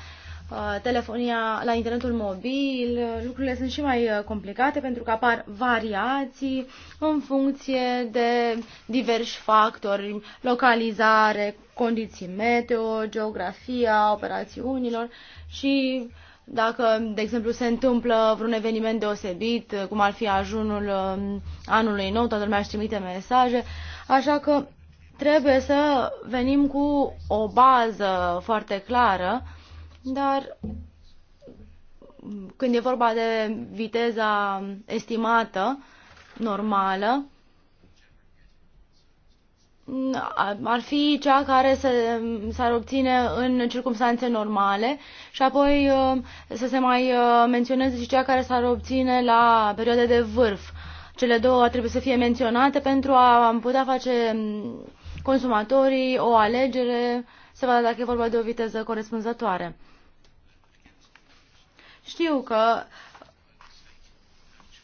Speaker 4: uh, telefonia, la internetul mobil, lucrurile sunt și mai uh, complicate pentru că apar variații în funcție de diversi factori, localizare, condiții meteo, geografia operațiunilor și dacă, de exemplu, se întâmplă vreun eveniment deosebit, cum ar fi ajunul um, anului nou, toată lumea își trimite mesaje, așa că Trebuie să venim cu o bază foarte clară, dar când e vorba de viteza estimată, normală, ar fi cea care s-ar obține în circunstanțe normale și apoi uh, să se mai uh, menționeze și cea care s-ar obține la perioade de vârf. Cele două trebuie să fie menționate pentru a putea face consumatorii o alegere, se va da dacă e vorba de o viteză corespunzătoare. Știu că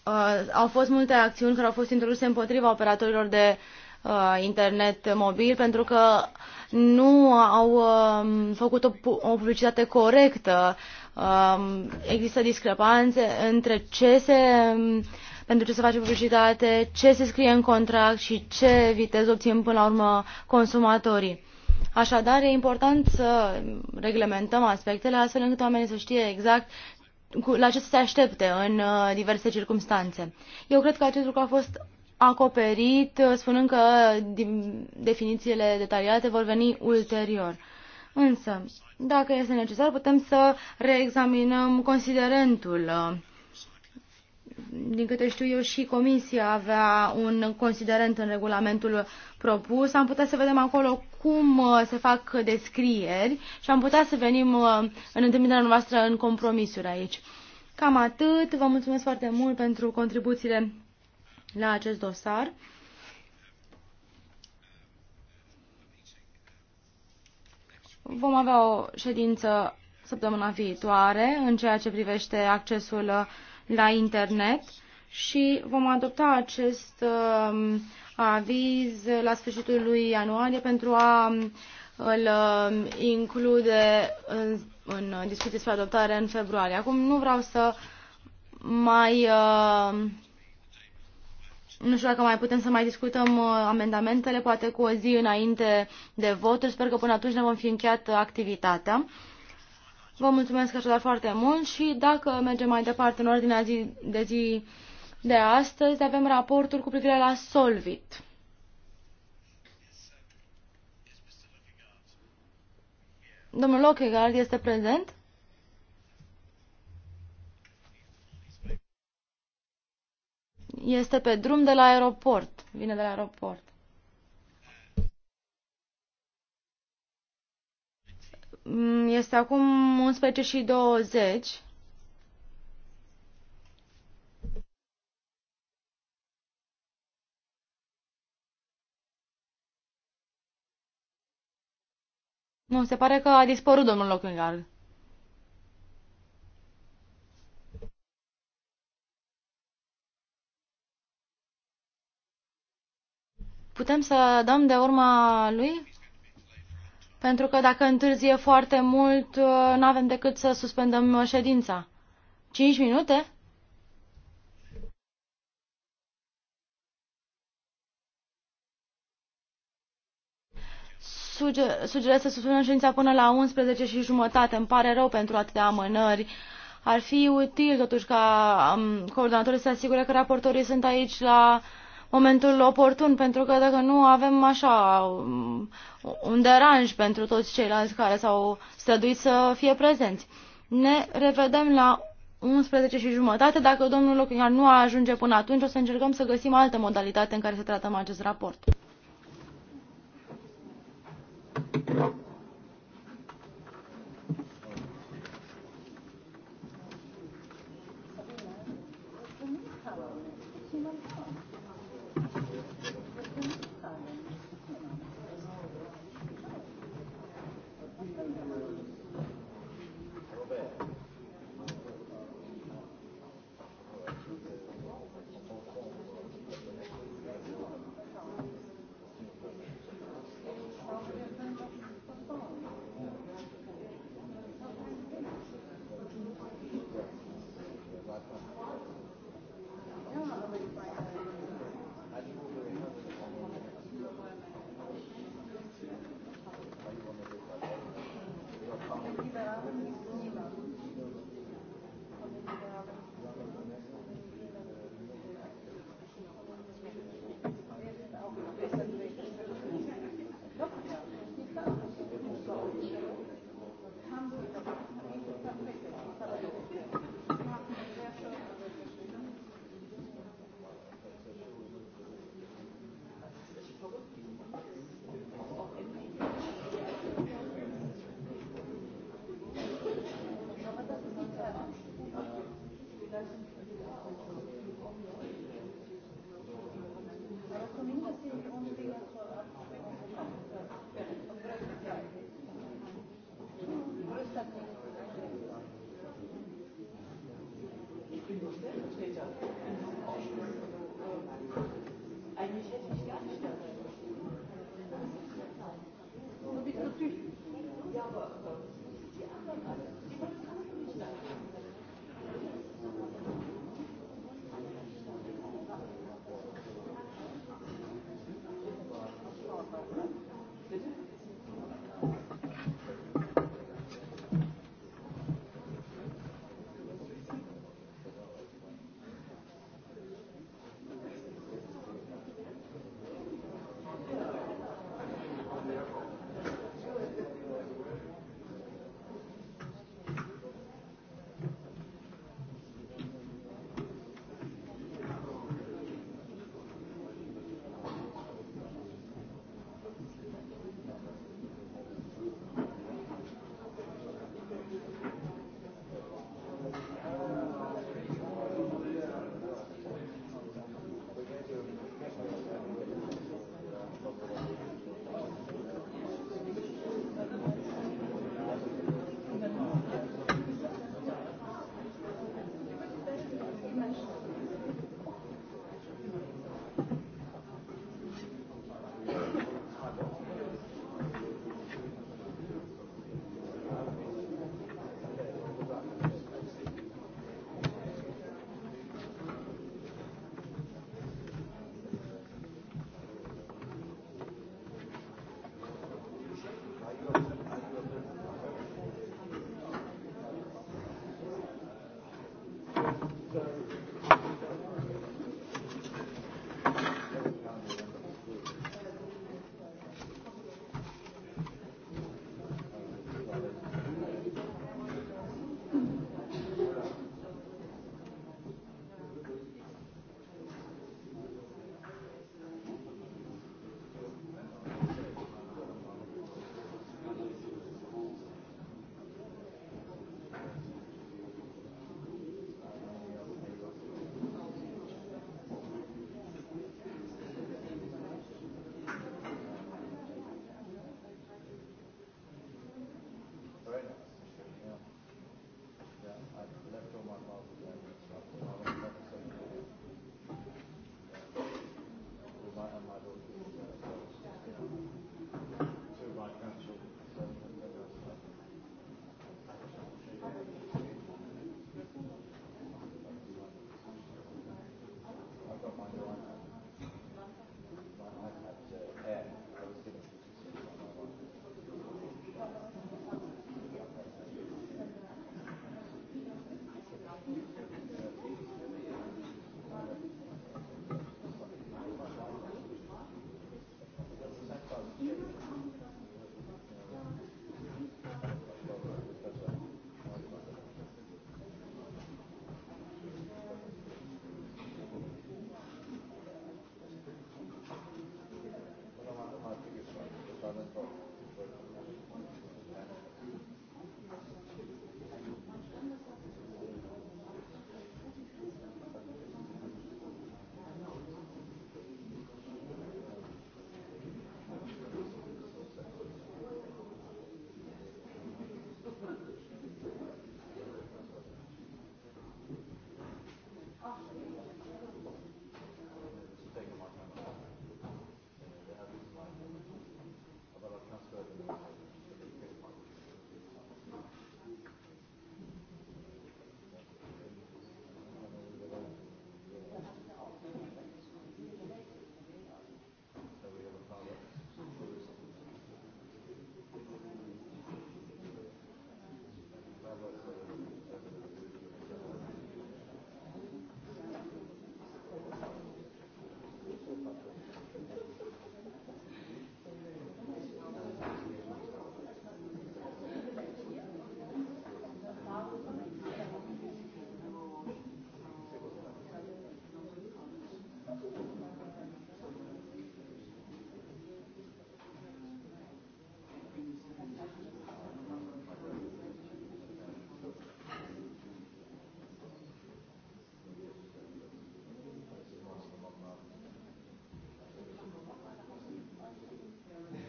Speaker 4: uh, au fost multe acțiuni care au fost introduse împotriva operatorilor de uh, internet mobil pentru că nu au uh, făcut o, o publicitate corectă. Uh, există discrepanțe între ce se uh, pentru ce se face publicitate, ce se scrie în contract și ce viteză obțin până la urmă consumatorii. Așadar, e important să reglementăm aspectele astfel încât oamenii să știe exact la ce să se aștepte în uh, diverse circunstanțe. Eu cred că acest lucru a fost acoperit, uh, spunând că definițiile detaliate vor veni ulterior. Însă, dacă este necesar, putem să reexaminăm considerentul uh, din câte știu eu, și Comisia avea un considerent în regulamentul propus. Am putea să vedem acolo cum uh, se fac descrieri și am putea să venim uh, în întâlnirea noastră în compromisuri aici. Cam atât. Vă mulțumesc foarte mult pentru contribuțiile la acest dosar. Vom avea o ședință săptămâna viitoare în ceea ce privește accesul uh, la internet și vom adopta acest um, aviz la sfârșitul lui ianuarie pentru a îl um, include în, în discuții despre adoptare în februarie. Acum nu vreau să mai um, nu știu dacă mai putem să mai discutăm uh, amendamentele, poate cu o zi înainte de voturi. Sper că până atunci ne vom fi încheiat activitatea. Vă mulțumesc așadar foarte mult și dacă mergem mai departe în ordinea zi, de zi de astăzi, avem raportul cu privire la Solvit. Domnul Lockegaard este prezent? Este pe drum de la aeroport. Vine de la aeroport. Este acum 11 și 20. Nu, se pare că a dispărut domnul Lockhart. Putem să dăm de urma lui? pentru că dacă întârzie foarte mult, uh, nu avem decât să suspendăm uh, ședința. 5 minute? Suge sugerez să suspendăm ședința până la 11 și jumătate. Îmi pare rău pentru atâtea amânări. Ar fi util totuși ca um, coordonatorii să asigure că raportorii sunt aici la momentul oportun, pentru că dacă nu avem așa um, un deranj pentru toți ceilalți care s-au străduit să fie prezenți. Ne revedem la 11 și jumătate. Dacă domnul Locuian nu ajunge până atunci, o să încercăm să găsim altă modalitate în care să tratăm acest raport.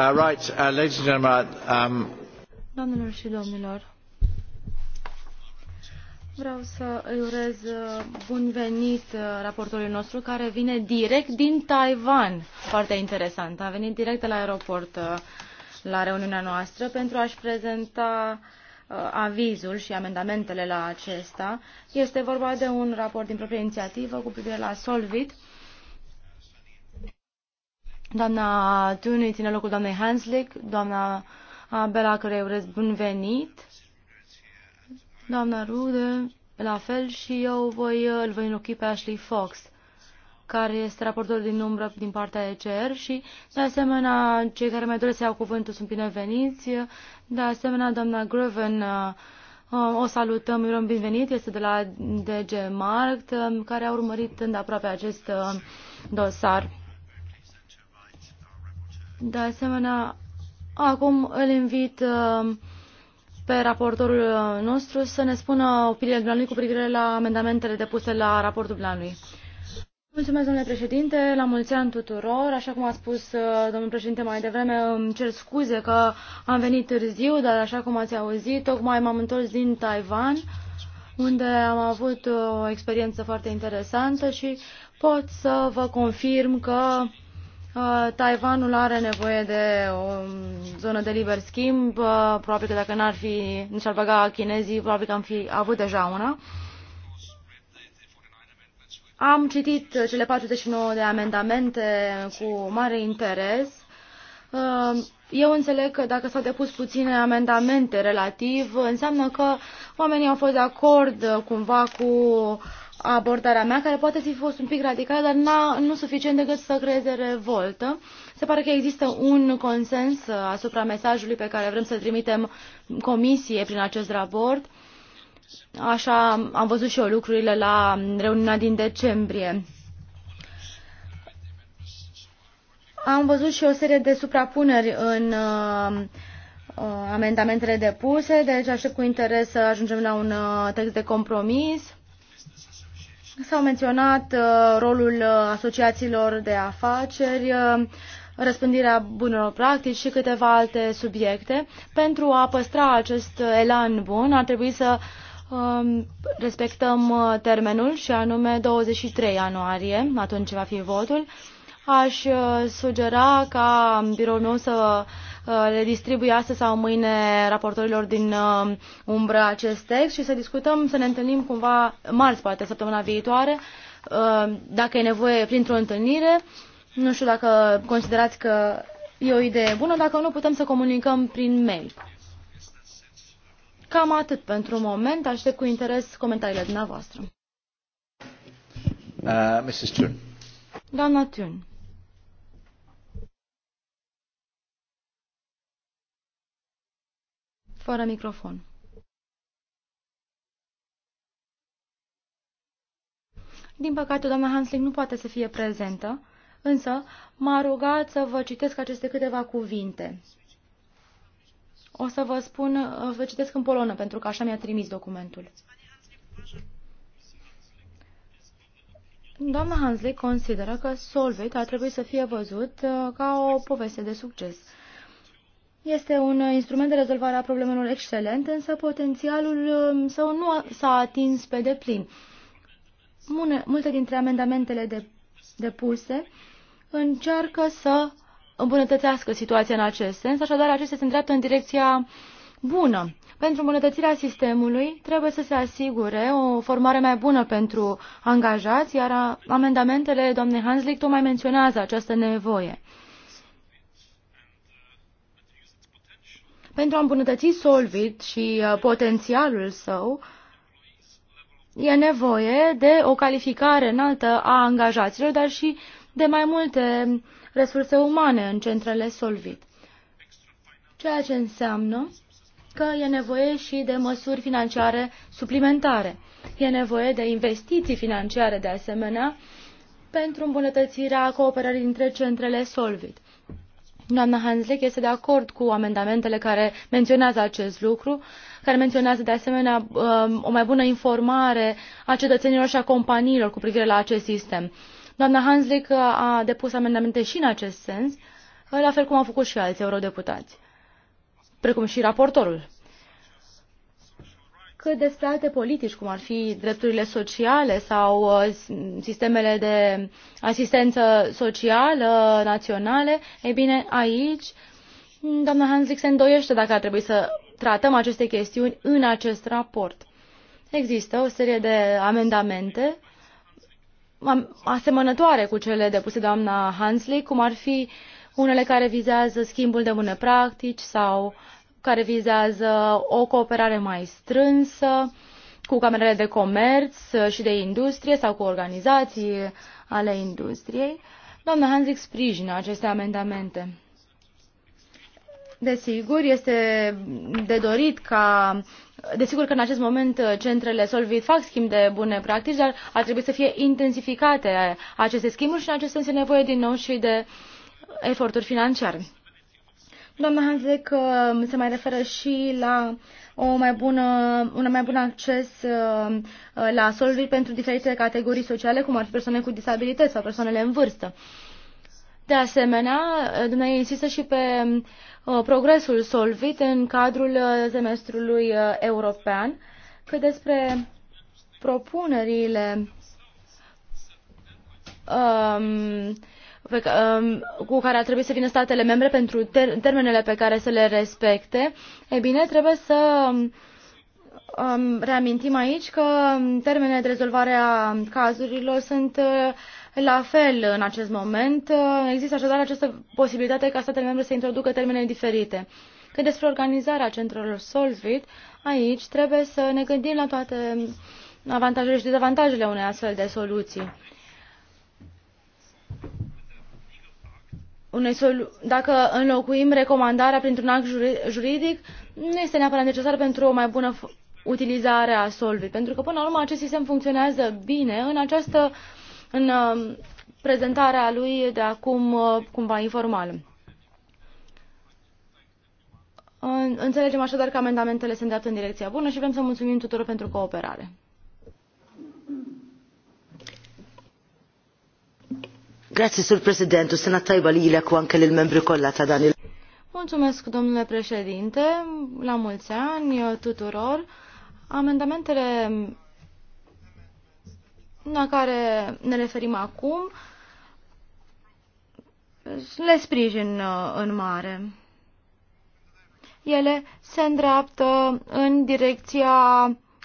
Speaker 3: Uh, uh, um,
Speaker 4: domnilor și domnilor, vreau să îi urez uh, bun venit raportorului nostru care vine direct din Taiwan. Foarte interesant. A venit direct de la aeroport la reuniunea noastră pentru a-și prezenta avizul și amendamentele la acesta. Este vorba de un raport din proprie inițiativă cu privire la Solvit Doamna Tuni ține locul doamnei Hanslick, doamna Bela, care urez bun venit, doamna Rude, la fel și eu voi, îl voi înlocui pe Ashley Fox, care este raportor din umbră din partea ECR și, de asemenea, cei care mai doresc să iau cuvântul sunt bineveniți. De asemenea, doamna Groven, o salutăm, urăm binevenit, este de la DG Markt, care a urmărit îndeaproape acest dosar. De asemenea, acum îl invit uh, pe raportorul uh, nostru să ne spună opiniile Glanului cu privire la amendamentele depuse la raportul planului. Mulțumesc, domnule președinte, la mulți ani tuturor. Așa cum a spus uh, domnul președinte mai devreme, îmi cer scuze că am venit târziu, dar așa cum ați auzit, tocmai m-am întors din Taiwan, unde am avut o experiență foarte interesantă și pot să vă confirm că Uh, Taiwanul are nevoie de o zonă de liber schimb, uh, probabil că dacă n-ar fi, nici ar băga chinezii, probabil că am fi avut deja una. Am citit cele 49 de amendamente cu mare interes. Uh, eu înțeleg că dacă s-au depus puține amendamente relativ, înseamnă că oamenii au fost de acord cumva cu abordarea mea, care poate fi fost un pic radicală, dar nu suficient decât să creeze revoltă. Se pare că există un consens asupra mesajului pe care vrem să-l trimitem comisie prin acest raport. Așa am văzut și eu lucrurile la reuniunea din decembrie. Am văzut și o serie de suprapuneri în uh, amendamentele depuse, deci aștept cu interes să ajungem la un uh, text de compromis S-au menționat uh, rolul uh, asociațiilor de afaceri, uh, răspândirea bunelor practici și câteva alte subiecte. Pentru a păstra acest elan bun, ar trebui să um, respectăm termenul și anume 23 ianuarie, atunci va fi votul. Aș sugera ca biroul meu să Uh, le distribui astăzi sau mâine raportorilor din uh, umbră acest text și să discutăm, să ne întâlnim cumva marți, poate săptămâna viitoare, uh, dacă e nevoie printr-o întâlnire. Nu știu dacă considerați că e o idee bună, dacă nu putem să comunicăm prin mail. Cam atât pentru un moment. Aștept cu interes comentariile dumneavoastră.
Speaker 3: Uh, Mrs. Thun.
Speaker 4: Doamna Thun. Fără microfon. Din păcate, doamna Hansling nu poate să fie prezentă, însă m-a rugat să vă citesc aceste câteva cuvinte. O să vă spun, vă citesc în polonă, pentru că așa mi-a trimis documentul. Doamna Hansley consideră că Solvit ar trebui să fie văzut uh, ca o poveste de succes. Este un instrument de rezolvare a problemelor excelent, însă potențialul um, său nu s-a atins pe deplin. Multe dintre amendamentele de, depuse încearcă să îmbunătățească situația în acest sens, așadar acestea se îndreaptă în direcția bună. Pentru îmbunătățirea sistemului trebuie să se asigure o formare mai bună pentru angajați, iar amendamentele doamnei Hanslick tocmai menționează această nevoie. Pentru a îmbunătăți Solvit și uh, potențialul său, e nevoie de o calificare înaltă a angajaților, dar și de mai multe resurse umane în centrele Solvit. Ceea ce înseamnă că e nevoie și de măsuri financiare suplimentare. E nevoie de investiții financiare de asemenea pentru îmbunătățirea cooperării dintre centrele Solvit. Doamna Hanslick este de acord cu amendamentele care menționează acest lucru, care menționează de asemenea um, o mai bună informare a cetățenilor și a companiilor cu privire la acest sistem. Doamna Hanslick a depus amendamente și în acest sens, la fel cum au făcut și alți eurodeputați, precum și raportorul cât despre alte politici, cum ar fi drepturile sociale sau uh, sistemele de asistență socială naționale, e bine, aici mm, doamna Hanslick se îndoiește dacă ar trebui să tratăm aceste chestiuni în acest raport. Există o serie de amendamente asemănătoare cu cele depuse doamna Hanslick, cum ar fi unele care vizează schimbul de bune practici sau care vizează o cooperare mai strânsă cu camerele de comerț și de industrie sau cu organizații ale industriei. Doamna Hanzic sprijină aceste amendamente. Desigur, este de dorit ca Desigur că în acest moment centrele Solvit fac schimb de bune practici, dar ar trebui să fie intensificate aceste schimburi și în acest sens e nevoie din nou și de eforturi financiare. Doamna Hanzec uh, se mai referă și la o mai bună, un mai bun acces uh, uh, la soluri pentru diferite categorii sociale, cum ar fi persoane cu disabilități sau persoanele în vârstă. De asemenea, dumneavoastră insistă și pe progresul solvit în cadrul semestrului european, cât despre propunerile um, Um, cu care ar trebui să vină statele membre pentru ter termenele pe care să le respecte, e bine, trebuie să um, reamintim aici că um, termenele de rezolvare a cazurilor sunt uh, la fel în acest moment. Uh, există așadar această posibilitate ca statele membre să introducă termene diferite. Cât despre organizarea centrelor Solvit, aici trebuie să ne gândim la toate um, avantajele și dezavantajele unei astfel de soluții. dacă înlocuim recomandarea printr-un act juridic, nu este neapărat necesar pentru o mai bună utilizare a Solvit, pentru că până la urmă acest sistem funcționează bine în această în um, prezentarea lui de acum uh, cumva informală. Înțelegem așadar că amendamentele se îndreaptă în direcția bună și vrem să mulțumim tuturor pentru cooperare. l Mulțumesc, domnule președinte, la mulți ani tuturor. Amendamentele la care ne referim acum le sprijin uh, în mare. Ele se îndreaptă în direcția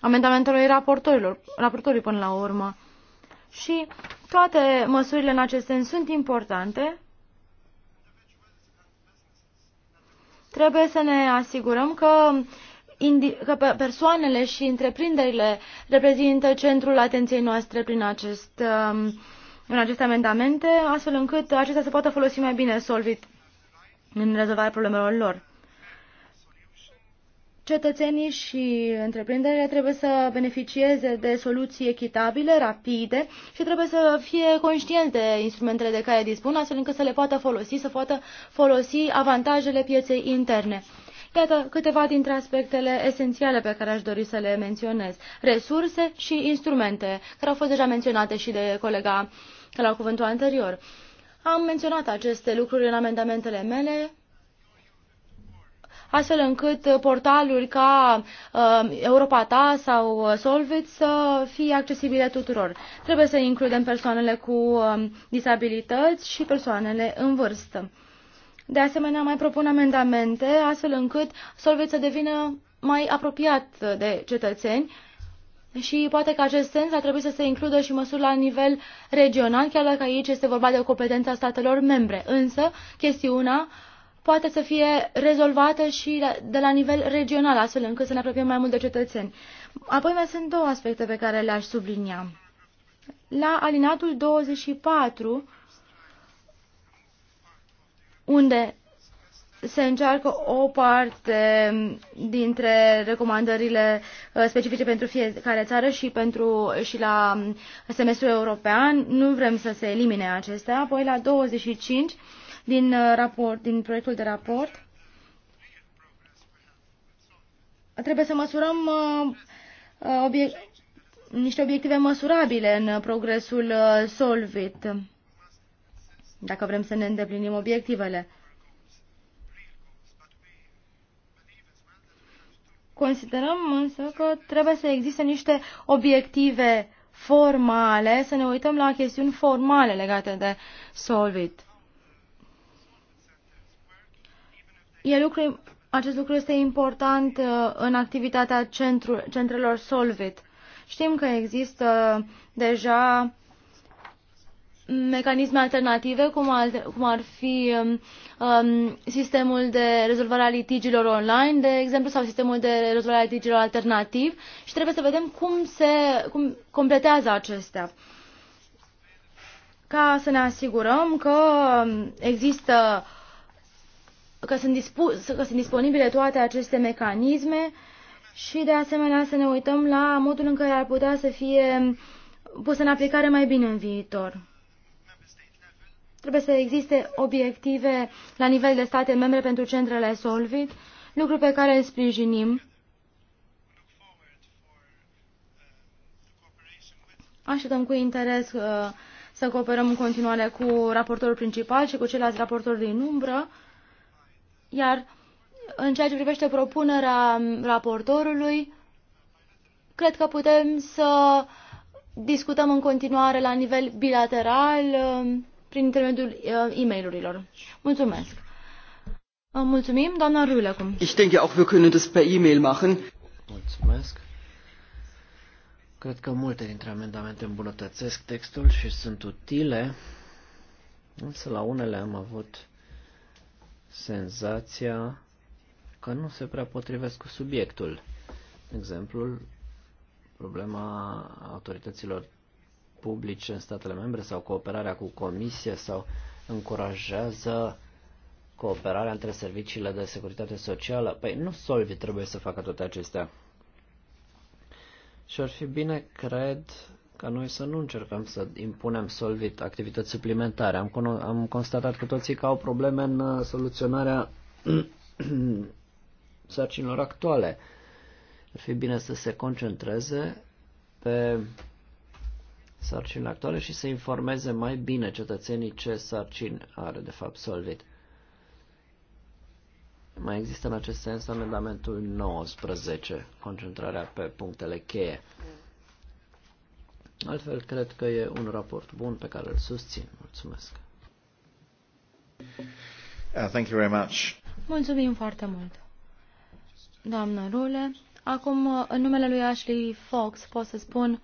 Speaker 4: amendamentelor raportorilor, raportorii până la urmă. Și toate măsurile în acest sens sunt importante. Trebuie să ne asigurăm că, că persoanele și întreprinderile reprezintă centrul atenției noastre prin acest, um, în aceste amendamente, astfel încât acestea să poată folosi mai bine Solvit în rezolvarea problemelor lor. Cetățenii și întreprinderile trebuie să beneficieze de soluții echitabile, rapide și trebuie să fie conștienți de instrumentele de care dispun, astfel încât să le poată folosi, să poată folosi avantajele pieței interne. Iată câteva dintre aspectele esențiale pe care aș dori să le menționez. Resurse și instrumente, care au fost deja menționate și de colega la cuvântul anterior. Am menționat aceste lucruri în amendamentele mele, astfel încât portaluri ca uh, Europa Ta sau uh, Solvit să fie accesibile tuturor. Trebuie să includem persoanele cu um, disabilități și persoanele în vârstă. De asemenea, mai propun amendamente astfel încât Solvit să devină mai apropiat de cetățeni și poate că acest sens ar trebui să se includă și măsuri la nivel regional, chiar dacă aici este vorba de o competență a statelor membre. Însă, chestiunea poate să fie rezolvată și de la nivel regional, astfel încât să ne apropiem mai mult de cetățeni. Apoi mai sunt două aspecte pe care le-aș sublinia. La alinatul 24, unde se încearcă o parte dintre recomandările uh, specifice pentru fiecare țară și, pentru, și la semestrul european. Nu vrem să se elimine acestea. Apoi la 25 din, uh, raport, din proiectul de raport. Trebuie să măsurăm uh, uh, obie niște obiective măsurabile în progresul Solvit, dacă vrem să ne îndeplinim obiectivele. Considerăm însă că trebuie să existe niște obiective formale, să ne uităm la chestiuni formale legate de Solvit. E lucru, acest lucru este important uh, în activitatea centru, centrelor Solvit. Știm că există deja mecanisme alternative, cum, alte, cum ar fi um, um, sistemul de rezolvare a litigiilor online, de exemplu, sau sistemul de rezolvare a litigiilor alternativ și trebuie să vedem cum se cum completează acestea. Ca să ne asigurăm că um, există uh, că sunt, dispus, că sunt disponibile toate aceste mecanisme și de asemenea să ne uităm la modul în care ar putea să fie pusă în aplicare mai bine în viitor. Trebuie să existe obiective la nivel de state membre pentru centrele Solvit, lucru pe care îl sprijinim. Așteptăm cu interes uh, să cooperăm în continuare cu raportorul principal și cu ceilalți raportori din umbră iar în ceea ce privește propunerea raportorului, cred că putem să discutăm în continuare la nivel bilateral um, prin intermediul uh, e mail Mulțumesc! Mulțumim, doamna Rulecum.
Speaker 3: Ich denke auch, wir können das per E-mail machen. Mulțumesc.
Speaker 2: Cred că multe dintre amendamente îmbunătățesc textul și sunt utile, însă la unele am avut senzația că nu se prea potrivesc cu subiectul. Exemplul, problema autorităților publice în statele membre sau cooperarea cu comisie sau încurajează cooperarea între serviciile de securitate socială. Păi nu Solvi trebuie să facă toate acestea. Și ar fi bine, cred, ca noi să nu încercăm să impunem solvit activități suplimentare. Am, con- am constatat cu toții că au probleme în uh, soluționarea sarcinilor actuale. Ar fi bine să se concentreze pe sarcinile actuale și să informeze mai bine cetățenii ce sarcini are de fapt solvit. Mai există în acest sens amendamentul 19, concentrarea pe punctele cheie. Mm. Altfel, cred că e un raport bun pe care îl susțin. Mulțumesc. Uh, thank you very
Speaker 4: much. Mulțumim foarte mult. Doamnă Rule, acum, în numele lui Ashley Fox, pot să spun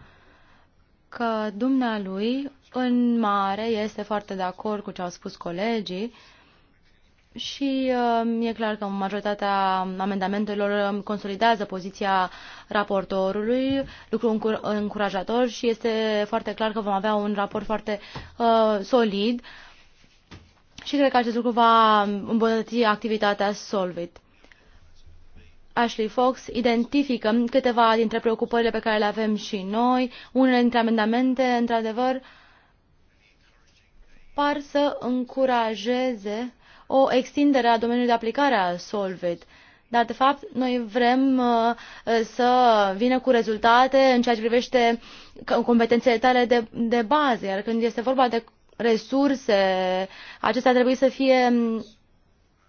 Speaker 4: că dumnealui, în mare, este foarte de acord cu ce au spus colegii, și uh, e clar că majoritatea amendamentelor um, consolidează poziția raportorului, lucru încurajator și este foarte clar că vom avea un raport foarte uh, solid și cred că acest lucru va îmbunătăți activitatea Solvit. Ashley Fox identifică câteva dintre preocupările pe care le avem și noi. Unele dintre amendamente, într-adevăr, par să încurajeze o extindere a domeniului de aplicare a Solvit. Dar, de fapt, noi vrem uh, să vină cu rezultate în ceea ce privește competențele tale de, de bază, iar când este vorba de resurse, acestea trebuie să fie mm,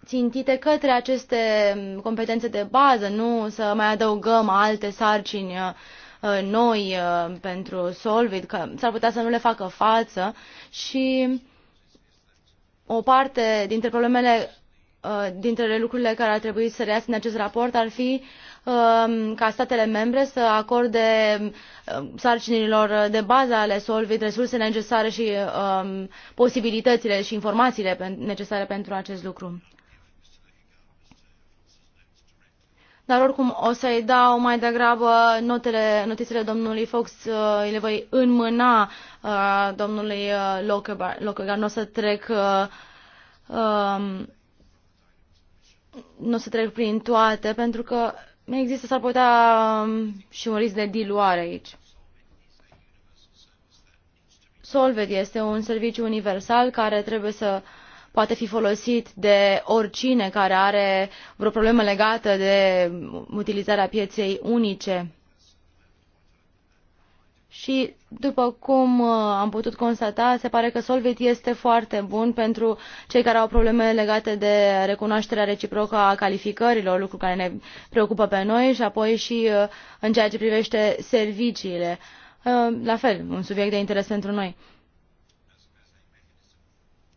Speaker 4: țintite către aceste mm, competențe de bază, nu să mai adăugăm alte sarcini uh, noi uh, pentru Solvit, că s-ar putea să nu le facă față și o parte dintre problemele, uh, dintre lucrurile care ar trebui să reiasă în acest raport ar fi um, ca statele membre să acorde um, sarcinilor de bază ale Solvit resursele necesare și um, posibilitățile și informațiile necesare pentru acest lucru. dar oricum o să-i dau mai degrabă notele, notițele domnului Fox, îi uh, le voi înmâna uh, domnului uh, Lockerbar, nu o să trec um, nu o să trec prin toate, pentru că există, s-ar putea um, și un risc de diluare aici. Solved este un serviciu universal care trebuie să uh, poate fi folosit de oricine care are vreo problemă legată de utilizarea pieței unice. Și, după cum uh, am putut constata, se pare că Solvit este foarte bun pentru cei care au probleme legate de recunoașterea reciprocă a calificărilor, lucru care ne preocupă pe noi, și apoi și uh, în ceea ce privește serviciile. Uh, la fel, un subiect de interes pentru noi.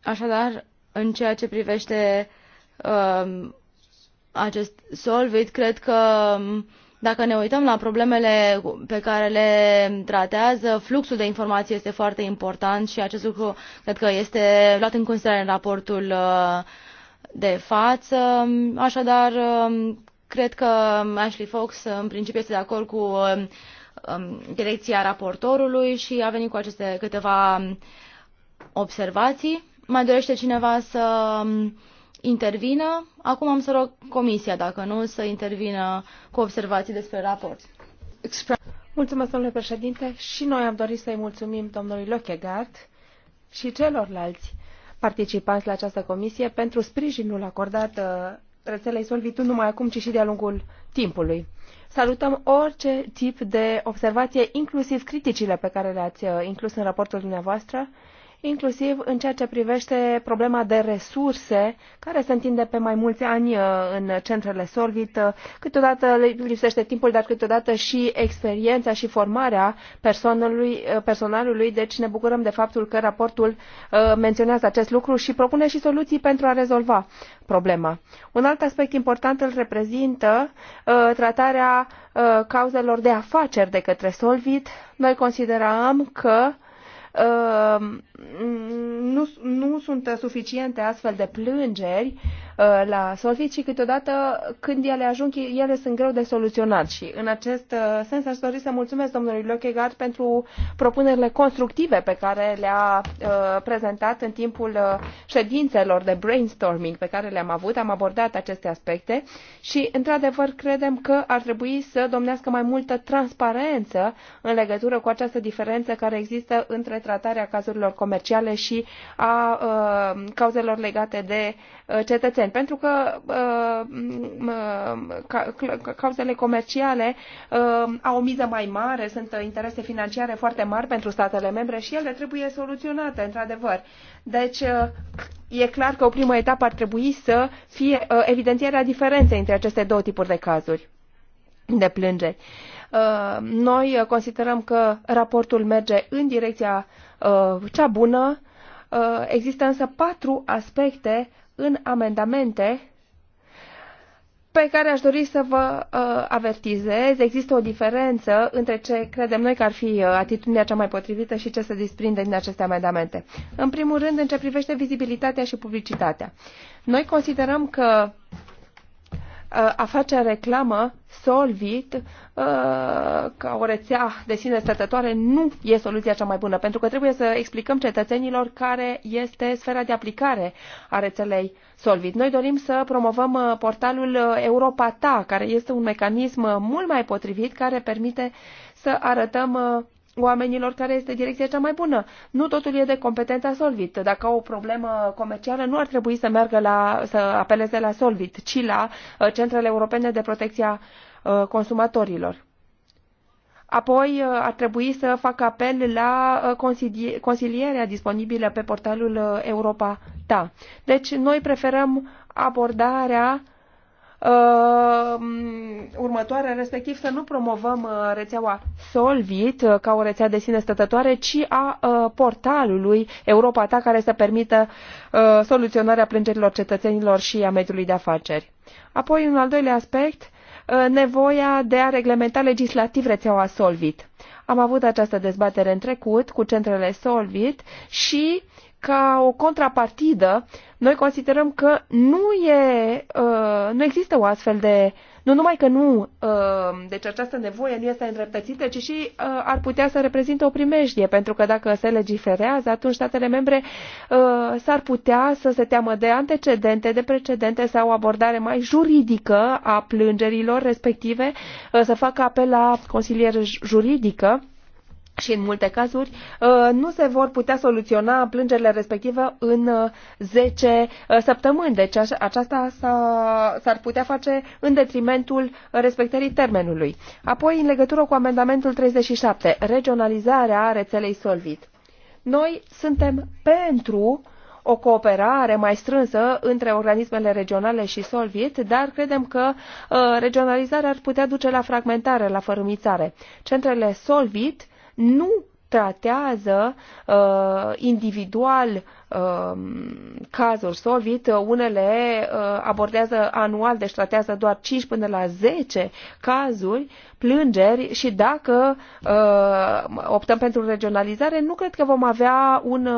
Speaker 4: Așadar, în ceea ce privește uh, acest Solvit, cred că um, dacă ne uităm la problemele pe care le tratează, fluxul de informații este foarte important și acest lucru cred că este luat în considerare în raportul uh, de față. Așadar, um, cred că Ashley Fox în principiu este de acord cu direcția raportorului și a venit cu aceste câteva observații. Mai dorește cineva să um, intervină? Acum am să rog comisia, dacă nu, să intervină cu observații despre raport.
Speaker 1: Mulțumesc, domnule președinte, și noi am dorit să-i mulțumim domnului Lochegard și celorlalți participanți la această comisie pentru sprijinul acordat uh, rețelei Solvit, nu numai acum, ci și de-a lungul timpului. Salutăm orice tip de observație, inclusiv criticile pe care le-ați uh, inclus în raportul dumneavoastră, inclusiv în ceea ce privește problema de resurse, care se întinde pe mai mulți ani uh, în centrele Solvit. Uh, câteodată lipsește timpul, dar câteodată și experiența și formarea personalului, uh, personalului. Deci ne bucurăm de faptul că raportul menționează acest lucru și propune și soluții pentru a rezolva problema. Un alt aspect important îl reprezintă tratarea cauzelor de afaceri de către Solvit. Noi considerăm că Ehm, nu, nu sunt suficiente astfel de plângeri Uh, la solvit și câteodată când ele ajung, ele sunt greu de soluționat. Și în acest uh, sens aș dori să mulțumesc domnului Lochegard pentru propunerile constructive pe care le-a uh, prezentat în timpul ședințelor de brainstorming pe care le-am avut. Am abordat aceste aspecte și, într-adevăr, credem că ar trebui să domnească mai multă transparență în legătură cu această diferență care există între tratarea cazurilor comerciale și a cauzelor legate de Uh, cetățeni, pentru că uh, cauzele comerciale uh, au o miză mai mare, sunt interese financiare foarte mari pentru statele membre și ele trebuie soluționate, într-adevăr. Deci, e clar că o primă etapă ar trebui să fie evidențierea diferenței între aceste două tipuri de cazuri de plângeri. Noi considerăm că raportul merge în direcția cea bună, există însă patru aspecte în amendamente pe care aș dori să vă uh, avertizez. Există o diferență între ce credem noi că ar fi uh, atitudinea cea mai potrivită și ce se desprinde din aceste amendamente. În primul rând, în ce privește vizibilitatea și publicitatea. Noi considerăm că Uh, a face reclamă Solvit uh, ca o rețea de sine stătătoare nu e soluția cea mai bună, pentru că trebuie să explicăm cetățenilor care este sfera de aplicare a rețelei Solvit. Noi dorim să promovăm uh, portalul Europa Ta, care este un mecanism mult mai potrivit, care permite să arătăm oamenilor care este direcția cea mai bună. Nu totul e de competența Solvit. Dacă au o problemă comercială, nu ar trebui să meargă la, să apeleze la Solvit, ci la uh, Centrele Europene de Protecția uh, Consumatorilor. Apoi uh, ar trebui să fac apel la consilierea disponibilă pe portalul Europa Ta. Deci noi preferăm abordarea uh, următoare, respectiv să nu promovăm uh, rețeaua Solvit uh, ca o rețea de sine stătătoare, ci a uh, portalului Europa Ta care să permită uh, soluționarea plângerilor cetățenilor și a mediului de afaceri. Apoi, un al doilea aspect, uh, nevoia de a reglementa legislativ rețeaua Solvit. Am avut această dezbatere în trecut cu centrele Solvit și uh, ca o contrapartidă, noi considerăm că nu, e, uh, nu există o astfel de. Nu numai că nu, uh, deci această nevoie nu este îndreptățită, ci și uh, ar putea să reprezinte o primejdie, pentru că dacă se legiferează, atunci statele membre uh, s-ar putea să se teamă de antecedente, de precedente sau o abordare mai juridică a plângerilor respective, uh, să facă apel la consiliere juridică și în multe cazuri uh, nu se vor putea soluționa plângerile respective în 10 uh, uh, săptămâni. Deci aceasta s-ar putea face în detrimentul respectării termenului. Apoi, în legătură cu amendamentul 37, regionalizarea rețelei Solvit. Noi suntem pentru o cooperare mai strânsă între organismele regionale și Solvit, dar credem că regionalizarea ar putea duce la fragmentare, la fărâmițare. Centrele Solvit nu tratează uh, individual Um, cazuri Solvit, uh, unele uh, abordează anual, deci tratează doar 5 până la 10 cazuri, plângeri și dacă uh, optăm pentru regionalizare, nu cred că vom avea un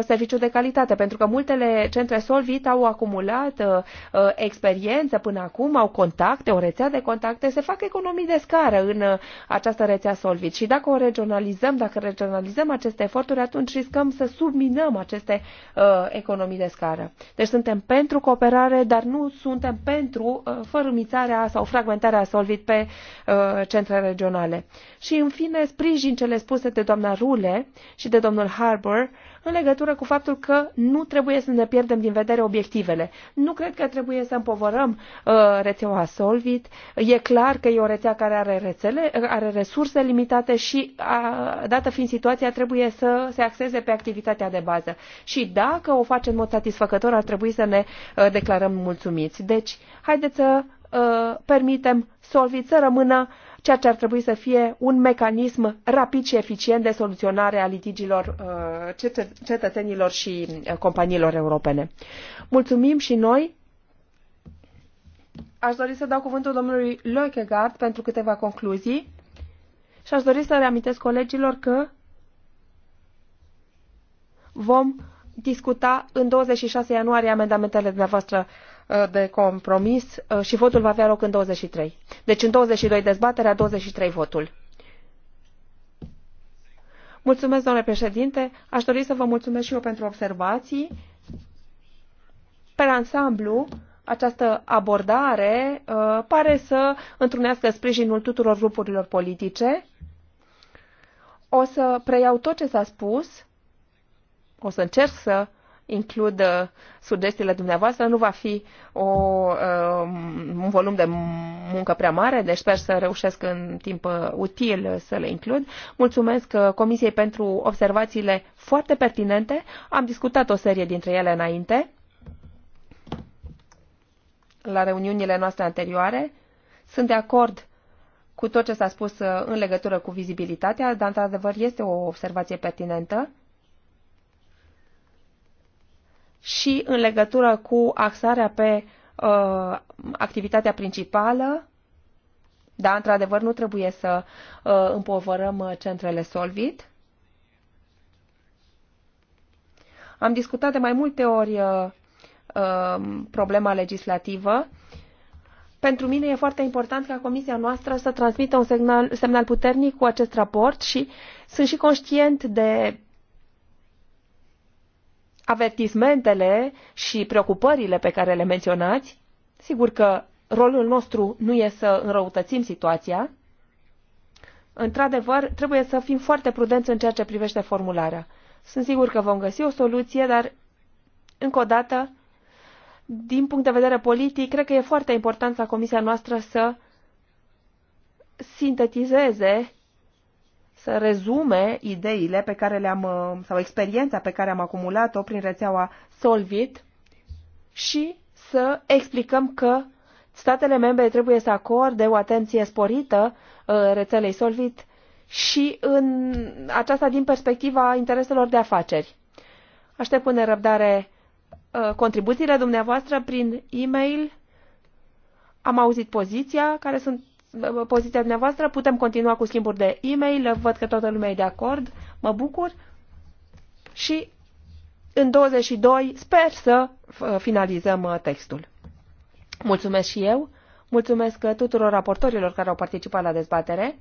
Speaker 1: serviciu de calitate, pentru că multele centre Solvit au acumulat experiență până acum, au contacte, o rețea de contacte, se fac economii de scară în această rețea Solvit și dacă o regionalizăm, dacă regionalizăm aceste eforturi, atunci riscăm să subminăm aceste aceste uh, economii de scară. Deci suntem pentru cooperare, dar nu suntem pentru uh, fărâmițarea sau fragmentarea solvit pe uh, centre regionale. Și în fine, sprijin cele spuse de doamna Rule și de domnul Harbour, uh, în legătură cu faptul că nu trebuie să ne pierdem din vedere obiectivele. Nu cred că trebuie să împovărăm uh, rețeaua Solvit. E clar că e o rețea care are, rețele, are resurse limitate și, a, dată fiind situația, trebuie să se axeze pe activitatea de bază. Și dacă o facem în mod satisfăcător, ar trebui să ne uh, declarăm mulțumiți. Deci, haideți să uh, permitem Solvit să rămână uh, ceea ce ar trebui să fie un mecanism rapid și eficient de soluționare a litigiilor uh, cetățenilor și uh, companiilor europene. Mulțumim și noi aș dori să dau cuvântul domnului Leukegaard pentru câteva concluzii și aș dori să reamintesc colegilor că vom discuta în 26 ianuarie amendamentele dumneavoastră Uh, de compromis uh, și votul va avea loc în 23. Deci în 22 dezbaterea, 23 votul. Mulțumesc, domnule președinte. Aș dori să vă mulțumesc și eu pentru observații. Pe ansamblu, această abordare uh, pare să întrunească sprijinul tuturor grupurilor politice. O să preiau tot ce s-a spus, o să încerc să includ uh, sugestiile dumneavoastră. Nu va fi o, um, un volum de muncă prea mare, deci sper să reușesc în timp uh, util să le includ. Mulțumesc uh, Comisiei pentru observațiile foarte pertinente. Am discutat o serie dintre ele înainte la reuniunile noastre anterioare. Sunt de acord cu tot ce s-a spus în legătură cu vizibilitatea, dar într-adevăr este o observație pertinentă și în legătură cu axarea pe uh, activitatea principală, da, într-adevăr, nu trebuie să uh, împovărăm uh, centrele Solvit. Am discutat de mai multe ori uh, uh, problema legislativă. Pentru mine e foarte important ca comisia noastră să transmită un semnal, semnal puternic cu acest raport și sunt și conștient de avertismentele și preocupările pe care le menționați. Sigur că rolul nostru nu e să înrăutățim situația. Într-adevăr, trebuie să fim foarte prudenți în ceea ce privește formularea. Sunt sigur că vom găsi o soluție, dar, încă o dată, din punct de vedere politic, cred că e foarte important ca comisia noastră să sintetizeze să rezume ideile pe care le-am, uh, sau experiența pe care am acumulat-o prin rețeaua Solvit și să explicăm că statele membre trebuie să acorde o atenție sporită uh, rețelei Solvit și în aceasta din perspectiva intereselor de afaceri. Aștept cu nerăbdare uh, contribuțiile dumneavoastră prin e-mail. Am auzit poziția, care sunt poziția dumneavoastră. Putem continua cu schimburi de e-mail. Văd că toată lumea e de acord. Mă bucur. Și în 22 sper să finalizăm uh, textul. Mulțumesc și eu. Mulțumesc uh, tuturor raportorilor care au participat la dezbatere.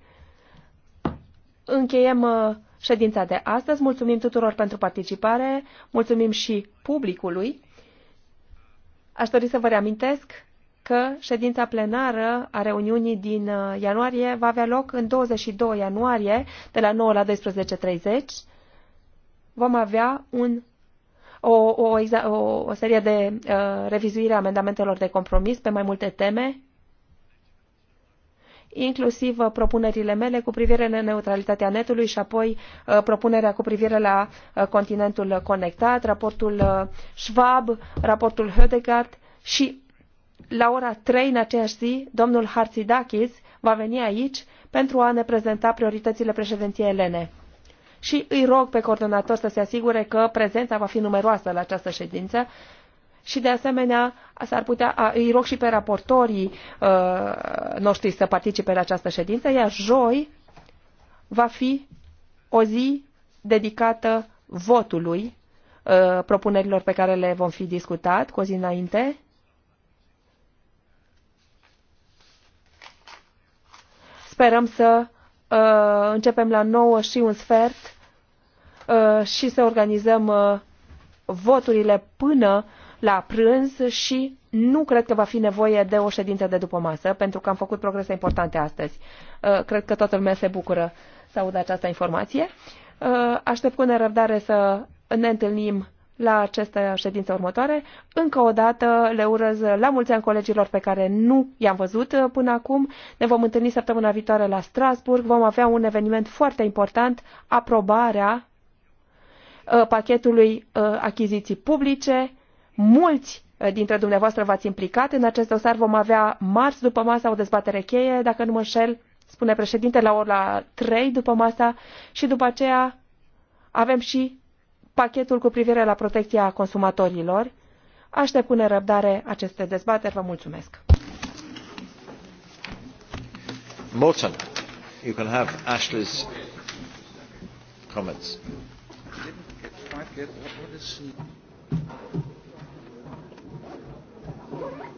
Speaker 1: Încheiem uh, ședința de astăzi. Mulțumim tuturor pentru participare. Mulțumim și publicului. Aș dori să vă reamintesc că ședința plenară a reuniunii din uh, ianuarie va avea loc în 22 ianuarie, de la 9 la 12.30. Vom avea un, o, o, o, o serie de uh, revizuire a amendamentelor de compromis pe mai multe teme, inclusiv uh, propunerile mele cu privire la neutralitatea netului și apoi uh, propunerea cu privire la continentul conectat, raportul Schwab, raportul Hödegard și la ora 3 în aceeași zi, domnul Harsidakis va veni aici pentru a ne prezenta prioritățile președinției elene. Și îi rog pe coordonator să se asigure că prezența va fi numeroasă la această ședință și de asemenea s-ar putea, îi rog și pe raportorii uh, noștri să participe la această ședință, iar joi va fi o zi dedicată votului uh, propunerilor pe care le vom fi discutat cu o zi înainte Sperăm să uh, începem la 9 și un sfert uh, și să organizăm uh, voturile până la prânz și nu cred că va fi nevoie de o ședință de după masă, pentru că am făcut progrese importante astăzi. Uh, cred că toată lumea se bucură să audă această informație. Uh, aștept cu nerăbdare să ne întâlnim la această ședință următoare. Încă o dată le urez la mulți ani colegilor pe care nu i-am văzut uh, până acum. Ne vom întâlni săptămâna viitoare la Strasburg. Vom avea un eveniment foarte important, aprobarea uh, pachetului uh, achiziții publice. Mulți dintre dumneavoastră v-ați implicat în acest dosar. Vom avea marți după masa o dezbatere cheie, dacă nu mă înșel, spune președinte, la ora 3 după masa și după aceea avem și pachetul cu privire la protecția consumatorilor. Aștept cu nerăbdare aceste dezbateri. Vă mulțumesc.
Speaker 3: Morton, you can have Ashley's comments. Didn't quite